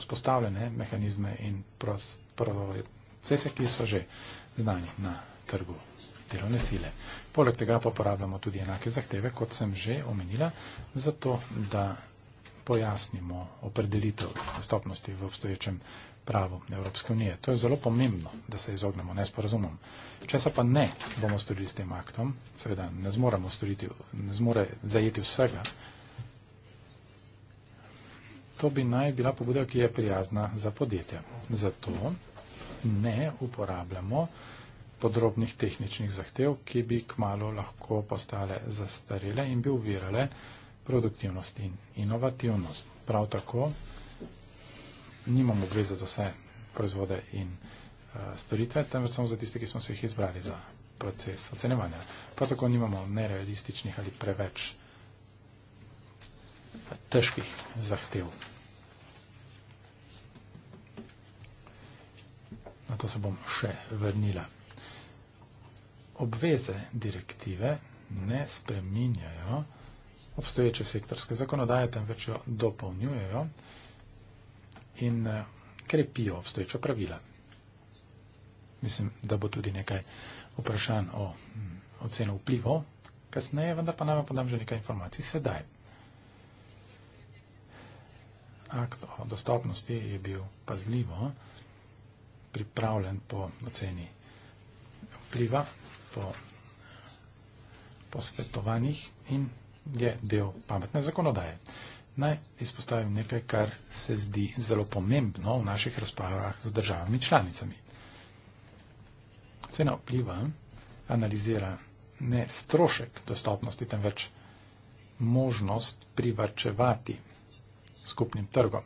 vzpostavljene mehanizme in procese, ki so že znani na trgu delovne sile. Poleg tega pa uporabljamo tudi enake zahteve, kot sem že omenila, zato da pojasnimo opredelitev dostopnosti v obstoječem pravo Evropske unije. To je zelo pomembno, da se izognemo nesporazumom. Če se pa ne bomo storili s tem aktom, seveda ne zmoremo storiti, ne zmore zajeti vsega, to bi naj bila pobuda, ki je prijazna za podjetje. Zato ne uporabljamo podrobnih tehničnih zahtev, ki bi kmalo lahko postale zastarele in bi uvirale produktivnost in inovativnost. Prav tako nimamo obveze za vse proizvode in uh, storitve, temveč samo za tiste, ki smo se jih izbrali za proces ocenevanja. Prav tako nimamo nerealističnih ali preveč eh, težkih zahtev. Na to se bom še vrnila. Obveze direktive ne spreminjajo obstoječe sektorske zakonodaje, temveč jo dopolnjujejo. Uh, in eh, krepijo obstoječa pravila. Mislim, da bo tudi nekaj vprašanj o hm, oceno vplivov kasneje, vendar pa naj vam podam že nekaj informacij sedaj. Akt o dostopnosti je bil pazljivo pripravljen po oceni vpliva, po, po svetovanjih in je del pametne zakonodaje naj izpostavim nekaj, kar se zdi zelo pomembno v naših razpravah z državami članicami. Cena vpliva analizira ne strošek dostopnosti, temveč možnost privrčevati skupnim trgom.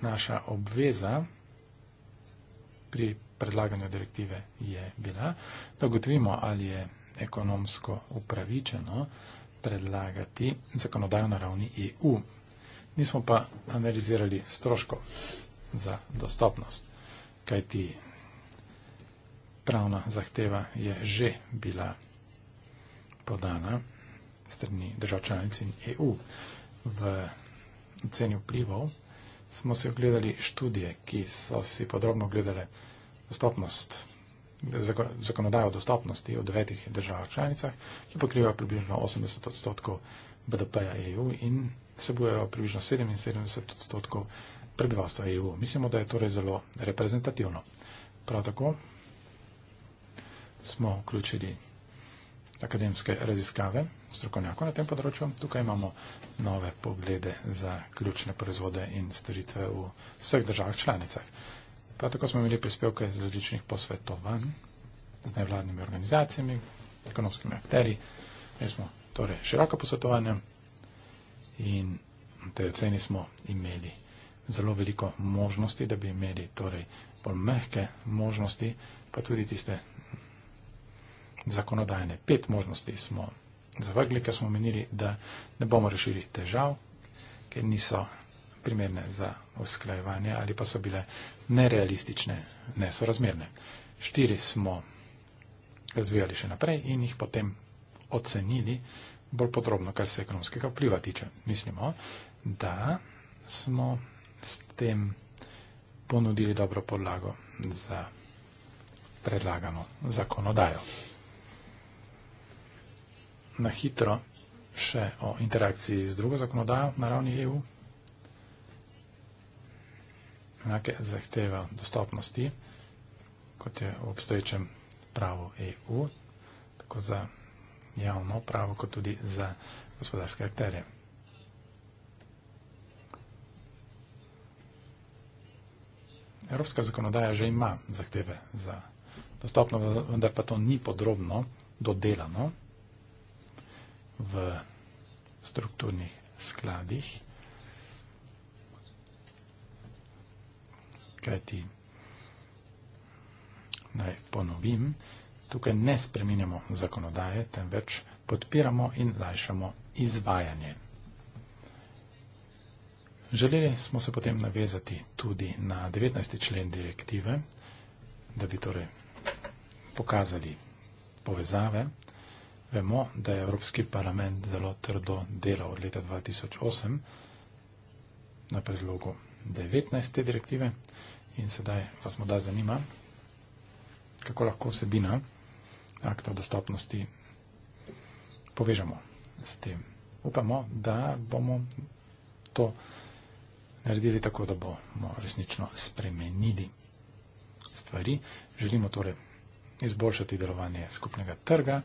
Naša obveza pri predlaganju direktive je bila, da gotovimo, ali je ekonomsko upravičeno predlagati zakonodajo na ravni EU. Nismo pa analizirali stroškov za dostopnost, kajti pravna zahteva je že bila podana strani držav članic in EU. V oceni vplivov smo se ogledali študije, ki so si podrobno ogledale dostopnost zakonodajo o dostopnosti v devetih državah članicah, ki pokriva približno 80 odstotkov BDP-ja EU in sebojo približno 77 odstotkov prebivalstva EU. Mislimo, da je torej zelo reprezentativno. Prav tako smo vključili akademske raziskave strokovnjakov na tem področju. Tukaj imamo nove poglede za ključne proizvode in storitve v vseh državah članicah. Prav tako smo imeli prispevke z različnih posvetovanj, z nevladnimi organizacijami, ekonomskimi akteri. Mi smo torej široko posvetovanje in te oceni smo imeli zelo veliko možnosti, da bi imeli torej bolj mehke možnosti, pa tudi tiste zakonodajne. Pet možnosti smo zavrgli, ker smo menili, da ne bomo rešili težav, ker niso primerne za usklajevanje ali pa so bile nerealistične, nesorazmerne. Štiri smo razvijali še naprej in jih potem ocenili bolj podrobno, kar se ekonomskega vpliva tiče. Mislimo, da smo s tem ponudili dobro podlago za predlagano zakonodajo. Na hitro še o interakciji z drugo zakonodajo na ravni EU enake zahteve dostopnosti, kot je v obstoječem pravu EU, tako za javno pravo, kot tudi za gospodarske akterje. Evropska zakonodaja že ima zahteve za dostopno, vendar pa to ni podrobno dodelano v strukturnih skladih kajti naj ponovim, tukaj ne spreminjamo zakonodaje, temveč podpiramo in lajšamo izvajanje. Želeli smo se potem navezati tudi na 19. člen direktive, da bi torej pokazali povezave. Vemo, da je Evropski parlament zelo trdo delal od leta 2008 na predlogu 19. direktive. In sedaj vas morda zanima, kako lahko vsebina akta o dostopnosti povežemo s tem. Upamo, da bomo to naredili tako, da bomo resnično spremenili stvari. Želimo torej izboljšati delovanje skupnega trga.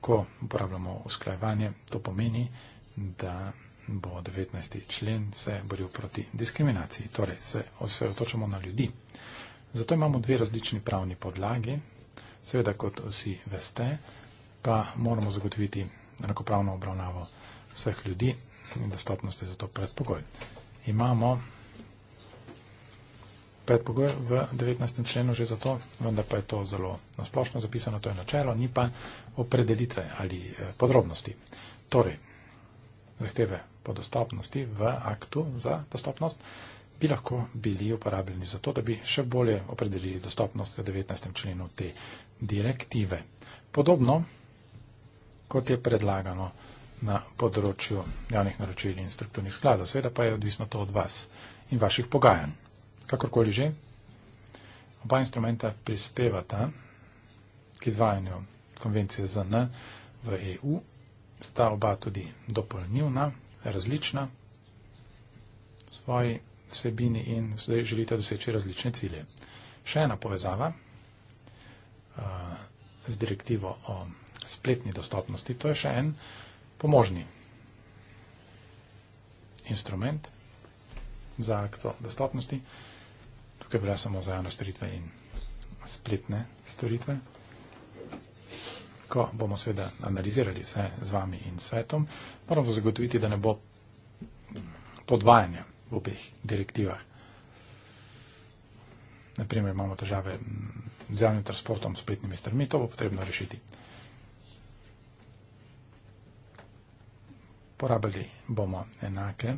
Ko uporabljamo usklajevanje, to pomeni, da bo 19. člen se boril proti diskriminaciji, torej se osredotočamo na ljudi. Zato imamo dve različni pravni podlagi. Seveda, kot vsi veste, pa moramo zagotoviti enakopravno obravnavo vseh ljudi in dostopnost je zato predpogoj. Imamo predpogoj v 19. členu že zato, vendar pa je to zelo nasplošno zapisano, to je načelo, ni pa opredelitve ali eh, podrobnosti. Torej, zahteve po dostopnosti v aktu za dostopnost bi lahko bili uporabljeni za to, da bi še bolje opredelili dostopnost v 19. členu te direktive. Podobno, kot je predlagano na področju javnih naročil in strukturnih skladov, seveda pa je odvisno to od vas in vaših pogajanj. Kakorkoli že, oba instrumenta prispevata k izvajanju konvencije ZN v EU sta oba tudi dopolnjivna, različna v svoji vsebini in zdaj želite doseči različne cilje. Še ena povezava uh, z direktivo o spletni dostopnosti, to je še en pomožni instrument za akto dostopnosti. Tukaj bila samo za javne storitve in spletne storitve ko bomo seveda analizirali vse z vami in svetom, moramo zagotoviti, da ne bo podvajanja v obeh direktivah. Naprimer, imamo težave z javnim transportom, s spletnimi strmi, to bo potrebno rešiti. Porabili bomo enake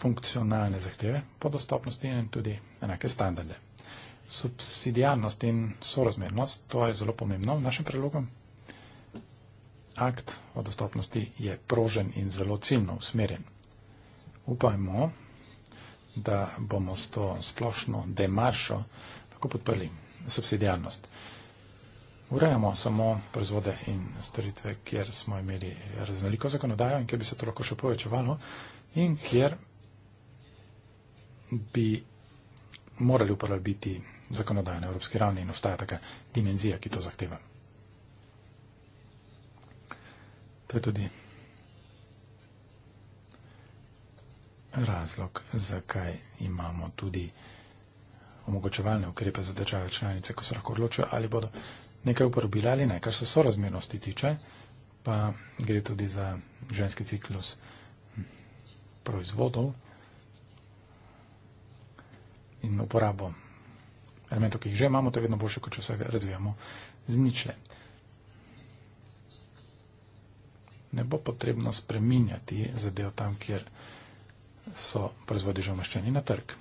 funkcionalne zahteve po dostopnosti in tudi enake standarde subsidijarnost in sorazmernost, to je zelo pomembno v našem predlogu. Akt o dostopnosti je prožen in zelo ciljno usmerjen. Upajmo, da bomo s to splošno demaršo lahko podprli subsidijarnost. Urejamo samo proizvode in storitve, kjer smo imeli raznoliko zakonodajo in kjer bi se to lahko še povečevalo in kjer bi morali uporabiti zakonodaje na evropski ravni in obstaja taka dimenzija, ki to zahteva. To je tudi razlog, zakaj imamo tudi omogočevalne ukrepe za države članice, ko se lahko odločijo, ali bodo nekaj uporabili ali ne, kar se sorazmernosti tiče, pa gre tudi za ženski ciklus proizvodov in uporabo elementov, ki jih že imamo, to je vedno boljše, kot če vse razvijamo z ničle. Ne bo potrebno spreminjati zadev tam, kjer so proizvodi že umaščeni na trg.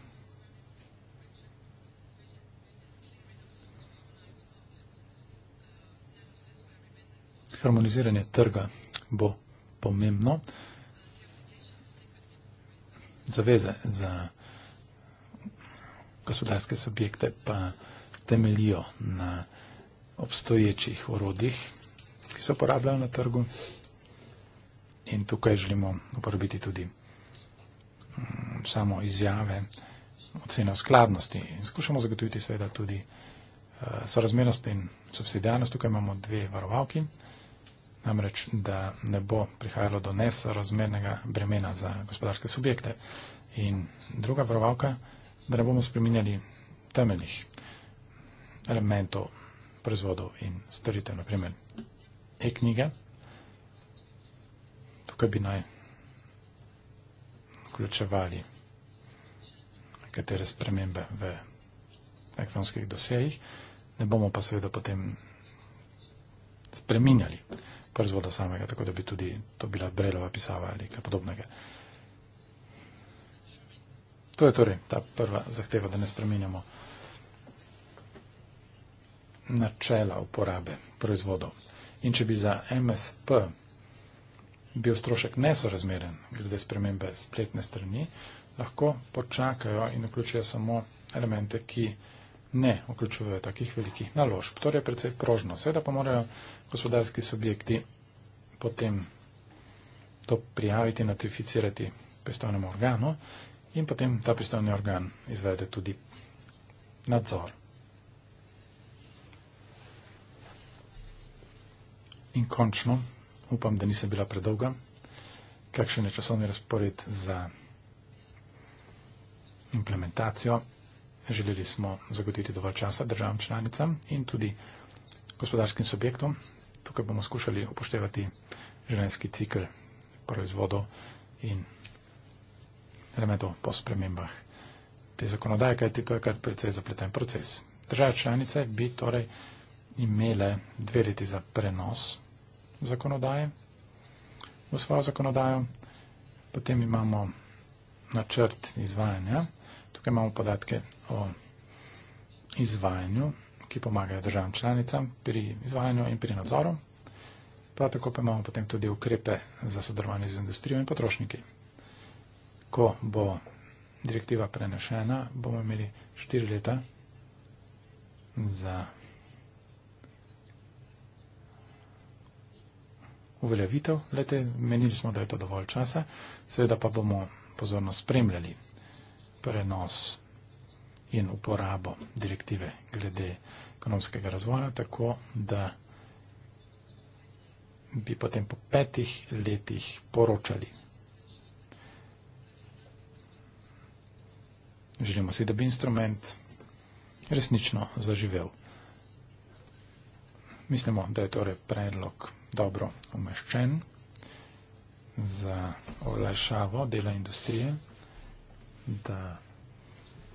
Harmoniziranje trga bo pomembno. Zaveze za trg gospodarske subjekte pa temeljijo na obstoječih orodjih, ki se uporabljajo na trgu. In tukaj želimo uporabiti tudi m, mm, samo izjave, oceno skladnosti. In skušamo zagotoviti seveda tudi uh, sorazmernost in subsidijalnost. Tukaj imamo dve varovalki, namreč, da ne bo prihajalo do nesorazmernega bremena za gospodarske subjekte. In druga varovalka, da ne bomo spremenjali temeljnih elementov, proizvodov in storitev, naprimer e-knjige. Tukaj bi naj vključevali nekatere spremembe v elektronskih dosejih, ne bomo pa seveda potem spreminjali proizvoda samega, tako da bi tudi to bila brelova pisava ali kaj podobnega. To je torej ta prva zahteva, da ne spremenjamo načela uporabe proizvodov. In če bi za MSP bil strošek nesorazmeren glede spremembe spletne strani, lahko počakajo in vključijo samo elemente, ki ne vključujejo takih velikih naložb. Torej, predvsej prožno. Seveda pa morajo gospodarski subjekti potem to prijaviti, notificirati pristojnemu organu in potem ta pristojni organ izvede tudi nadzor. In končno, upam, da nisem bila predolga, kakšen je časovni razpored za implementacijo. Želeli smo zagotoviti dovolj časa državam članicam in tudi gospodarskim subjektom. Tukaj bomo skušali upoštevati življenjski cikl proizvodov in gremo to po spremembah te zakonodaje, kajti to je kar precej zapleten proces. Države članice bi torej imele dve leti za prenos zakonodaje v svojo zakonodajo, potem imamo načrt izvajanja, tukaj imamo podatke o izvajanju, ki pomagajo državam članicam pri izvajanju in pri nadzoru, prav tako pa imamo potem tudi ukrepe za sodelovanje z industrijo in potrošniki ko bo direktiva prenešena, bomo imeli štiri leta za uveljavitev. Lete, menili smo, da je to dovolj časa, seveda pa bomo pozorno spremljali prenos in uporabo direktive glede ekonomskega razvoja, tako da bi potem po petih letih poročali Želimo si, da bi instrument resnično zaživel. Mislimo, da je torej predlog dobro umeščen za olajšavo dela industrije, da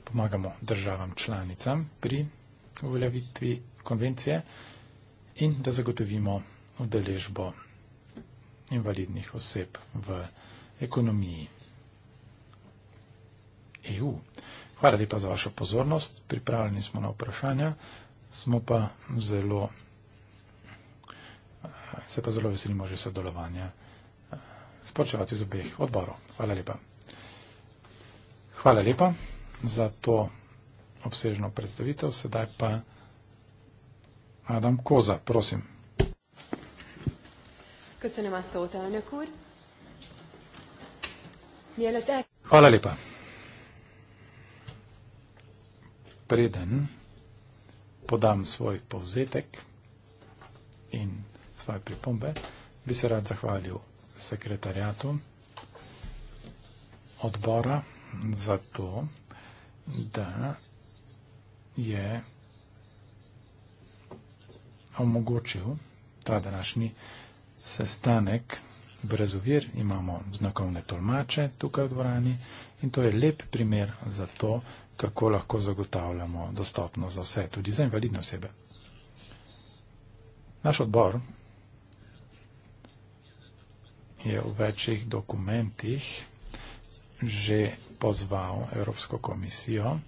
pomagamo državam članicam pri uveljavitvi konvencije in da zagotovimo udeležbo invalidnih oseb v ekonomiji. EU. Hvala lepa za vašo pozornost, pripravljeni smo na vprašanja, smo pa zelo, se pa zelo veselimo že sodelovanja s počevati z obeh odborov. Hvala lepa. Hvala lepa za to obsežno predstavitev, sedaj pa Adam Koza, prosim. Hvala lepa. preden podam svoj povzetek in svoje pripombe, bi se rad zahvalil sekretarjatu odbora za to, da je omogočil ta današnji sestanek brez uvir. Imamo znakovne tolmače tukaj v dvorani in to je lep primer za to, kako lahko zagotavljamo dostopnost za vse, tudi za invalidne osebe. Naš odbor je v večjih dokumentih že pozval Evropsko komisijo,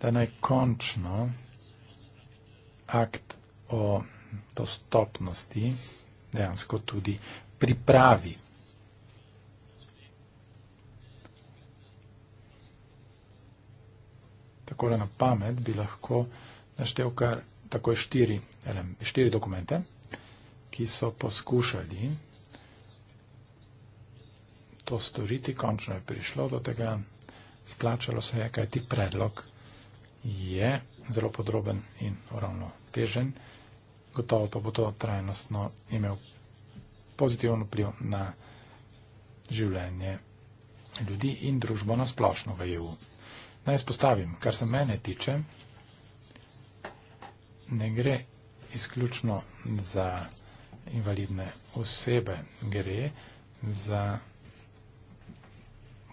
da naj končno akt o dostopnosti dejansko tudi pripravi tako na pamet, bi lahko naštel kar takoj štiri, elem, štiri dokumente, ki so poskušali to storiti. Končno je prišlo do tega, splačalo se je, kaj ti predlog je zelo podroben in ravno težen. Gotovo pa bo to trajnostno imel pozitiven vpliv na življenje ljudi in družbo na splošno v EU. Naj spostavim, kar se mene tiče, ne gre izključno za invalidne osebe, gre za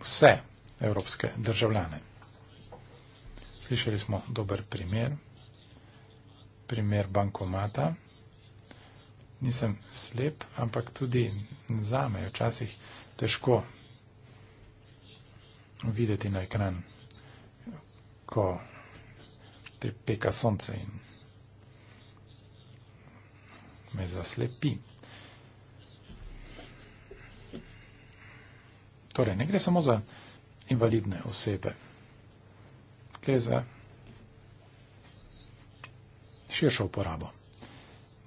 vse evropske državljane. Slišali smo dober primer, primer bankomata. Nisem slep, ampak tudi zame je včasih težko videti na ekran ko peka sonce in me zaslepi. Torej, ne gre samo za invalidne osebe, gre za širšo uporabo.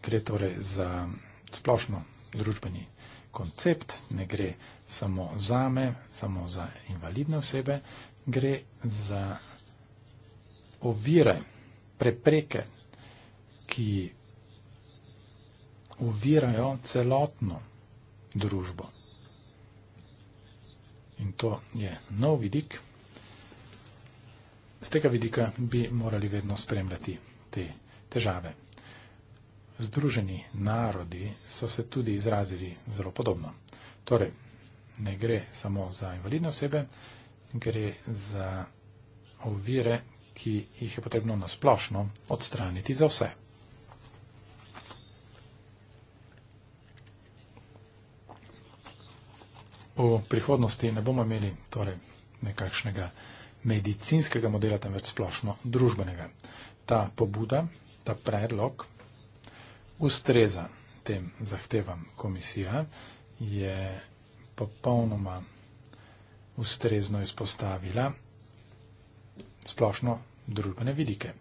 Gre torej za splošno družbeni koncept, ne gre samo za me, samo za invalidne osebe, gre za ovire, prepreke, ki ovirajo celotno družbo. In to je nov vidik. Z tega vidika bi morali vedno spremljati te težave. Združeni narodi so se tudi izrazili zelo podobno. Torej, ne gre samo za invalidne osebe, gre za ovire, ki jih je potrebno nasplošno odstraniti za vse. V prihodnosti ne bomo imeli torej, nekakšnega medicinskega modela, temveč splošno družbenega. Ta pobuda, ta predlog ustreza tem zahtevam komisija, je popolnoma ustrezno izpostavila splošno družbene vidike.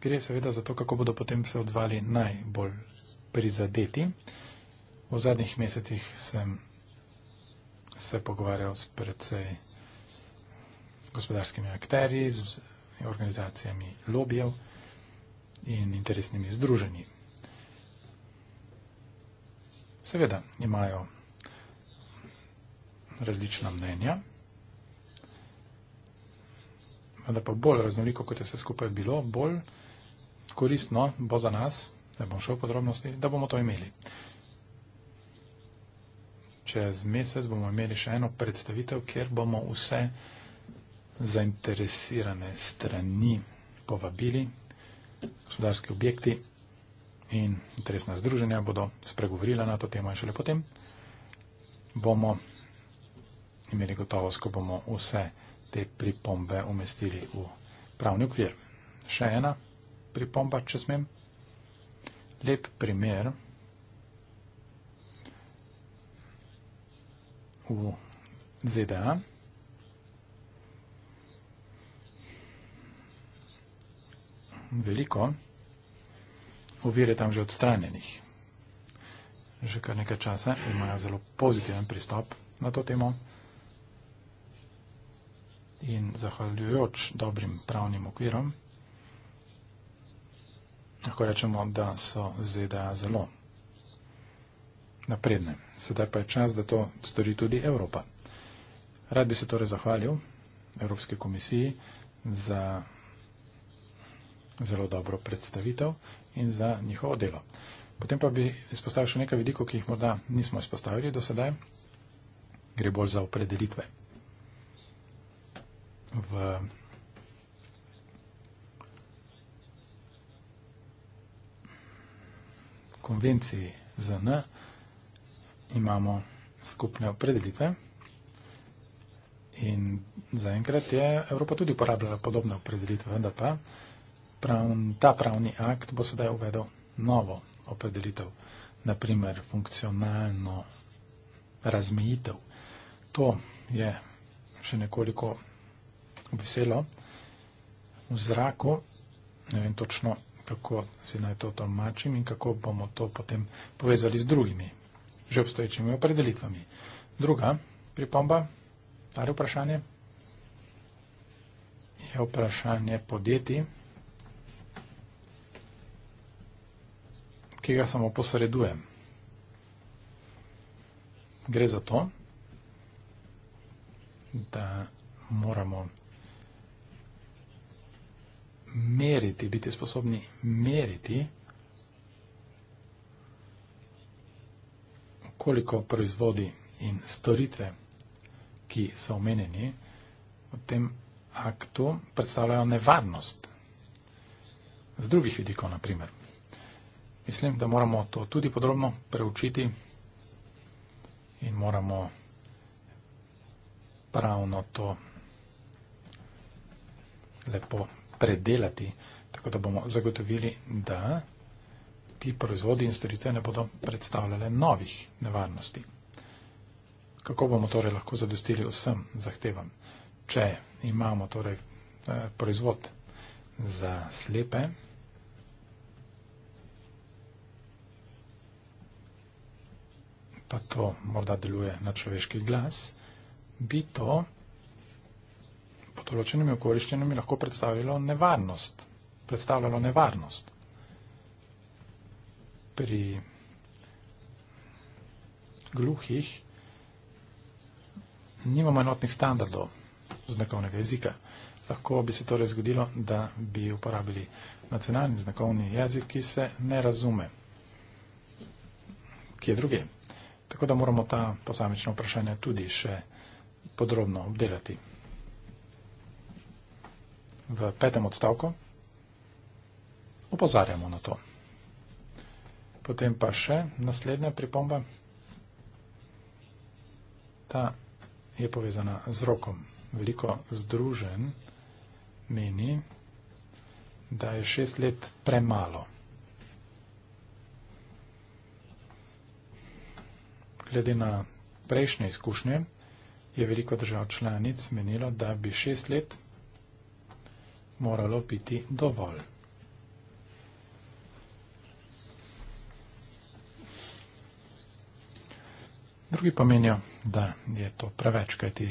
Gre seveda za to, kako bodo potem se odzvali najbolj prizadeti. V zadnjih mesecih sem se pogovarjal s predvsej gospodarskimi akterji, z organizacijami lobijev in interesnimi združenji. Seveda imajo različna mnenja vendar pa bolj raznoliko, kot je vse skupaj bilo, bolj koristno bo za nas, da bom šel v podrobnosti, da bomo to imeli. Čez mesec bomo imeli še eno predstavitev, kjer bomo vse zainteresirane strani povabili, gospodarski objekti in interesna združenja bodo spregovorila na to temo in šele potem bomo imeli gotovost, ko bomo vse zainteresirane strani povabili te pripombe umestili v pravni okvir. Še ena pripomba, če smem. Lep primer v ZDA. Veliko ovir je tam že odstranjenih. Že kar nekaj časa imajo zelo pozitiven pristop na to temo in zahvaljujoč dobrim pravnim okvirom, lahko rečemo, da so ZDA zelo napredne. Sedaj pa je čas, da to stori tudi Evropa. Rad bi se torej zahvalil Evropske komisiji za zelo dobro predstavitev in za njihovo delo. Potem pa bi izpostavil še nekaj vidikov, ki jih morda nismo izpostavili do sedaj. Gre bolj za opredelitve v konvenciji ZN imamo skupne opredelitve in zaenkrat je Evropa tudi uporabljala podobne opredelitve, vendar pa pravn, ta pravni akt bo sedaj uvedel novo opredelitev, naprimer funkcionalno razmejitev. To je še nekoliko viselo v zraku. Ne vem točno, kako si naj to tolmačim in kako bomo to potem povezali z drugimi že obstoječimi opredelitvami. Druga pripomba, stare vprašanje, je vprašanje podjetij, ki ga samo posredujem. Gre za to, da moramo meriti, biti sposobni meriti, koliko proizvodi in storitve, ki so omenjeni v tem aktu, predstavljajo nevarnost. Z drugih vidikov, naprimer. Mislim, da moramo to tudi podrobno preučiti in moramo pravno to lepo predelati, tako da bomo zagotovili, da ti proizvodi in storitve ne bodo predstavljale novih nevarnosti. Kako bomo torej lahko zadostili vsem zahtevam? Če imamo torej eh, proizvod za slepe, pa to morda deluje na človeški glas, bi to pod določenimi okoliščinami lahko predstavljalo nevarnost. Predstavljalo nevarnost. Pri gluhih nimamo enotnih standardov znakovnega jezika. Lahko bi se torej zgodilo, da bi uporabili nacionalni znakovni jezik, ki se ne razume, ki je druge. Tako da moramo ta posamična vprašanja tudi še podrobno obdelati v petem odstavku, opozarjamo na to. Potem pa še naslednja pripomba. Ta je povezana z rokom. Veliko združen meni, da je šest let premalo. Glede na prejšnje izkušnje je veliko držav članic menilo, da bi šest let premalo moralo biti dovolj. Drugi pa menijo, da je to preveč, kajti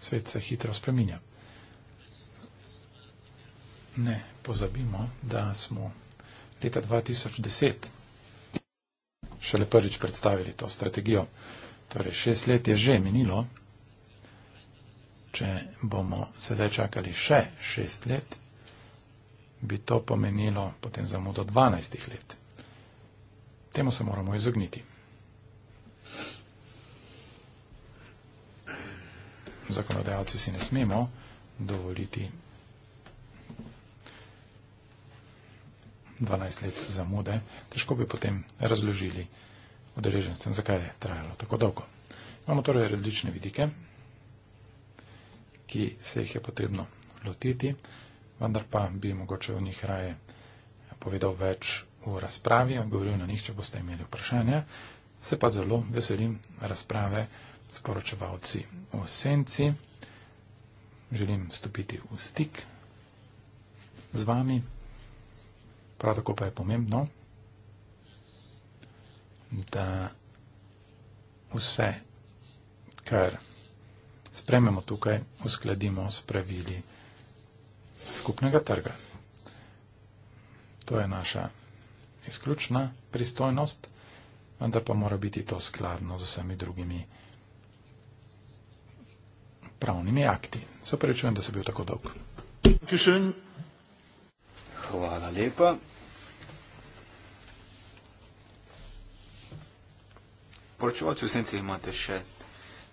svet se hitro spreminja. Ne pozabimo, da smo leta 2010 šele prvič predstavili to strategijo. Torej, šest let je že minilo če bomo sedaj čakali še šest let, bi to pomenilo potem zamudo dvanajstih let. Temu se moramo izogniti. Zakonodajalci si ne smemo dovoliti dvanajst let zamude. Težko bi potem razložili odreženstvom, zakaj je trajalo tako dolgo. Imamo torej različne vidike ki se jih je potrebno lotiti, vendar pa bi mogoče o njih raje povedal več v razpravi, odgovoril na njih, če boste imeli vprašanja. Se pa zelo veselim razprave s poročevalci o senci. Želim stopiti v stik z vami. Prav tako pa je pomembno, da vse, kar sprememo tukaj, uskladimo s pravili skupnega trga. To je naša izključna pristojnost, vendar pa mora biti to skladno z vsemi drugimi pravnimi akti. Se prečujem, da sem bil tako dolg. Hvala lepa. Poročevalci v senci imate še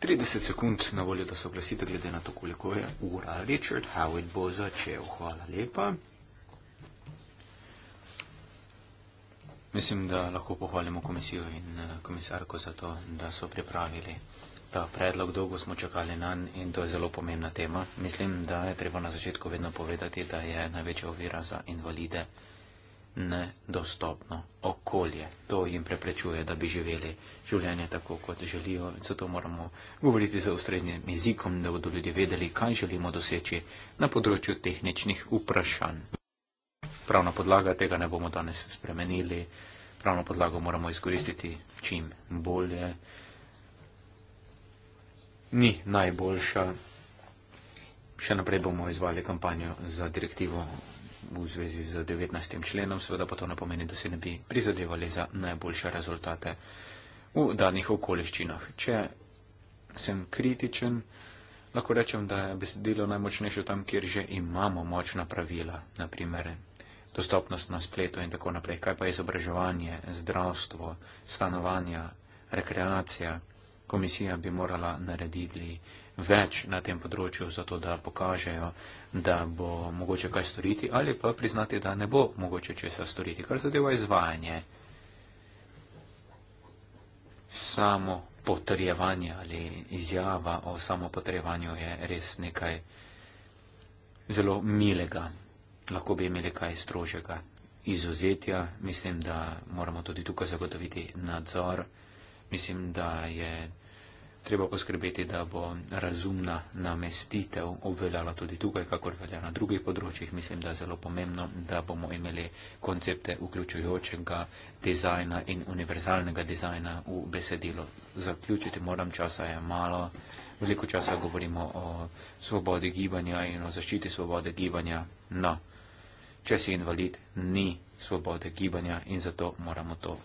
30 sekund na voljo, da se oglasite, glede na to, koliko je ura. Richard Howard bo začel. Hvala lepa. Mislim, da lahko pohvalimo komisijo in eh, komisarko za to, da so pripravili ta predlog. Dolgo smo čakali na njega in to je zelo pomembna tema. Mislim, da je treba na začetku vedno povedati, da je največja ovira za invalide nedostopno okolje. To jim preprečuje, da bi živeli življenje tako, kot želijo. Zato moramo govoriti z ustrednjim jezikom, da bodo ljudje vedeli, kaj želimo doseči na področju tehničnih vprašanj. Pravna podlaga tega ne bomo danes spremenili. Pravno podlago moramo izkoristiti čim bolje. Ni najboljša. Še naprej bomo izvali kampanjo za direktivo v zvezi z 19. členom, seveda pa to ne pomeni, da se ne bi prizadevali za najboljše rezultate v danih okoliščinah. Če sem kritičen, lahko rečem, da je besedilo najmočnejše tam, kjer že imamo močna pravila, naprimer dostopnost na spletu in tako naprej, kaj pa izobraževanje, zdravstvo, stanovanja, rekreacija. Komisija bi morala narediti več na tem področju, zato da pokažejo, da bo mogoče kaj storiti ali pa priznati, da ne bo mogoče česa storiti, kar zadeva izvajanje, samo potrjevanje ali izjava o samo potrjevanju je res nekaj zelo milega, lahko bi imeli kaj strožega izuzetja, mislim, da moramo tudi tukaj zagotoviti nadzor, mislim, da je treba poskrbeti, da bo razumna namestitev obveljala tudi tukaj, kakor velja na drugih področjih. Mislim, da je zelo pomembno, da bomo imeli koncepte vključujočega dizajna in univerzalnega dizajna v besedilo. Zaključiti moram, časa je malo. Veliko časa govorimo o svobodi gibanja in o zaščiti svobode gibanja. No, če si invalid, ni svobode gibanja in zato moramo to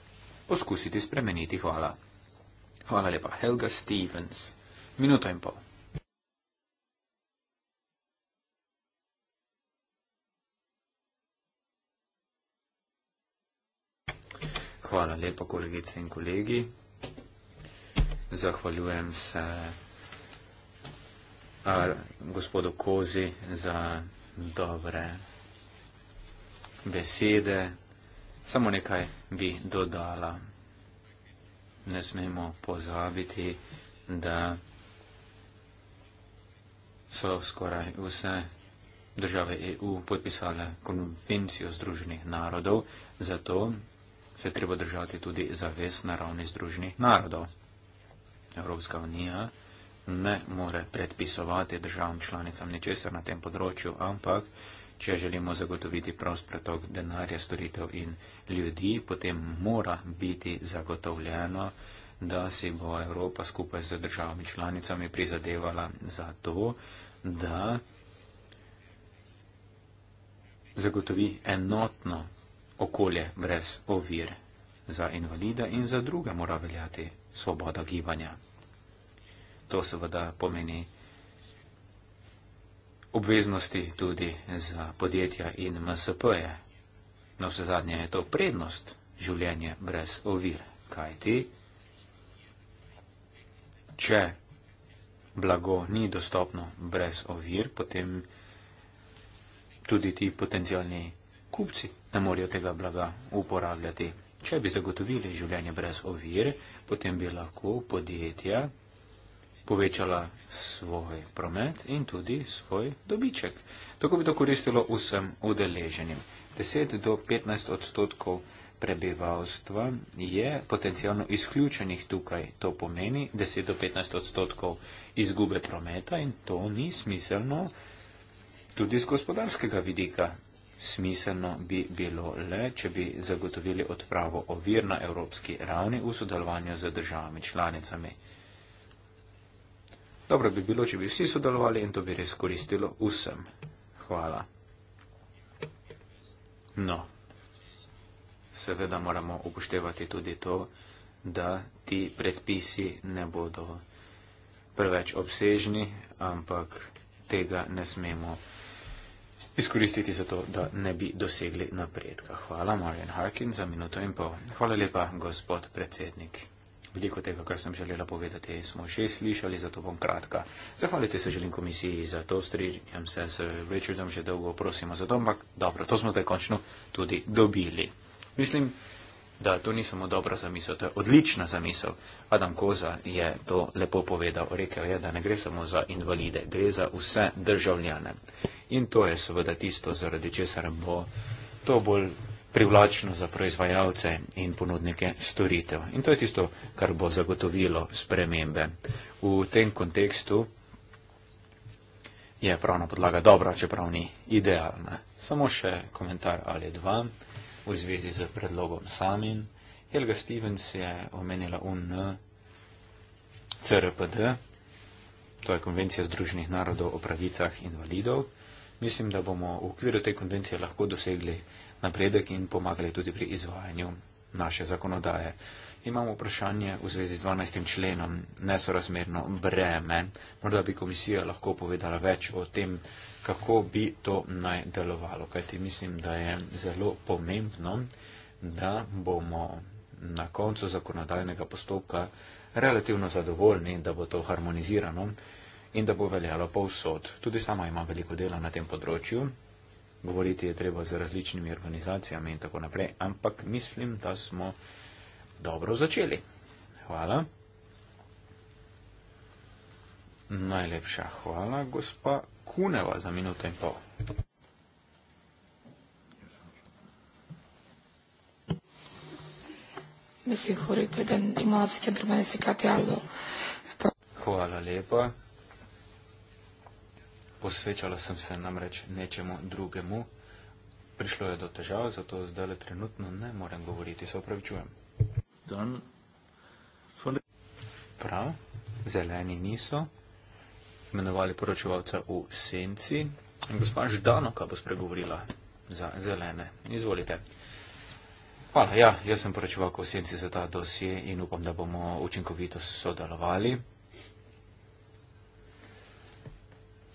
poskusiti spremeniti. Hvala. Hvala lepa. Helga Stevens. Minuto in pol. Hvala lepa, kolegice in kolegi. Zahvaljujem se ar, gospodu Kozi za dobre besede. Samo nekaj bi dodala ne smemo pozabiti, da so skoraj vse države EU podpisale konvencijo Združenih narodov, zato se je treba držati tudi zavest na ravni Združenih narodov. Evropska unija ne more predpisovati državam članicam ničesar na tem področju, ampak Če želimo zagotoviti prost pretok denarja, storitev in ljudi, potem mora biti zagotovljeno, da si bo Evropa skupaj z državami članicami prizadevala za to, da zagotovi enotno okolje brez ovir za invalida in za druge mora veljati svoboda gibanja. To seveda pomeni, obveznosti tudi za podjetja in MSP-je. Na vse zadnje je to prednost življenje brez ovir. Kaj ti? Če blago ni dostopno brez ovir, potem tudi ti potencijalni kupci ne morejo tega blaga uporabljati. Če bi zagotovili življenje brez ovir, potem bi lahko podjetja povečala svoj promet in tudi svoj dobiček. Tako bi to koristilo vsem udeleženim. 10 do 15 odstotkov prebivalstva je potencijalno izključenih tukaj. To pomeni 10 do 15 odstotkov izgube prometa in to ni smiselno tudi z gospodarskega vidika. Smiselno bi bilo le, če bi zagotovili odpravo ovir na evropski ravni v sodelovanju z državami članicami. Dobro bi bilo, če bi vsi sodelovali in to bi res koristilo vsem. Hvala. No, seveda moramo upoštevati tudi to, da ti predpisi ne bodo preveč obsežni, ampak tega ne smemo izkoristiti za to, da ne bi dosegli napredka. Hvala, Marjan Harkin, za minuto in pol. Hvala lepa, gospod predsednik. Veliko tega, kar sem želela povedati, smo še slišali, zato bom kratka. Zahvaliti se želim komisiji za to, strinjam se s Richardom, že dolgo prosimo za to, ampak dobro, to smo zdaj končno tudi dobili. Mislim, da to ni samo dobra zamisel, to je odlična zamisel. Adam Koza je to lepo povedal, rekel je, da ne gre samo za invalide, gre za vse državljane. In to je seveda tisto, zaradi česar bo to bolj privlačno za proizvajalce in ponudnike storitev. In to je tisto, kar bo zagotovilo spremembe. V tem kontekstu je pravna podlaga dobra, čeprav ni idealna. Samo še komentar ali dva v zvezi z predlogom samim. Helga Stevens je omenila UN CRPD, to je Konvencija Združenih narodov o pravicah invalidov. Mislim, da bomo v okviru te konvencije lahko dosegli napredek in pomagali tudi pri izvajanju naše zakonodaje. Imamo vprašanje v zvezi z 12. členom, nesorazmerno breme. Morda bi komisija lahko povedala več o tem, kako bi to naj delovalo. Kajti mislim, da je zelo pomembno, da bomo na koncu zakonodajnega postopka relativno zadovoljni, da bo to harmonizirano in da bo veljalo povsod. Tudi sama imam veliko dela na tem področju govoriti je treba z različnimi organizacijami in tako naprej, ampak mislim, da smo dobro začeli. Hvala. Najlepša hvala, gospa Kuneva, za minuto in pol. Hvala lepa posvečala sem se namreč nečemu drugemu. Prišlo je do težav, zato zdaj le trenutno ne morem govoriti, se opravičujem. Dan. Prav, zeleni niso, imenovali poročevalca v senci. Gospa Ždanoka bo spregovorila za zelene. Izvolite. Hvala, ja, jaz sem poročevalka v senci za ta dosje in upam, da bomo učinkovito sodelovali.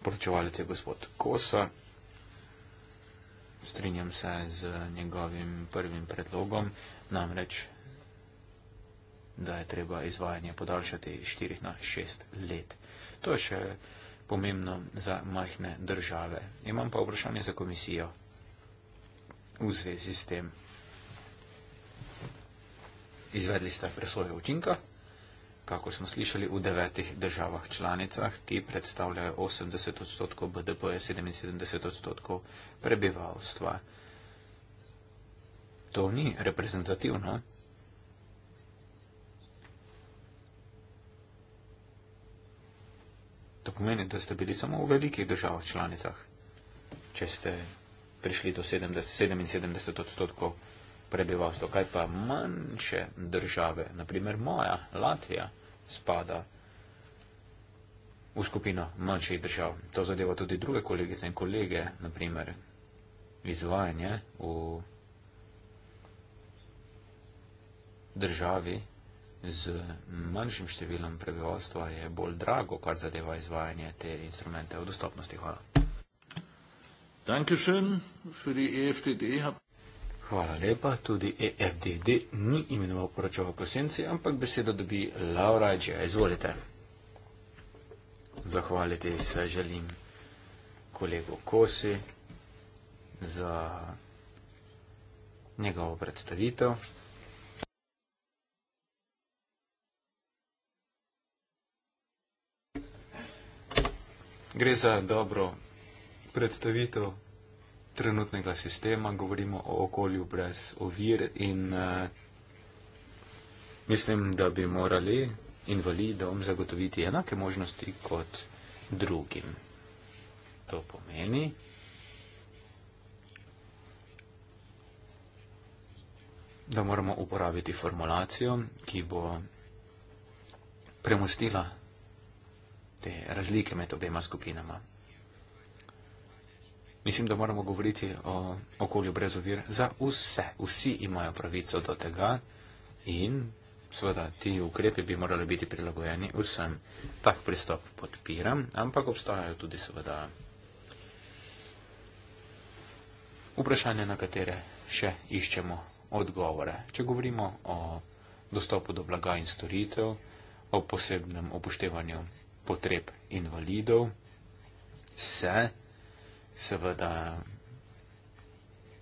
Poročevali je gospod Kosa, strinjam se z njegovim prvim predlogom, namreč, da je treba izvajanje podaljšati iz 4 na 6 let. To je še pomembno za majhne države. Imam pa vprašanje za komisijo v zvezi s tem. Izvedli ste presojo učinka kako smo slišali, v devetih državah članicah, ki predstavljajo 80 odstotkov BDP-ja, 77 odstotkov prebivalstva. To ni reprezentativno. To pomeni, da ste bili samo v velikih državah članicah, če ste prišli do 77 odstotkov prebivalstvo, kaj pa manjše države, naprimer moja, Latvija, spada v skupino manjših držav. To zadeva tudi druge kolegice in kolege, naprimer izvajanje v državi z manjšim številom prebivalstva je bolj drago, kar zadeva izvajanje te instrumente v dostopnosti. Hvala. Danke schön für die EFTD. Hvala lepa. Tudi EFDD ni imenoval poročava po senci, ampak besedo dobi Laura Đe. Izvolite. Zahvaliti se želim kolegu Kosi za njegovo predstavitev. Gre za dobro predstavitev trenutnega sistema, govorimo o okolju brez ovir in uh, mislim, da bi morali invalidom zagotoviti enake možnosti kot drugim. To pomeni, da moramo uporabiti formulacijo, ki bo premustila te razlike med obema skupinama. Mislim, da moramo govoriti o okolju brez ovir za vse. Vsi imajo pravico do tega in seveda ti ukrepi bi morali biti prilagojeni vsem. Tak pristop podpiram, ampak obstajajo tudi seveda vprašanja, na katere še iščemo odgovore. Če govorimo o dostopu do blaga in storitev, o posebnem upoštevanju potreb invalidov, se seveda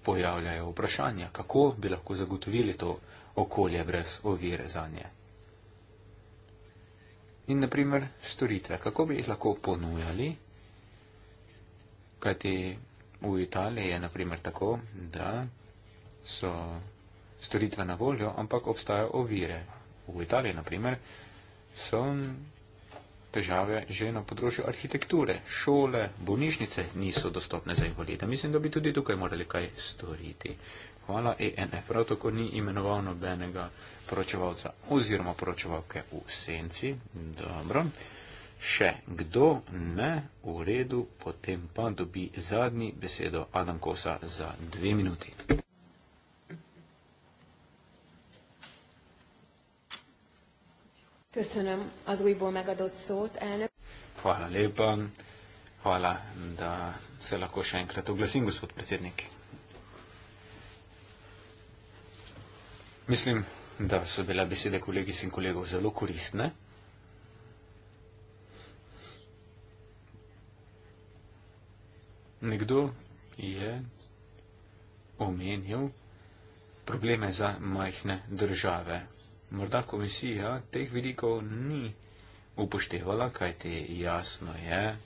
pojavljajo vprašanja, kako bi lahko zagotovili to okolje brez ovire za nje. In naprimer storitve, kako bi jih lahko ponujali, kajti v Italiji je naprimer tako, da so storitve na voljo, ampak obstajajo ovire. V Italiji naprimer so težave že na področju arhitekture. Šole, bolnišnice niso dostopne za invalide. Mislim, da bi tudi tukaj morali kaj storiti. Hvala ENF. Prav tako ni imenoval nobenega poročevalca oziroma poročevalke v senci. Dobro. Še kdo ne v redu, potem pa dobi zadnji besedo Adam Kosa za dve minuti. Köszönöm az újból megadott szót, elnök. Hvala lepa. Hvala, da se lahko še enkrat oglasim, gospod predsednik. Mislim, da so bile besede kolegic in kolegov zelo koristne. Nekdo je omenil probleme za majhne države morda komisija teh vidikov ni upoštevala, kajti jasno je,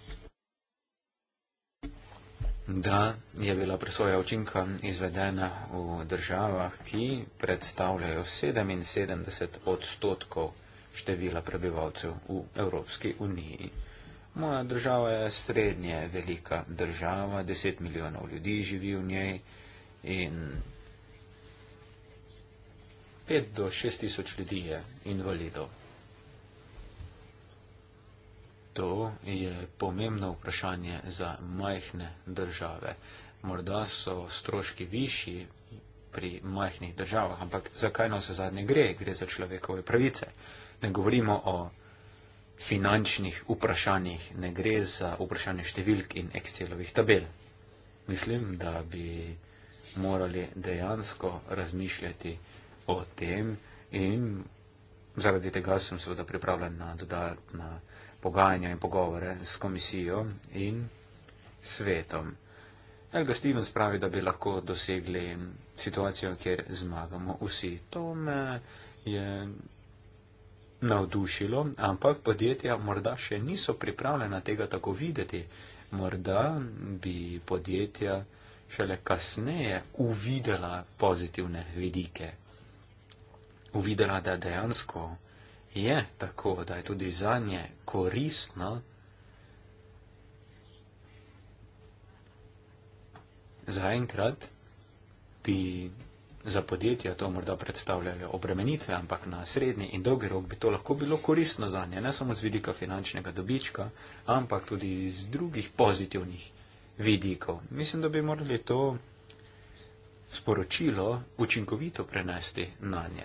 da je bila presoja učinka izvedena v državah, ki predstavljajo 77 odstotkov števila prebivalcev v Evropski uniji. Moja država je srednje velika država, 10 milijonov ljudi živi v njej in 5 do 6 tisoč ljudi je invalidov. To je pomembno vprašanje za majhne države. Morda so stroški višji pri majhnih državah, ampak zakaj nam se zadnje gre? Gre za človekove pravice. Ne govorimo o finančnih vprašanjih, ne gre za vprašanje številk in Excelovih tabel. Mislim, da bi morali dejansko razmišljati, o tem in zaradi tega sem seveda pripravljen na dodatna pogajanja in pogovore s komisijo in svetom. Elga Stevens pravi, da bi lahko dosegli situacijo, kjer zmagamo vsi. To me je navdušilo, ampak podjetja morda še niso pripravljena tega tako videti. Morda bi podjetja šele kasneje uvidela pozitivne vidike uvidela, da dejansko je tako, da je tudi za nje koristno, zaenkrat bi za podjetja to morda predstavljali obremenitve, ampak na srednji in dolgi rok bi to lahko bilo koristno za nje, ne samo z vidika finančnega dobička, ampak tudi iz drugih pozitivnih vidikov. Mislim, da bi morali to sporočilo učinkovito prenesti na nje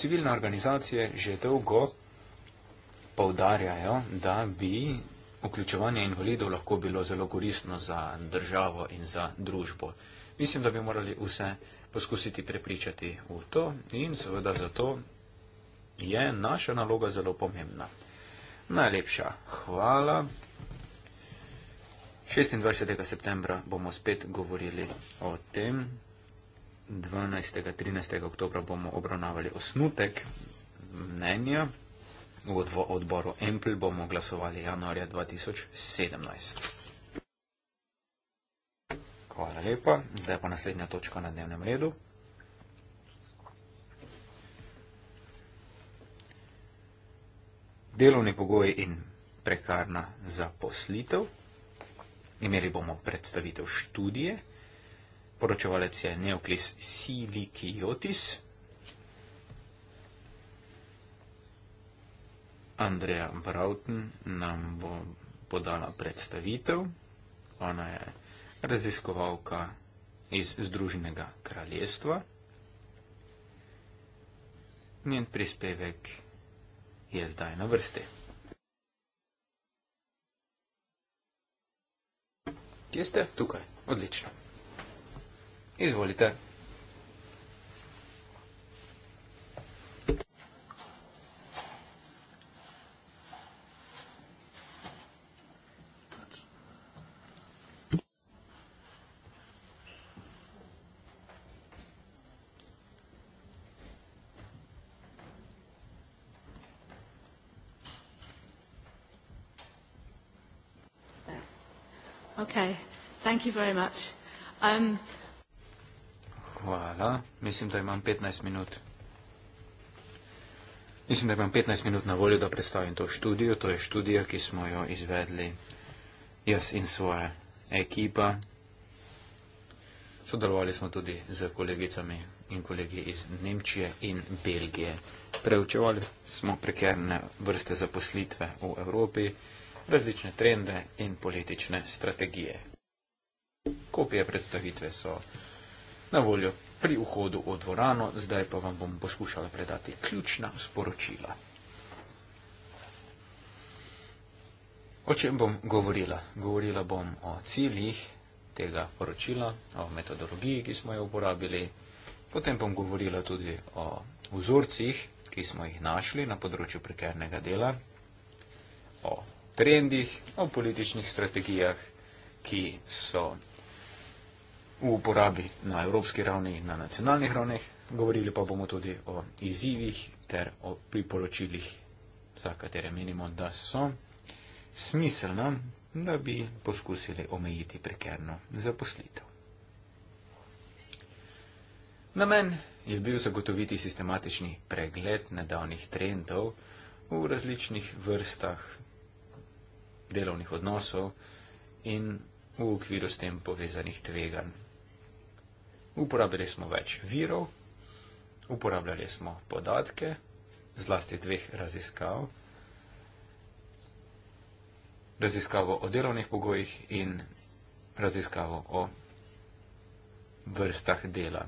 civilne organizacije že dolgo povdarjajo, da bi vključevanje invalidov lahko bilo zelo koristno za državo in za družbo. Mislim, da bi morali vse poskusiti prepričati v to in seveda zato je naša naloga zelo pomembna. Najlepša hvala. 26. septembra bomo spet govorili o tem. 12. in 13. oktober bomo obravnavali osnutek mnenja. V odboru Empl bomo glasovali januarja 2017. Hvala lepa. Zdaj pa naslednja točka na dnevnem redu. Delovni pogoji in prekarna zaposlitev. Imeli bomo predstavitev študije poročevalec je Neoklis Silikiotis, Andreja Brauten nam bo podala predstavitev. Ona je raziskovalka iz Združenega kraljestva. Njen prispevek je zdaj na vrsti. Kje ste? Tukaj. Odlično. Izvolite. Okay, thank you very much. Um, Hvala. Mislim, da imam 15 minut. Mislim, da imam 15 minut na voljo, da predstavim to študijo. To je študija, ki smo jo izvedli jaz in svoja ekipa. Sodelovali smo tudi z kolegicami in kolegi iz Nemčije in Belgije. Preučevali smo prekerne vrste zaposlitve v Evropi, različne trende in politične strategije. Kopije predstavitve so na voljo pri vhodu v dvorano, zdaj pa vam bom poskušala predati ključna sporočila. O čem bom govorila? Govorila bom o ciljih tega poročila, o metodologiji, ki smo jo uporabili, potem bom govorila tudi o vzorcih, ki smo jih našli na področju prekernega dela, o trendih, o političnih strategijah, ki so v uporabi na evropski ravni in na nacionalnih ravneh, govorili pa bomo tudi o izzivih ter o priporočilih, za katere menimo, da so smiselna, da bi poskusili omejiti prekerno zaposlitev. Namen je bil zagotoviti sistematični pregled nedavnih trendov v različnih vrstah delovnih odnosov in v okviru s tem povezanih tveganj Uporabljali smo več virov, uporabljali smo podatke, zlasti dveh raziskav, raziskavo o delovnih pogojih in raziskavo o vrstah dela.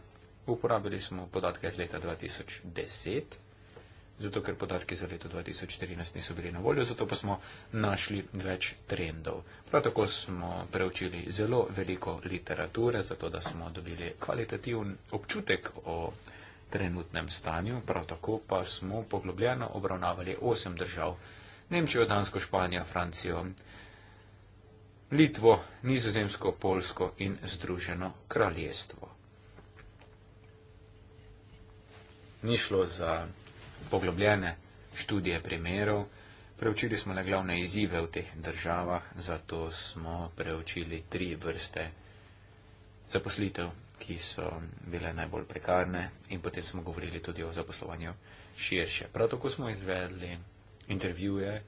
Uporabili smo podatke iz leta 2010 zato ker podatki za leto 2014 niso bili na voljo, zato pa smo našli več trendov. Prav tako smo preučili zelo veliko literature, zato da smo dobili kvalitativen občutek o trenutnem stanju, prav tako pa smo poglobljeno obravnavali osem držav. Nemčijo, Dansko, Španijo, Francijo, Litvo, Nizozemsko, Polsko in Združeno kraljestvo. Ni šlo za poglobljene študije primerov, preučili smo le glavne izzive v teh državah, zato smo preučili tri vrste zaposlitev, ki so bile najbolj prekarne in potem smo govorili tudi o zaposlovanju širše. Prav tako smo izvedli intervjuje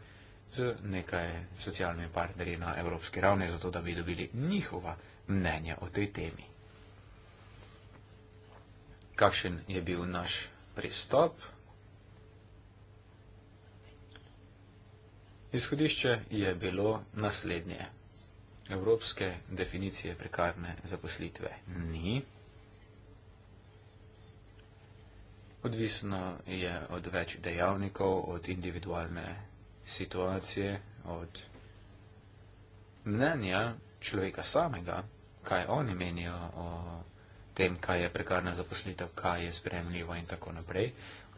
z nekaj socialnimi partnerji na evropski ravni, zato da bi dobili njihova mnenja o tej temi. Kakšen je bil naš pristop? Izhodišče je bilo naslednje. Evropske definicije prekarne zaposlitve ni. Odvisno je od več dejavnikov, od individualne situacije, od mnenja človeka samega, kaj oni menijo o tem, kaj je prekarna zaposlitev, kaj je spremljivo in tako naprej.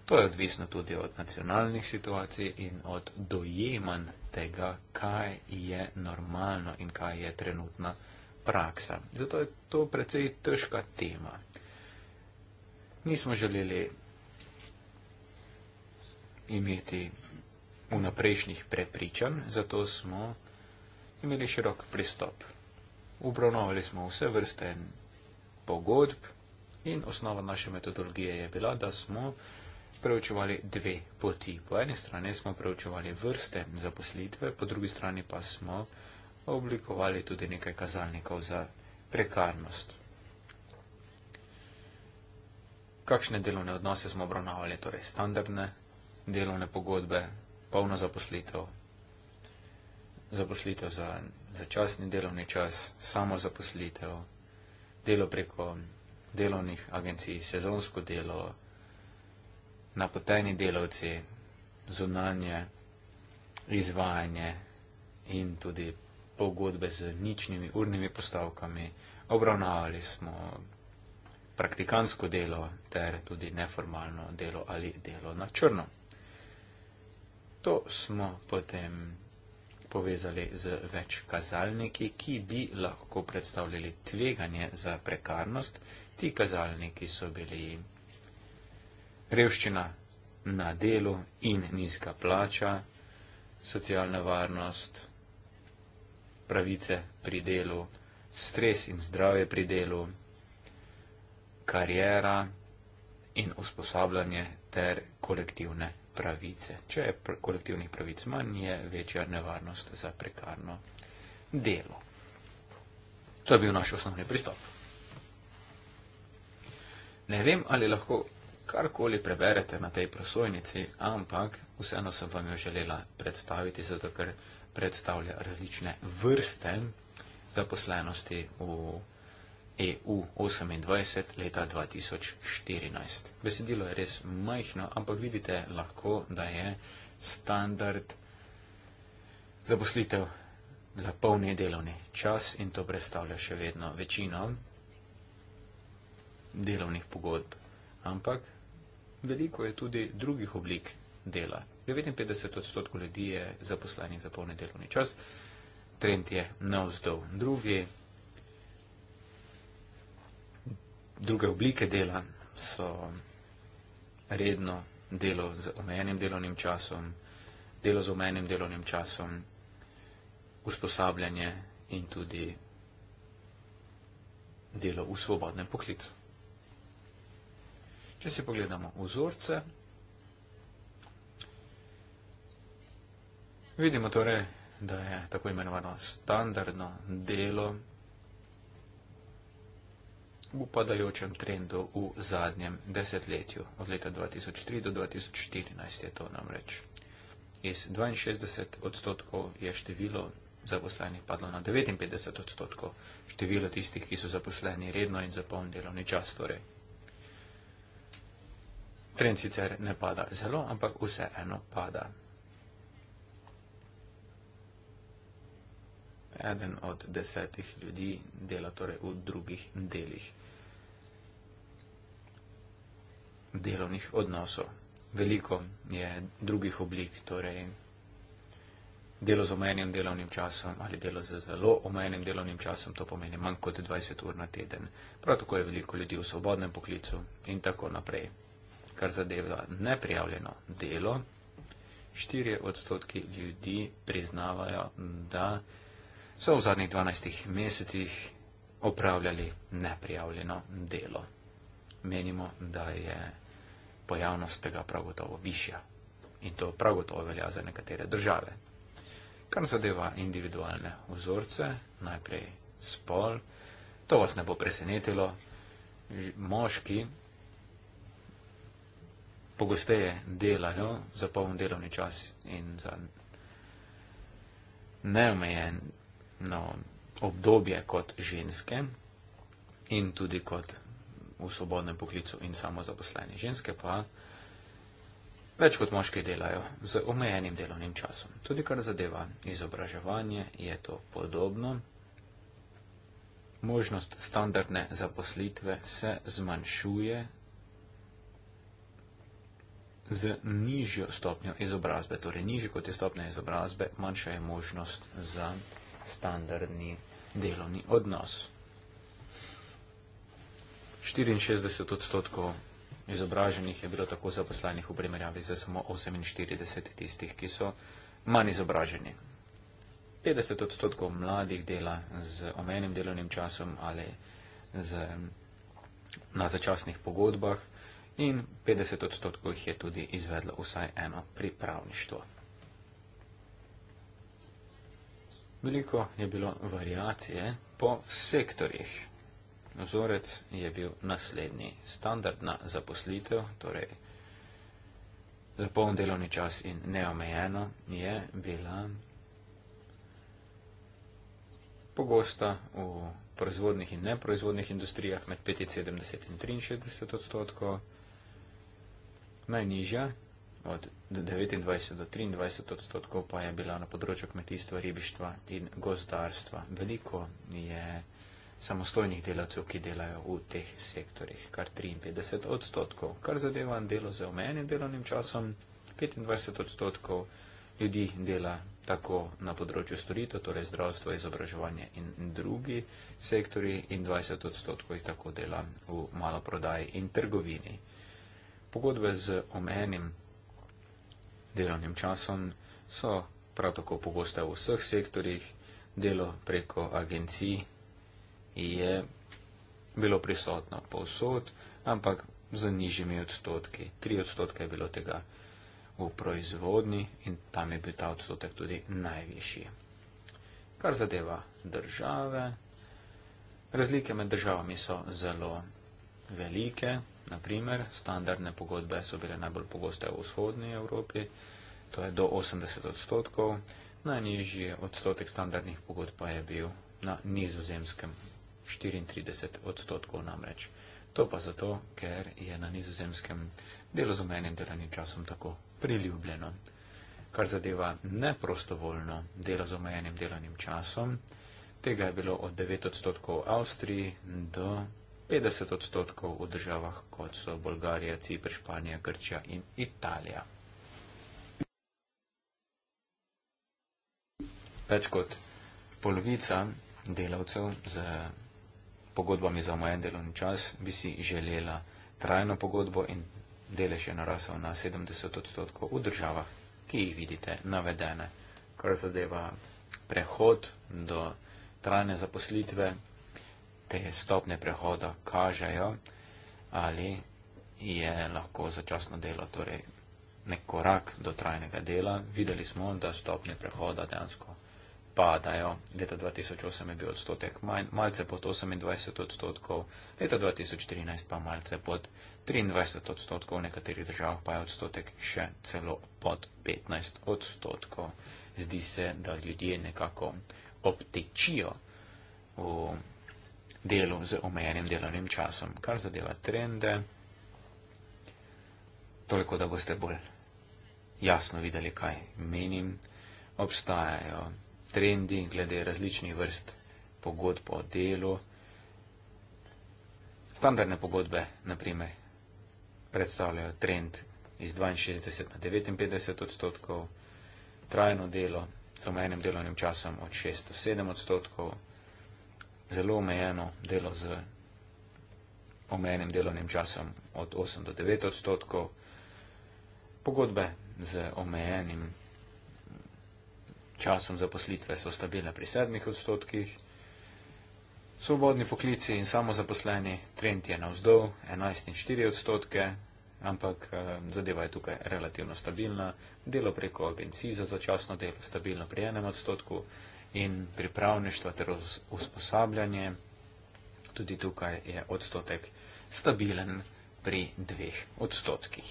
To je odvisno tudi od nacionalnih situacij in od dojeman tega, kaj je normalno in kaj je trenutna praksa. Zato je to precej težka tema. Nismo želeli imeti vnaprejšnjih prepričan, zato smo imeli širok pristop. Ubronovali smo vse vrste pogodb in osnova naše metodologije je bila, da smo preučevali dve poti. Po eni strani smo preučevali vrste zaposlitve, po drugi strani pa smo oblikovali tudi nekaj kazalnikov za prekarnost. Kakšne delovne odnose smo obravnavali, torej standardne delovne pogodbe, polno zaposlitev, zaposlitev za začasni delovni čas, samo zaposlitev, delo preko delovnih agencij, sezonsko delo, napoteni delavci, zunanje izvajanje in tudi pogodbe z ničnimi urnimi postavkami. Obravnavali smo praktikansko delo ter tudi neformalno delo ali delo na črno. To smo potem povezali z več kazalniki, ki bi lahko predstavljali tveganje za prekarnost. Ti kazalniki so bili revščina na delu in nizka plača, socialna varnost, pravice pri delu, stres in zdravje pri delu, karijera in usposabljanje ter kolektivne pravice. Če je pr kolektivnih pravic manj, je večja nevarnost za prekarno delo. To je bil naš osnovni pristop. Ne vem, ali lahko karkoli preberete na tej prosojnici, ampak vseeno sem vam jo želela predstaviti, zato ker predstavlja različne vrste zaposlenosti v EU 28 leta 2014. Besedilo je res majhno, ampak vidite lahko, da je standard zaposlitev za polni delovni čas in to predstavlja še vedno večino delovnih pogodb. Ampak Veliko je tudi drugih oblik dela. 59 odstotkov ljudi je zaposlenih za polni delovni čas, trend je navzdol. Drugi, druge oblike dela so redno delo z omejenim delovnim časom, delo z omejenim delovnim časom, usposabljanje in tudi delo v svobodnem poklicu. Če si pogledamo vzorce, vidimo torej, da je tako imenovano standardno delo v upadajočem trendu v zadnjem desetletju, od leta 2003 do 2014 je to namreč. Iz 62 odstotkov je število zaposlenih padlo na 59 odstotkov, število tistih, ki so zaposleni redno in za poln delovni čas, torej Trend sicer ne pada zelo, ampak vseeno pada. Eden od desetih ljudi dela torej v drugih delih delovnih odnosov. Veliko je drugih oblik, torej delo z omenjenim delovnim časom ali delo z zelo omenjenim delovnim časom, to pomeni manj kot 20 ur na teden. Prav tako je veliko ljudi v svobodnem poklicu in tako naprej kar zadeva neprijavljeno delo, 4 odstotki ljudi priznavajo, da so v zadnjih 12 mesecih opravljali neprijavljeno delo. Menimo, da je pojavnost tega prav gotovo višja in to prav gotovo velja za nekatere države. Kar zadeva individualne vzorce, najprej spol, to vas ne bo presenetilo, moški pogosteje delajo za poln delovni čas in za neomejeno obdobje kot ženske in tudi kot v svobodnem poklicu in samozaposleni. Ženske pa več kot moški delajo z omejenim delovnim časom. Tudi kar zadeva izobraževanje, je to podobno. Možnost standardne zaposlitve se zmanjšuje z nižjo stopnjo izobrazbe, torej nižje kot je stopnja izobrazbe, manjša je možnost za standardni delovni odnos. 64 odstotkov izobraženih je bilo tako zaposlenih v primerjavi za samo 48 tistih, ki so manj izobraženi. 50 odstotkov mladih dela z omenjenim delovnim časom ali z, na začasnih pogodbah in 50 odstotkov jih je tudi izvedlo vsaj eno pripravništvo. Veliko je bilo variacije po sektorjih. Vzorec je bil naslednji. Standardna zaposlitev, torej za poln delovni čas in neomejeno, je bila pogosta v proizvodnih in neproizvodnih industrijah med 75 in 63 odstotkov najnižja, od 29 do 23 odstotkov pa je bila na področju kmetijstva, ribištva in gozdarstva. Veliko je samostojnih delavcev, ki delajo v teh sektorjih, kar 53 odstotkov. Kar zadeva delo z omenjenim delovnim časom, 25 odstotkov ljudi dela tako na področju storitev, torej zdravstvo, izobraževanje in drugi sektori in 20 odstotkov jih tako dela v maloprodaji in trgovini. Pogodbe z omenim delovnim časom so prav tako pogoste v vseh sektorjih. Delo preko agencij je bilo prisotno povsod, ampak z nižjimi odstotki. Tri odstotke je bilo tega v proizvodni in tam je bil ta odstotek tudi najvišji. Kar zadeva države, razlike med državami so zelo velike, naprimer, standardne pogodbe so bile najbolj pogoste v vzhodni Evropi, to je do 80 odstotkov, najnižji odstotek standardnih pogodb pa je bil na nizozemskem 34 odstotkov namreč. To pa zato, ker je na nizozemskem delo z omenjenim delovnim časom tako priljubljeno. Kar zadeva neprostovoljno delo z omenjenim delovnim časom, tega je bilo od 9 odstotkov v Avstriji do 50 odstotkov v državah, kot so Bolgarija, Cipr, Španija, Grčija in Italija. Več kot polovica delavcev z pogodbami za omejen delovni čas bi si želela trajno pogodbo in delež je narasel na 70 odstotkov v državah, ki jih vidite navedene. Kar zadeva prehod do trajne zaposlitve, te stopne prehoda kažejo, ali je lahko začasno delo, torej nek korak do trajnega dela. Videli smo, da stopne prehoda dejansko padajo. Leta 2008 je bil odstotek manj, malce pod 28 odstotkov, leta 2013 pa malce pod 23 odstotkov, v nekaterih državah pa je odstotek še celo pod 15 odstotkov. Zdi se, da ljudje nekako obtečijo v delu z omejenim delovnim časom. Kar zadeva trende, toliko da boste bolj jasno videli, kaj menim, obstajajo trendi glede različnih vrst pogodb o delu. Standardne pogodbe, naprimer, predstavljajo trend iz 62 na 59 odstotkov, trajno delo z omejenim delovnim časom od 6 do 7 odstotkov, zelo omejeno delo z omejenim delovnim časom od 8 do 9 odstotkov, pogodbe z omejenim časom zaposlitve so stabilne pri 7 odstotkih, svobodni poklici in samozaposleni trend je navzdol 11 in 4 odstotke, ampak eh, zadeva je tukaj relativno stabilna, delo preko agencij za začasno delo stabilno pri 1 odstotku, in pripravništvo ter usposabljanje. Tudi tukaj je odstotek stabilen pri dveh odstotkih.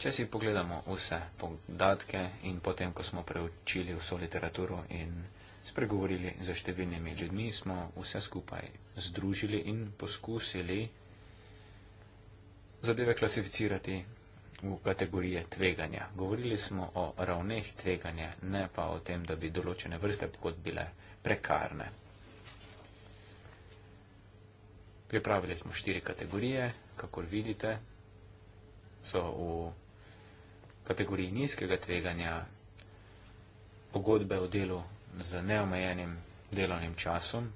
Če si pogledamo vse podatke in potem, ko smo preučili vso literaturo in spregovorili za številnimi ljudmi, smo vse skupaj združili in poskusili zadeve klasificirati v kategorije tveganja. Govorili smo o ravneh tveganja, ne pa o tem, da bi določene vrste pogod bile prekarne. Pripravili smo štiri kategorije, kakor vidite, so v kategoriji nizkega tveganja pogodbe o delu z neomejenim delovnim časom,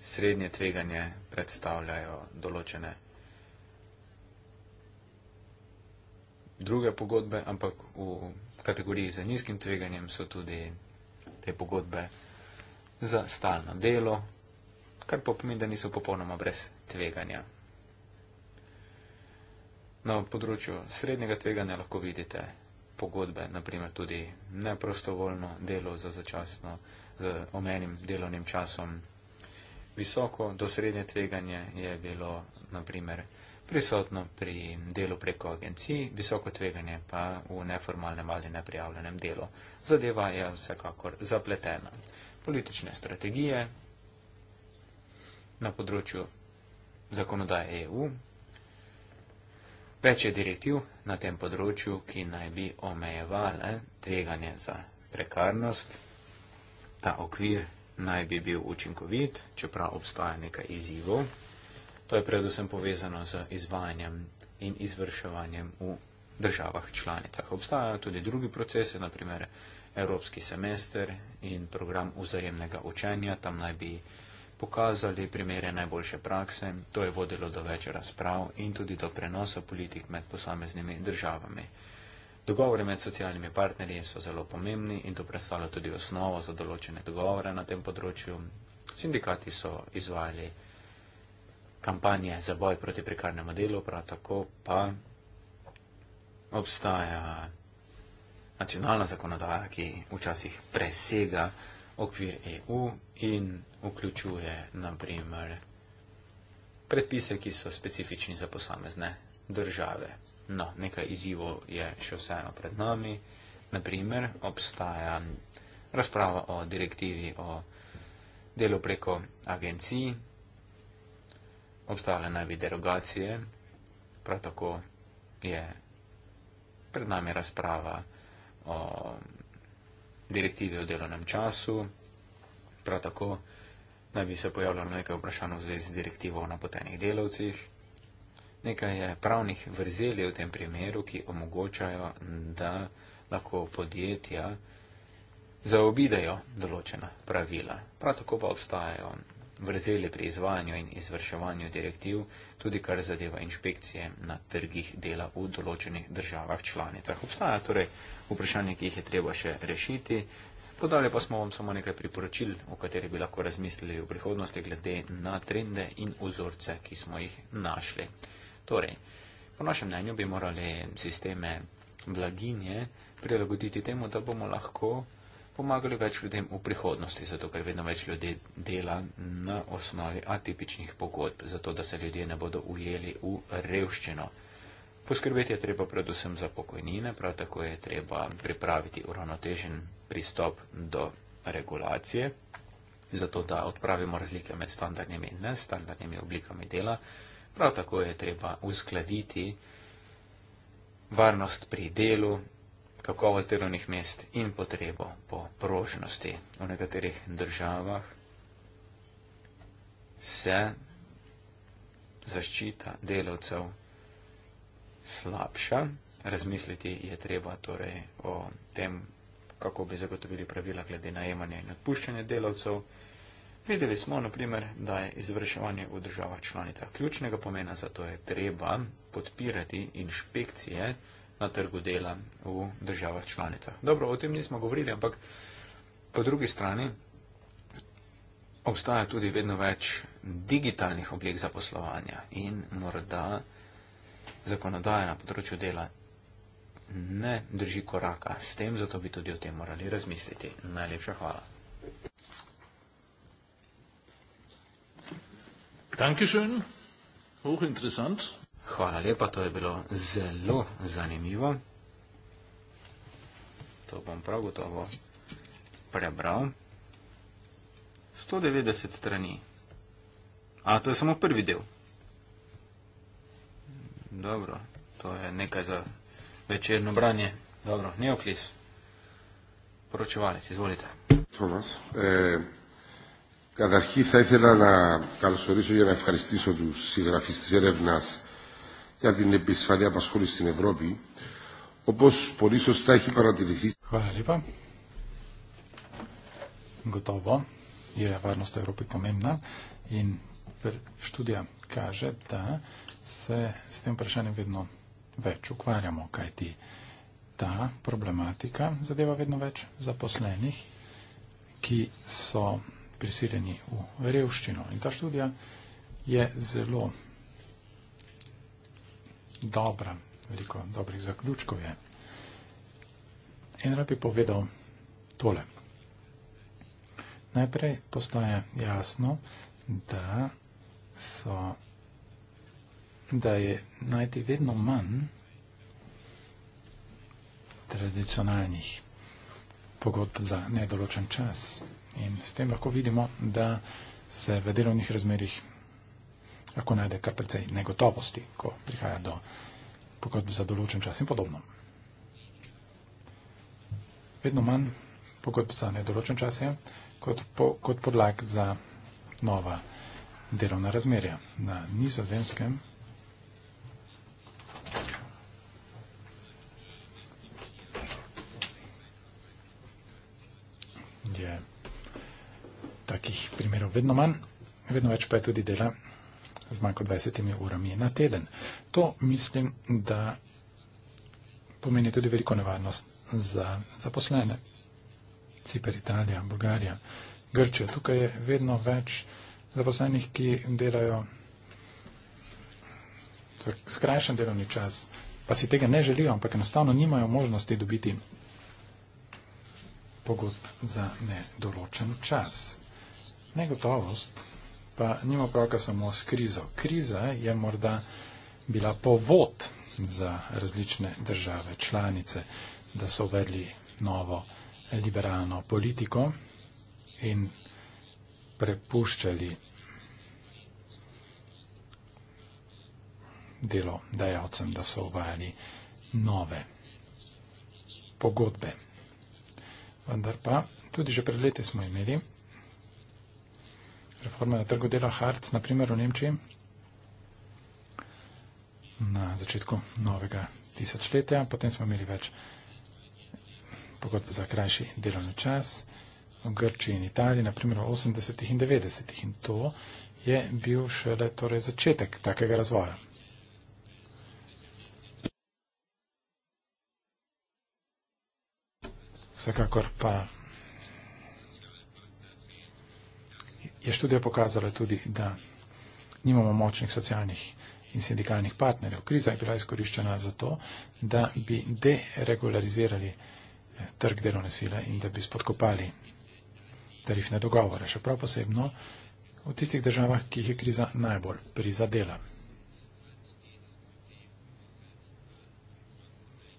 srednje tveganje predstavljajo določene vrste, druge pogodbe, ampak v kategoriji z nizkim tveganjem so tudi te pogodbe za stalno delo, kar pa pomeni, da niso popolnoma brez tveganja. Na področju srednjega tveganja lahko vidite pogodbe, naprimer tudi neprostovoljno delo za začasno, z omenim delovnim časom. Visoko do srednje tveganje je bilo, naprimer, prisotno pri delu preko agencij, visoko tveganje pa v neformalnem ali neprijavljenem delu. Zadeva je vsekakor zapletena. Politične strategije na področju zakonodaje EU, več je direktiv na tem področju, ki naj bi omejevale tveganje za prekarnost, ta okvir naj bi bil učinkovit, čeprav obstaja nekaj izzivov. To je predvsem povezano z izvajanjem in izvrševanjem v državah članicah. Obstajajo tudi drugi procese, naprimer Evropski semester in program vzajemnega učenja. Tam naj bi pokazali primere najboljše prakse. To je vodilo do več razprav in tudi do prenosa politik med posameznimi državami. Dogovori med socialnimi partnerji so zelo pomembni in to predstavlja tudi osnovo za določene dogovore na tem področju. Sindikati so izvajali kampanje za boj proti prekarnemu delu, prav tako pa obstaja nacionalna zakonodaja, ki včasih presega okvir EU in vključuje naprimer predpise, ki so specifični za posamezne države. No, nekaj izzivov je še vseeno pred nami. Naprimer, obstaja razprava o direktivi o delu preko agencij, obstajale naj bi derogacije, prav tako je pred nami razprava o direktivi o delovnem času, prav tako naj bi se pojavljalo nekaj vprašanj v zvezi z direktivo o napotenih delovcih, nekaj je pravnih vrzeli v tem primeru, ki omogočajo, da lahko podjetja zaobidejo določena pravila. Prav tako pa obstajajo vrzeli pri izvajanju in izvrševanju direktiv, tudi kar zadeva inšpekcije na trgih dela v določenih državah članicah. Obstaja torej vprašanje, ki jih je treba še rešiti. Podali pa smo vam samo nekaj priporočil, o katerih bi lahko razmislili v prihodnosti glede na trende in vzorce, ki smo jih našli. Torej, po našem mnenju bi morali sisteme blaginje prilagoditi temu, da bomo lahko pomagali več ljudem v prihodnosti, zato ker vedno več ljudi dela na osnovi atipičnih pogodb, zato da se ljudje ne bodo ujeli v revščino. Poskrbeti je treba predvsem za pokojnine, prav tako je treba pripraviti uravnotežen pristop do regulacije, zato da odpravimo razlike med standardnimi in nestandardnimi oblikami dela. Prav tako je treba uskladiti varnost pri delu kakovost delovnih mest in potrebo po prožnosti v nekaterih državah, se zaščita delavcev slabša. Razmisliti je treba torej o tem, kako bi zagotovili pravila glede najemanja in odpuščanja delavcev. Videli smo, naprimer, da je izvrševanje v državah članicah ključnega pomena, zato je treba podpirati inšpekcije, na trgu dela v državah članicah. Dobro, o tem nismo govorili, ampak po drugi strani obstaja tudi vedno več digitalnih oblik zaposlovanja in morda zakonodaja na področju dela ne drži koraka s tem, zato bi tudi o tem morali razmisliti. Najlepša hvala. Dankeschön, hochinteressant. Hvala lepa, to je bilo zelo zanimivo. To bom prav gotovo prebral. 190 strani. A to je samo prvi del. Dobro, to je nekaj za večerno branje. Dobro, neoklis. Poročevalec, izvolite. Tomas, eh, kadarhi, zaizela na kalosorizo, jena, hvaristiso, tu si grafisti, zerevnas για την επισφαλή απασχόληση στην Ευρώπη, όπως πολύ σωστά έχει παρατηρηθεί. Χωρά λίπα. Готово je varnost Evrope pomembna in študija kaže, da se s tem vprašanjem vedno več ukvarjamo, kajti ta problematika zadeva vedno več zaposlenih, ki so prisiljeni v revščino. In ta študija je zelo dobra, veliko dobrih zaključkov je. En rab je povedal tole. Najprej postaje jasno, da, so, da je najti vedno manj tradicionalnih pogodb za nedoločen čas. In s tem lahko vidimo, da se v delovnih razmerih lahko najde kar precej negotovosti, ko prihaja do pogodb za določen čas in podobno. Vedno manj pogodb za nedoločen čas je kot, po, kot podlag za nova delovna razmerja na nizozemskem. Je takih primerov vedno manj, vedno več pa je tudi dela z manj kot 20 urami na teden. To mislim, da pomeni tudi veliko nevarnost za zaposlene. Ciper, Italija, Bolgarija, Grčija. Tukaj je vedno več zaposlenih, ki delajo skrajšan delovni čas, pa si tega ne želijo, ampak enostavno nimajo možnosti dobiti pogodb za nedoločen čas. Negotovost pa nima opravka samo s krizo. Kriza je morda bila povod za različne države članice, da so uvedli novo liberalno politiko in prepuščali delo dajalcem, da so uvajali nove pogodbe. Vendar pa, tudi že pred leti smo imeli reforme na trgu dela Harc, naprimer v Nemčiji, na začetku novega tisočletja. Potem smo imeli več pogodb za krajši delovni čas v Grčiji in Italiji, naprimer v 80-ih in 90-ih. In to je bil šele torej začetek takega razvoja. Vsekakor pa je študija pokazala tudi, da nimamo močnih socialnih in sindikalnih partnerjev. Kriza je bila izkoriščena za to, da bi deregularizirali eh, trg delovne sile in da bi spodkopali tarifne dogovore. Še prav posebno v tistih državah, ki jih je kriza najbolj prizadela.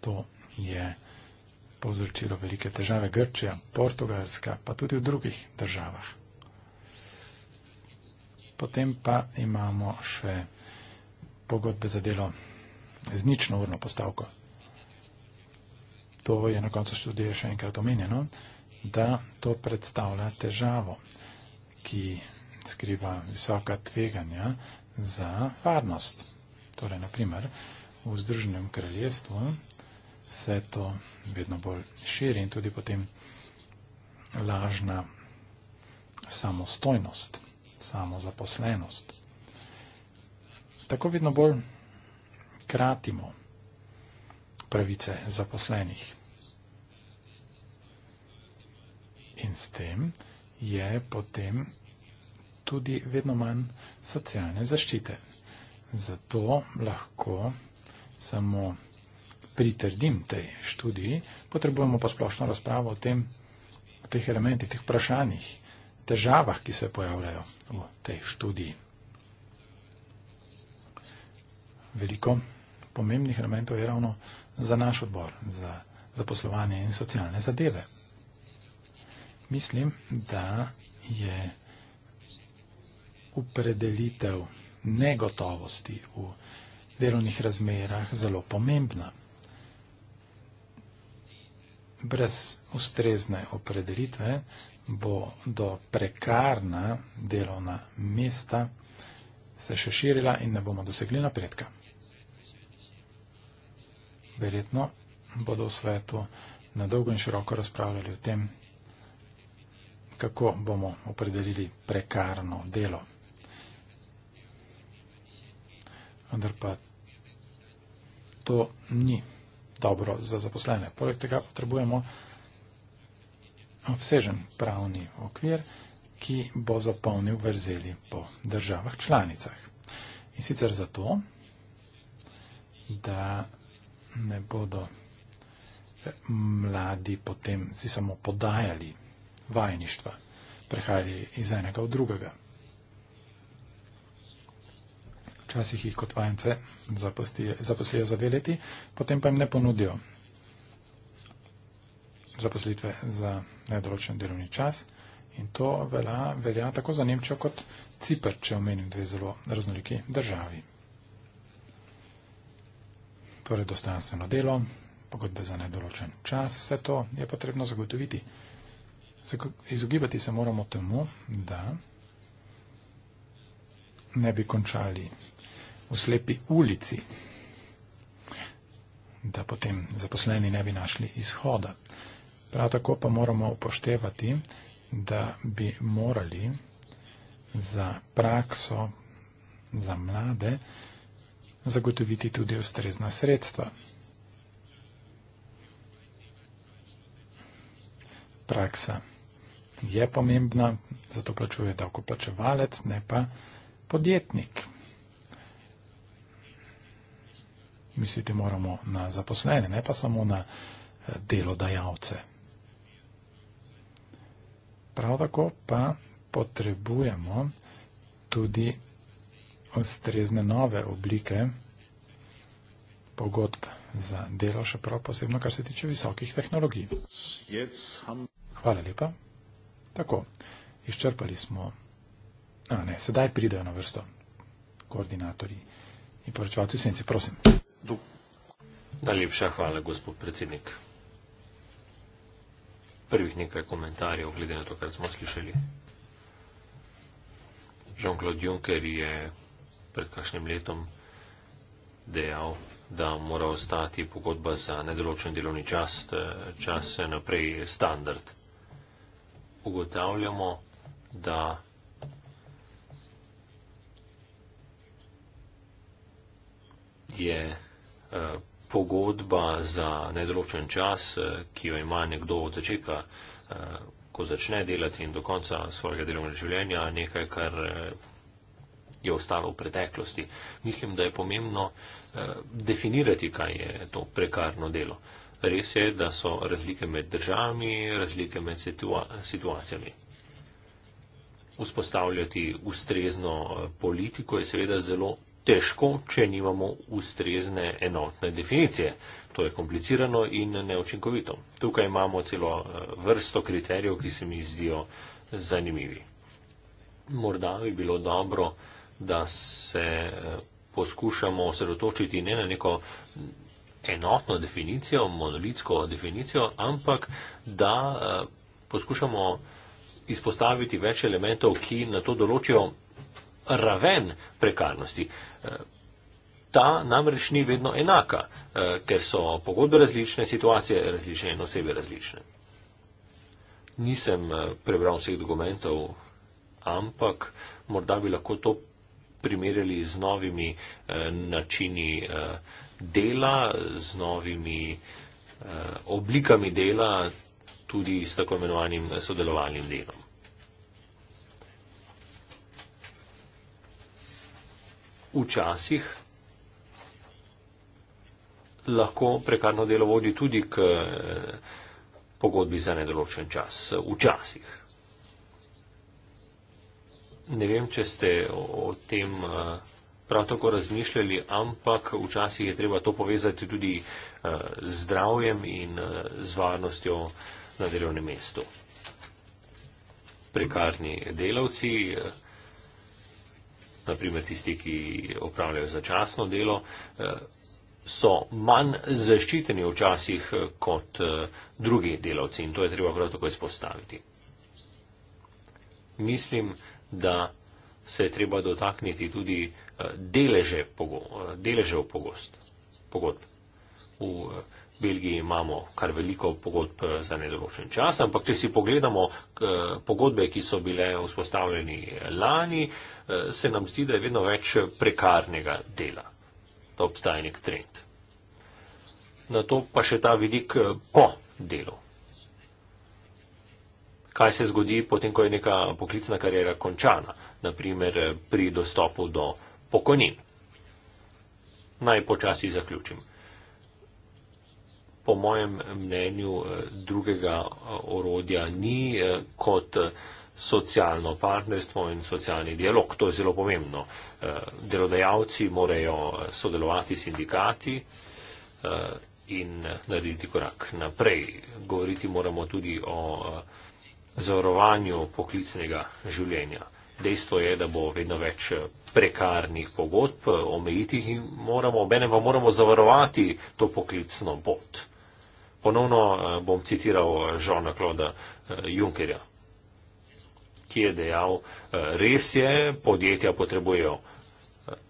To je povzročilo velike težave Grčija, Portugalska, pa tudi v drugih državah. Potem pa imamo še pogodbe za delo z nično urno postavko. To je na koncu študije še enkrat omenjeno, da to predstavlja težavo, ki skriva visoka tveganja za varnost. Torej, naprimer, v Združenem kraljestvu se to vedno bolj širi in tudi potem lažna samostojnost samo zaposlenost. Tako vedno bolj kratimo pravice zaposlenih. In s tem je potem tudi vedno manj socialne zaščite. Zato lahko samo pritrdim tej študiji, potrebujemo pa splošno razpravo o, tem, o teh elementih, teh vprašanjih težavah, ki se pojavljajo v tej študiji. Veliko pomembnih elementov je ravno za naš odbor, za zaposlovanje in socialne zadeve. Mislim, da je upredelitev negotovosti v delovnih razmerah zelo pomembna. Brez ustrezne opredelitve bodo prekarna delovna mesta se še širila in ne bomo dosegli napredka. Verjetno bodo v svetu na dolgo in široko razpravljali o tem, kako bomo opredelili prekarno delo. Vendar pa to ni dobro za zaposlene. Poleg tega potrebujemo obsežen pravni okvir, ki bo zapolnil vrzeli po državah članicah. In sicer zato, da ne bodo mladi potem si samo podajali vajništva, prehajali iz enega v drugega. Včasih jih kot vajence zaposlijo za dve leti, potem pa jim ne ponudijo zaposlitve za nedoločen delovni čas. In to velja, velja tako za Nemčijo kot Cipr, če omenim dve zelo raznoliki državi. Torej, dostanstveno delo, pogodbe za nedoločen čas, vse to je potrebno zagotoviti. Izogibati se moramo temu, da ne bi končali v slepi ulici, da potem zaposleni ne bi našli izhoda. Prav tako pa moramo upoštevati, da bi morali za prakso za mlade zagotoviti tudi ustrezna sredstva. Praksa je pomembna, zato plačuje davkoplačevalec, ne pa podjetnik. Misliti moramo na zaposlene, ne pa samo na eh, delodajalce. Prav tako pa potrebujemo tudi ustrezne nove oblike pogodb za delo, še prav posebno, kar se tiče visokih tehnologij. Hvala lepa. Tako, izčrpali smo. A ne, sedaj pridejo na vrsto koordinatorji in poročevalci senci, prosim. Najlepša hvala, gospod predsednik prvih nekaj komentarjev, glede na to, kar smo slišali. Jean-Claude Juncker je pred kakšnim letom dejal, da mora ostati pogodba za nedoločen delovni čas, čas se naprej standard. Ugotavljamo, da je eh, pogodba za nedoločen čas, eh, ki jo ima nekdo od začetka, eh, ko začne delati in do konca svojega delovnega življenja, nekaj, kar eh, je ostalo v preteklosti. Mislim, da je pomembno definirati, kaj je to prekarno delo. Res je, da so razlike med državami, razlike med situa situacijami. Vzpostavljati ustrezno politiko je seveda zelo težko, če nimamo ustrezne enotne definicije. To je komplicirano in neočinkovito. Tukaj imamo celo eh, vrsto kriterijev, ki se mi zdijo zanimivi. Morda bi bilo dobro, da se eh, poskušamo osredotočiti ne na neko enotno definicijo, monolitsko definicijo, ampak da eh, poskušamo izpostaviti več elementov, ki na to določijo raven prekarnosti. Ta namreč ni vedno enaka, ker so pogodbe različne, situacije različne in osebe različne. Nisem prebral vseh dokumentov, ampak morda bi lahko to primerjali z novimi načini dela, z novimi oblikami dela, tudi s tako imenovanim sodelovalnim delom. včasih lahko prekarno delo vodi tudi k eh, pogodbi za nedoločen čas. Včasih. Ne vem, če ste o tem eh, prav tako razmišljali, ampak včasih je treba to povezati tudi eh, z zdravjem in z varnostjo na delovnem mestu. Prekarni delavci naprimer tisti, ki opravljajo začasno delo, eh, so manj zaščiteni včasih eh, kot eh, drugi delavci in to je treba prav tako izpostaviti. Mislim, da se je treba dotakniti tudi deleže, deleže v pogost. Pogodb. V Belgiji imamo kar veliko pogodb za nedoločen čas, ampak če si pogledamo pogodbe, ki so bile vzpostavljeni lani, Eh, se nam zdi, da je vedno več eh, prekarnega dela. Da obstaja nek trend. Na to pa še ta vidik eh, po delu. Kaj se zgodi potem, ko je neka poklicna karjera končana, naprimer pri dostopu do pokojnin? Naj počasi zaključim. Po mojem mnenju drugega orodja ni kot socialno partnerstvo in socialni dialog. To je zelo pomembno. Eh, delodajalci morajo eh, sodelovati s sindikati eh, in narediti korak naprej. Govoriti moramo tudi o zavarovanju poklicnega življenja. Dejstvo je, da bo vedno več prekarnih pogodb, omejiti jih moramo, obenem pa moramo zavarovati to poklicno pot. Ponovno bom citiral Žona Kloda Junkerja ki je dejal, eh, res je, podjetja potrebujejo eh,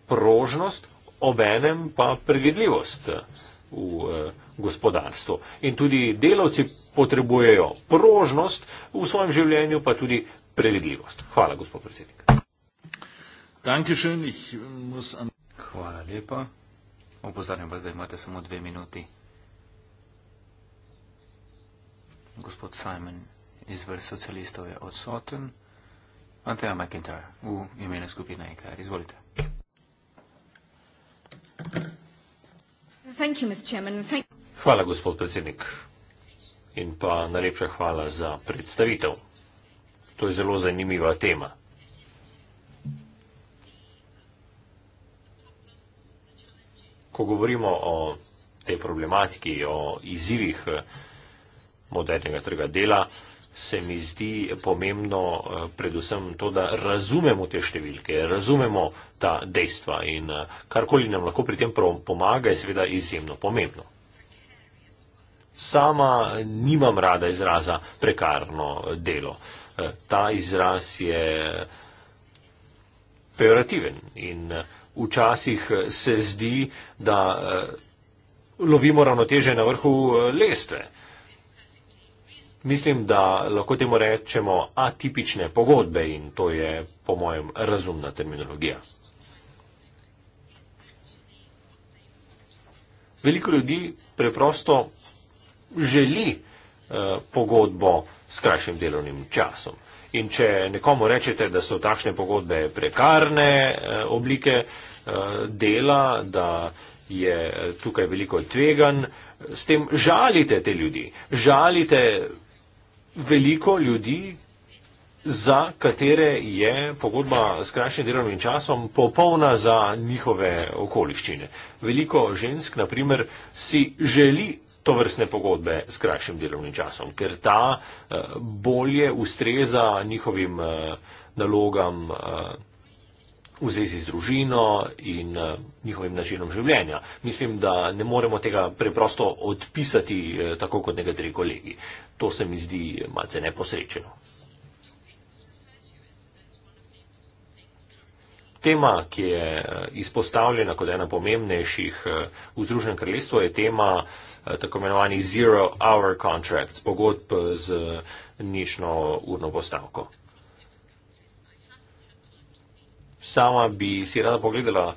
prožnost, obenem pa predvidljivost eh, v gospodarstvu. In tudi delavci potrebujejo prožnost v svojem življenju, pa tudi predvidljivost. Hvala, gospod predsednik. Hvala lepa. Opozarjam vas, da imate samo dve minuti. Gospod Simon iz vrst socialistov je odsoten. Anteja McIntyre, v imenu skupine IKR. E Izvolite. Hvala, gospod predsednik. In pa najlepša hvala za predstavitev. To je zelo zanimiva tema. Ko govorimo o tej problematiki, o izzivih eh, modernega trga dela, se mi zdi pomembno eh, predvsem to, da razumemo te številke, razumemo ta dejstva in eh, karkoli nam lahko pri tem pomaga, je seveda izjemno pomembno. Sama nimam rada izraza prekarno delo. Eh, ta izraz je pejorativen in včasih se zdi, da lovimo ravnoteže na vrhu lestve mislim, da lahko temu rečemo atipične pogodbe in to je po mojem razumna terminologija. Veliko ljudi preprosto želi eh, pogodbo s krajšim delovnim časom. In če nekomu rečete, da so takšne pogodbe prekarne eh, oblike eh, dela, da je eh, tukaj veliko tvegan, s tem žalite te ljudi, žalite veliko ljudi, za katere je pogodba s krajšnjim delovnim časom popolna za njihove okoliščine. Veliko žensk, na primer, si želi to vrstne pogodbe s krajšnjim delovnim časom, ker ta eh, bolje ustreza njihovim eh, nalogam eh, v zvezi z družino in njihovim načinom življenja. Mislim, da ne moremo tega preprosto odpisati tako kot nekateri kolegi to se mi zdi malce neposrečeno. Tema, ki je eh, izpostavljena kot ena pomembnejših eh, v Združenem kraljestvu, je tema eh, tako imenovanih zero hour contracts, pogodb z nično urno postavko. Sama bi si rada pogledala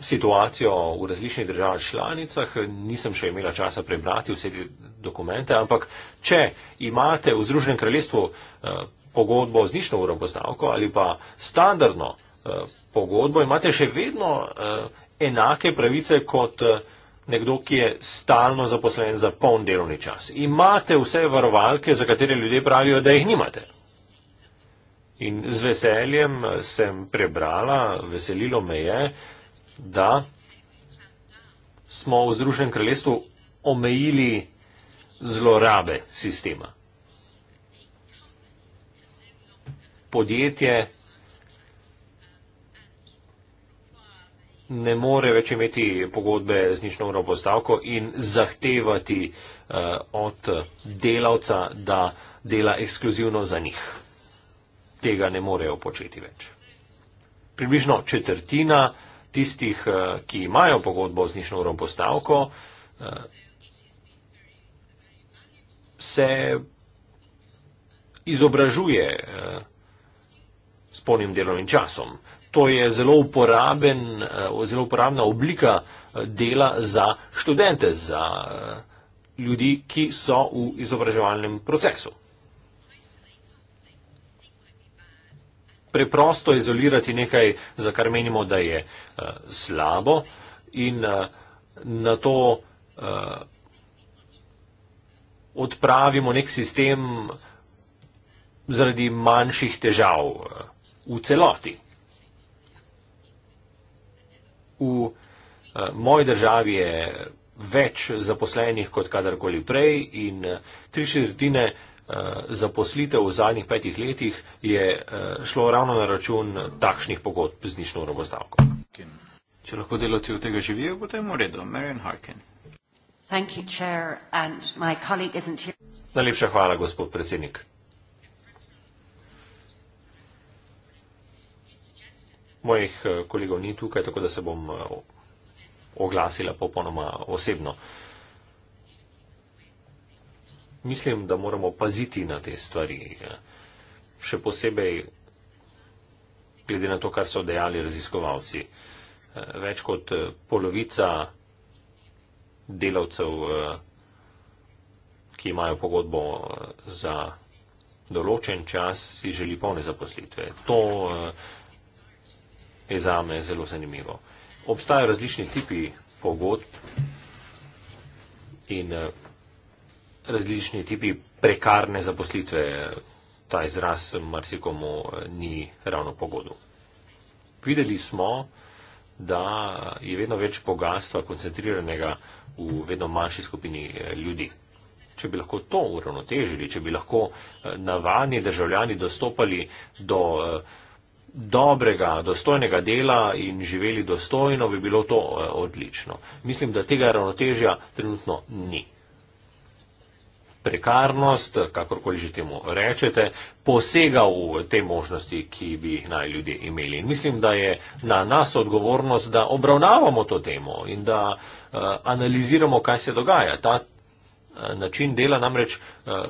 situacijo v različnih državah članicah, nisem še imela časa prebrati vse te dokumente, ampak če imate v Združenem kraljestvu eh, pogodbo z nično uro postavko ali pa standardno eh, pogodbo, imate še vedno eh, enake pravice kot nekdo, ki je stalno zaposlen za poln delovni čas. Imate vse varovalke, za katere ljudje pravijo, da jih nimate. In z veseljem sem prebrala, veselilo me je, da smo v Združenem kraljestvu omejili zlorabe sistema. Podjetje ne more več imeti pogodbe z nično uro postavko in zahtevati uh, od delavca, da dela ekskluzivno za njih. Tega ne morejo početi več. Približno četrtina uh, tistih, eh, ki imajo pogodbo z nično uro postavko, eh, se izobražuje eh, s polnim delovnim časom. To je zelo, uporaben, zelo uporabna oblika dela za študente, za ljudi, ki so v izobraževalnem procesu. preprosto izolirati nekaj, za kar menimo, da je uh, slabo in uh, na to uh, odpravimo nek sistem zaradi manjših težav uh, v celoti. V uh, moji državi je več zaposlenih kot kadarkoli prej in uh, tri četrtine uh, Eh, zaposlitev v zadnjih petih letih je eh, šlo ravno na račun takšnih pogodb z nično robozdavko. Če lahko delavci od tega živijo, potem v redu. Marian Harkin. Najlepša hvala, gospod predsednik. Mojih eh, kolegov ni tukaj, tako da se bom oglasila popolnoma osebno. Uh, mislim, da moramo paziti na te stvari. Ja. Še posebej glede na to, kar so dejali raziskovalci. Eh, več kot eh, polovica delavcev, eh, ki imajo pogodbo za določen čas, si želi polne zaposlitve. To je za me zelo zanimivo. Obstajajo različni tipi pogodb in različni tipi prekarne zaposlitve. Ta izraz marsikomu eh, ni ravno pogodu. Videli smo, da je vedno več bogatstva koncentriranega v vedno manjši skupini eh, ljudi. Če bi lahko to uravnotežili, če bi lahko eh, navadni državljani dostopali do dobrega, dostojnega dela in živeli dostojno, bi bilo to odlično. Mislim, da tega ravnotežja trenutno ni prekarnost, kakorkoli že temu rečete, posega v te možnosti, ki bi jih naj ljudje imeli. In mislim, da je na nas odgovornost, da obravnavamo to temo in da uh, analiziramo, kaj se dogaja. Ta uh, način dela namreč. Uh,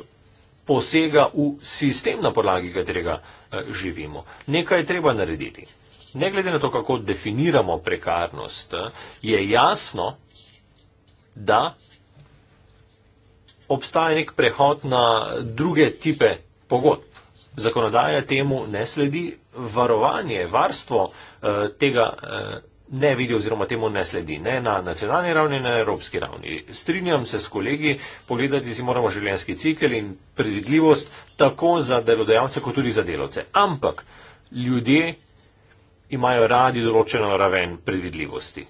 posega v sistem, na podlagi katerega živimo. Nekaj je treba narediti. Ne glede na to, kako definiramo prekarnost, je jasno, da obstaja nek prehod na druge tipe pogodb. Zakonodaja temu ne sledi, varovanje, varstvo eh, tega eh, ne vidi oziroma temu ne sledi, ne na nacionalni ravni, ne na evropski ravni. Strinjam se s kolegi, pogledati si moramo življenjski cikl in predvidljivost tako za delodajalce, kot tudi za delovce. Ampak ljudje imajo radi določeno raven predvidljivosti.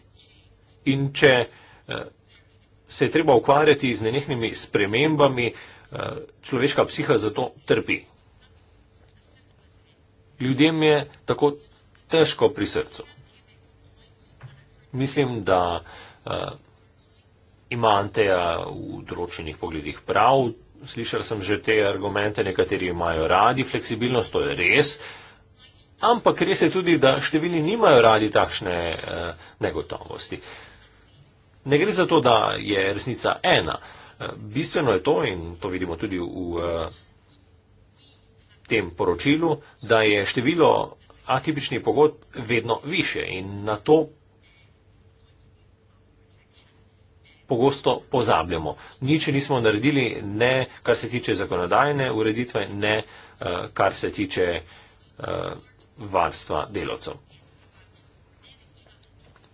In če eh, se je treba ukvarjati z nenehnimi spremembami, eh, človeška psiha zato trpi. Ljudem je tako težko pri srcu. Mislim, da uh, ima Anteja v določenih pogledih prav. Slišal sem že te argumente, nekateri imajo radi fleksibilnost, to je res. Ampak res je tudi, da številni nimajo radi takšne uh, negotovosti. Uh, Ne gre za to, da je resnica ena. Eh, bistveno je to, in to vidimo tudi v eh, tem poročilu, da je število atipičnih pogodb vedno više in na to pogosto pozabljamo. Nič nismo naredili, ne kar se tiče zakonodajne ureditve, ne eh, kar se tiče varstva delavcev.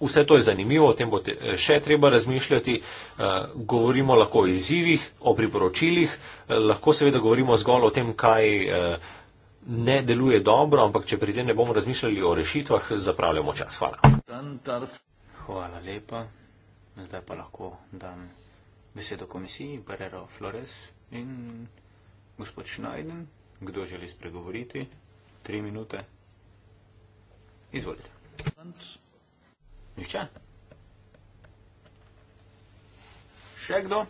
Vse to je zanimivo, o tem bo te, eh, še treba razmišljati. Uh, govorimo lahko o izzivih, o priporočilih, uh, lahko seveda govorimo zgolj o tem, kaj uh, ne deluje dobro, ampak če pri tem ne bomo razmišljali o rešitvah, zapravljamo čas. Hvala. Hvala lepa. Zdaj pa lahko dam besedo komisiji, Barrero Flores in gospod Schneiden. Kdo želi spregovoriti? Tri minute. Izvolite. Tant. Nihče? Še kdo?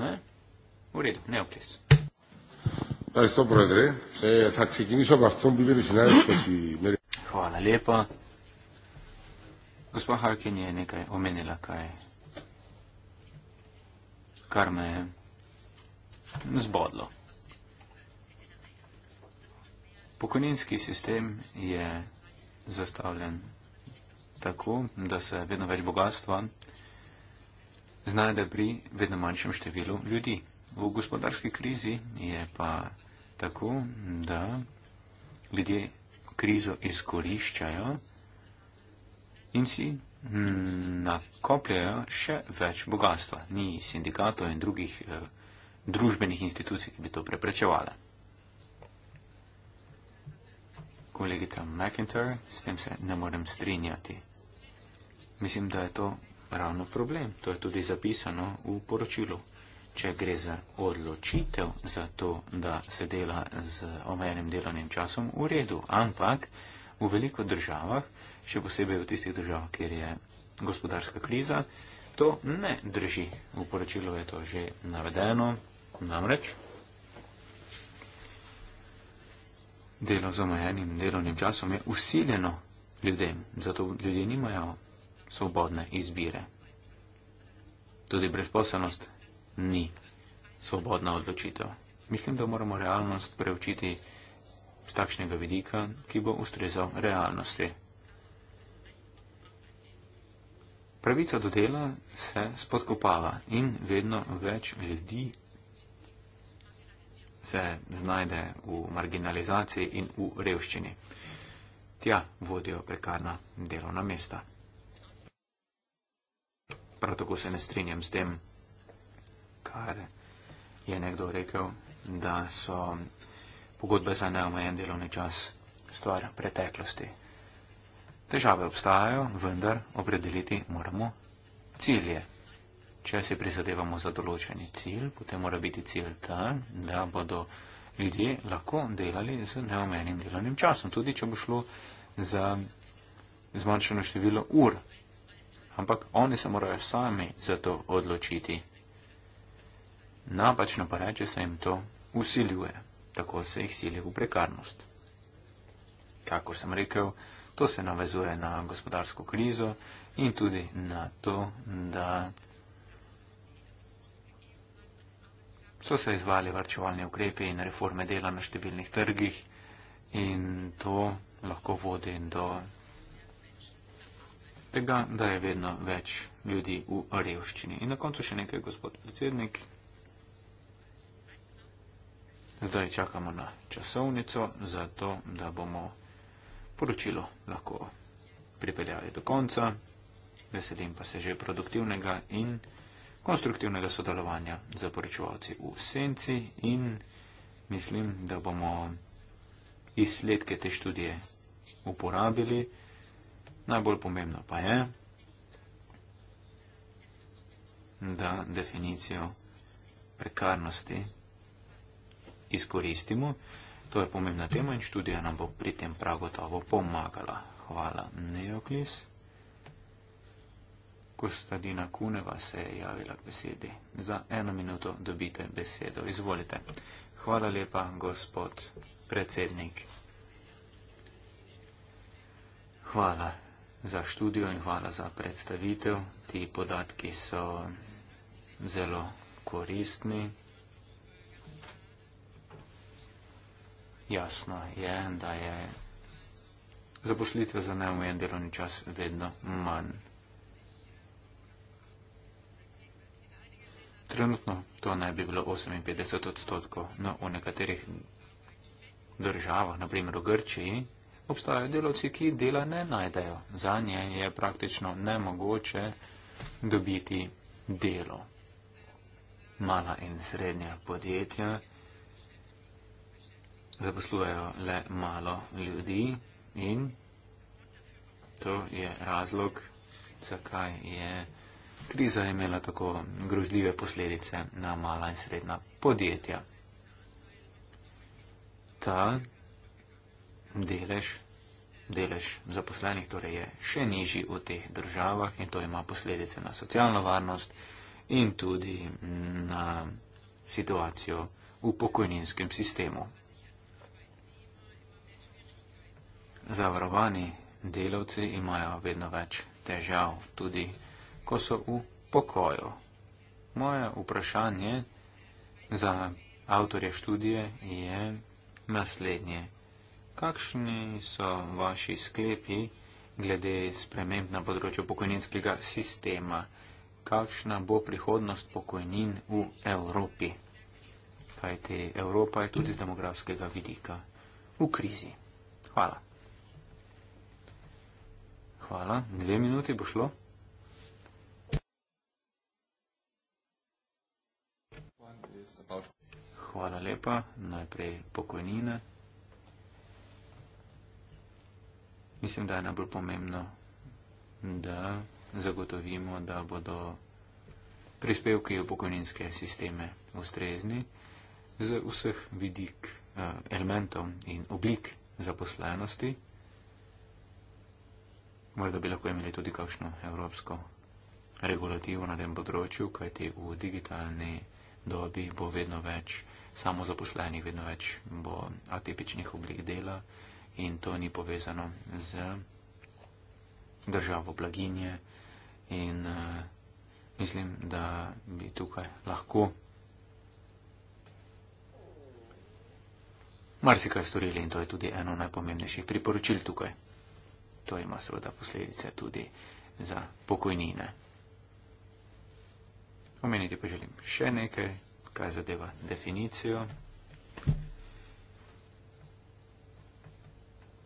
Ne? V redu, ne v klis. Hvala, predre. Saksi, ki niso pa v tom bili sinaj, ko si meri. Hvala lepa. Gospod Harkin je nekaj omenila, kaj kar me je zbodlo. Pokoninski sistem je zastavljen tako, da se vedno več bogatstva znajde pri vedno manjšem številu ljudi. V gospodarski krizi je pa tako, da ljudje krizo izkoriščajo in si hm, nakopljajo še več bogatstva. Ni sindikatov in drugih eh, družbenih institucij, ki bi to preprečevala. kolegica McIntyre, s tem se ne morem strinjati. Mislim, da je to ravno problem. To je tudi zapisano v poročilu. Če gre za odločitev za to, da se dela z omejenim delovnim časom, v redu. Ampak v veliko državah, še posebej v tistih državah, kjer je gospodarska kriza, to ne drži. V poročilu je to že navedeno. Namreč delo z omejenim delovnim časom je usiljeno ljudem, zato ljudje nimajo svobodne izbire. Tudi brezposelnost ni svobodna odločitev. Mislim, da moramo realnost preučiti z takšnega vidika, ki bo ustrezal realnosti. Pravica do dela se spodkopava in vedno več ljudi se znajde v marginalizaciji in v revščini. Tja vodijo prekarna delovna mesta. Prav tako se ne strinjam s tem, kar je nekdo rekel, da so pogodbe za neomejen delovni čas stvar preteklosti. Težave obstajajo, vendar opredeliti moramo cilje. Če si prizadevamo za določeni cilj, potem mora biti cilj ta, da bodo ljudje lahko delali z neomenim delovnim časom, tudi če bo šlo za zmanjšano število ur. Ampak oni se morajo sami za to odločiti. Napačno pa reče se jim to usiljuje, tako se jih sili v prekarnost. Kakor sem rekel, to se navezuje na gospodarsko krizo in tudi na to, da so se izvali varčevalni ukrepi in reforme dela na številnih trgih in to lahko vodi do tega, da je vedno več ljudi v revščini. In na koncu še nekaj, gospod predsednik. Zdaj čakamo na časovnico, zato da bomo poročilo lahko pripeljali do konca. Veselim pa se že produktivnega in konstruktivnega sodelovanja z poročevalci v senci in mislim, da bomo izsledke te študije uporabili. Najbolj pomembno pa je, da definicijo prekarnosti izkoristimo. To je pomembna tema in študija nam bo pri tem prav gotovo pomagala. Hvala, Neoklis. Kostadina Kuneva se je javila k besedi. Za eno minuto dobite besedo. Izvolite. Hvala lepa, gospod predsednik. Hvala za študijo in hvala za predstavitev. Ti podatki so zelo koristni. Jasno je, da je zaposlitve za neomejen delovni čas vedno manj. Trenutno to naj bi bilo 58 odstotkov. No, v nekaterih državah, naprimer v Grčiji, obstajajo delovci, ki dela ne najdejo. Za nje je praktično nemogoče dobiti delo. Mala in srednja podjetja zaposlujejo le malo ljudi in to je razlog, zakaj je. Kriza je imela tako grozljive posledice na mala in srednja podjetja. Ta delež, delež zaposlenih torej je še nižji v teh državah in to ima posledice na socialno varnost in tudi na situacijo v pokojninskem sistemu. Zavarovani delavci imajo vedno več težav tudi ko so v pokoju. Moje vprašanje za avtorje študije je naslednje. Kakšni so vaši sklepi glede sprememb na področju pokojninskega sistema? Kakšna bo prihodnost pokojnin v Evropi? Kajti Evropa je tudi z demografskega vidika v krizi. Hvala. Hvala. Dve minuti bo šlo. hvala lepa. Najprej pokojnine. Mislim, da je najbolj pomembno, da zagotovimo, da bodo prispevki v pokojninske sisteme ustrezni z vseh vidik eh, elementov in oblik zaposlenosti. Morda bi lahko imeli tudi kakšno evropsko regulativo na tem področju, kajti v digitalni dobi bo vedno več samozaposlenih vedno več bo atipičnih oblik dela in to ni povezano z državo blaginje in uh, mislim, da bi tukaj lahko marsikaj storili in to je tudi eno najpomembnejših priporočil tukaj. To ima seveda posledice tudi za pokojnine. Omeniti pa želim še nekaj kaj zadeva definicijo.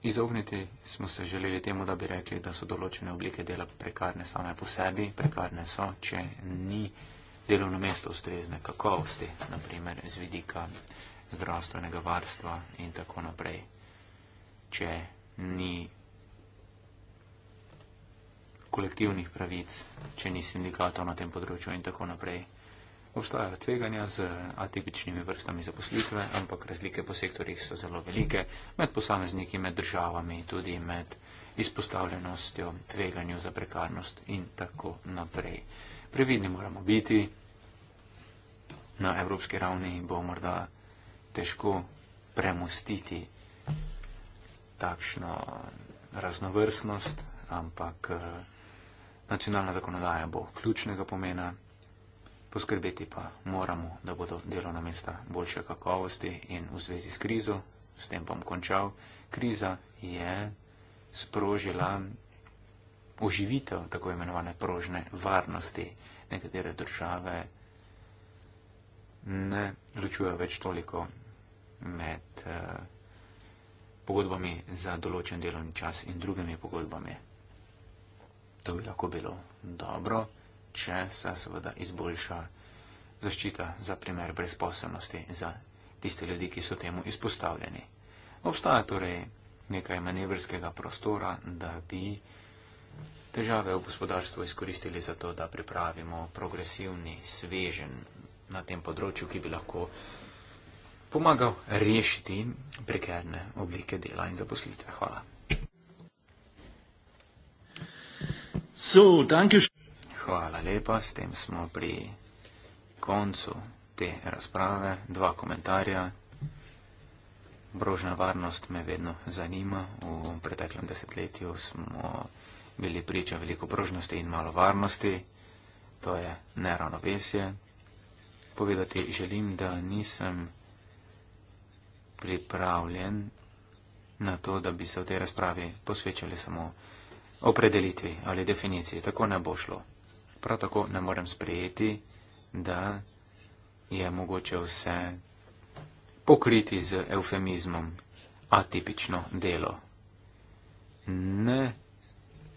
Izogniti smo se želeli temu, da bi rekli, da so določene oblike dela prekarne same po sebi. Prekarne so, če ni delovno mesto ustrezne kakovosti, naprimer z vidika zdravstvenega varstva in tako naprej. Če ni kolektivnih pravic, če ni sindikatov na tem področju in tako naprej obstajajo tveganja z atipičnimi vrstami zaposlitve, ampak razlike po sektorjih so zelo velike med posamezniki, med državami, tudi med izpostavljenostjo tveganju za prekarnost in tako naprej. Previdni moramo biti. Na evropski ravni bo morda težko premustiti takšno raznovrstnost, ampak eh, nacionalna zakonodaja bo ključnega pomena. Poskrbeti pa moramo, da bodo delovna mesta boljše kakovosti in v zvezi s krizo, s tem bom končal, kriza je sprožila oživitev tako imenovane prožne varnosti. Nekatere države ne ločujejo več toliko med eh, pogodbami za določen delovni čas in drugimi pogodbami. To bi lahko bilo dobro če se seveda izboljša zaščita za primer brezposobnosti za tiste ljudi, ki so temu izpostavljeni. Obstaja torej nekaj manevrskega prostora, da bi težave v gospodarstvu izkoristili za to, da pripravimo progresivni svežen na tem področju, ki bi lahko pomagal rešiti prekerne oblike dela in zaposlitve. Hvala. So, danke schön. Hvala lepa, s tem smo pri koncu te razprave. Dva komentarja. Brožna varnost me vedno zanima. V preteklem desetletju smo bili priča veliko brožnosti in malo varnosti. To je neravnovesje. Povedati želim, da nisem pripravljen na to, da bi se v tej razpravi posvečali samo opredelitvi ali definiciji. Tako ne bo šlo prav tako ne morem sprejeti, da je mogoče vse pokriti z eufemizmom atipično delo. Ne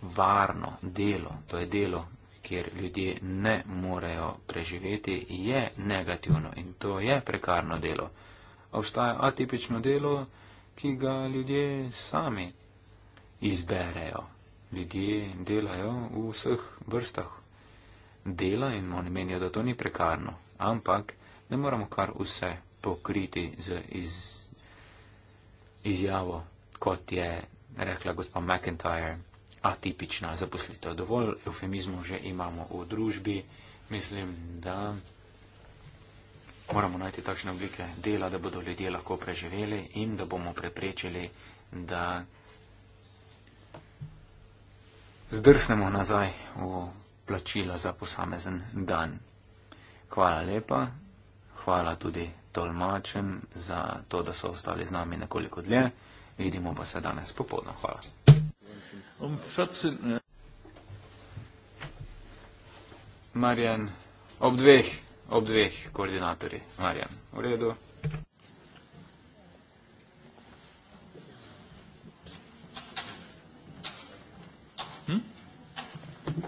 varno delo, to je delo, kjer ljudje ne morejo preživeti, je negativno in to je prekarno delo. Obstaja atipično delo, ki ga ljudje sami izberejo. Ljudje delajo v vseh vrstah, dela in oni menijo, da to ni prekarno, ampak ne moramo kar vse pokriti z iz, izjavo, kot je rekla gospa McIntyre, atipična zaposlitev. Dovolj eufemizmov že imamo v družbi, mislim, da moramo najti takšne oblike dela, da bodo ljudje lahko preživeli in da bomo preprečili, da. Zdrsnemo nazaj v plačila za posamezen dan. Hvala lepa, hvala tudi tolmačem za to, da so ostali z nami nekoliko dlje. Vidimo pa se danes popolno. Hvala. Marjan, ob dveh, ob dveh koordinatorji. Marjan, v redu.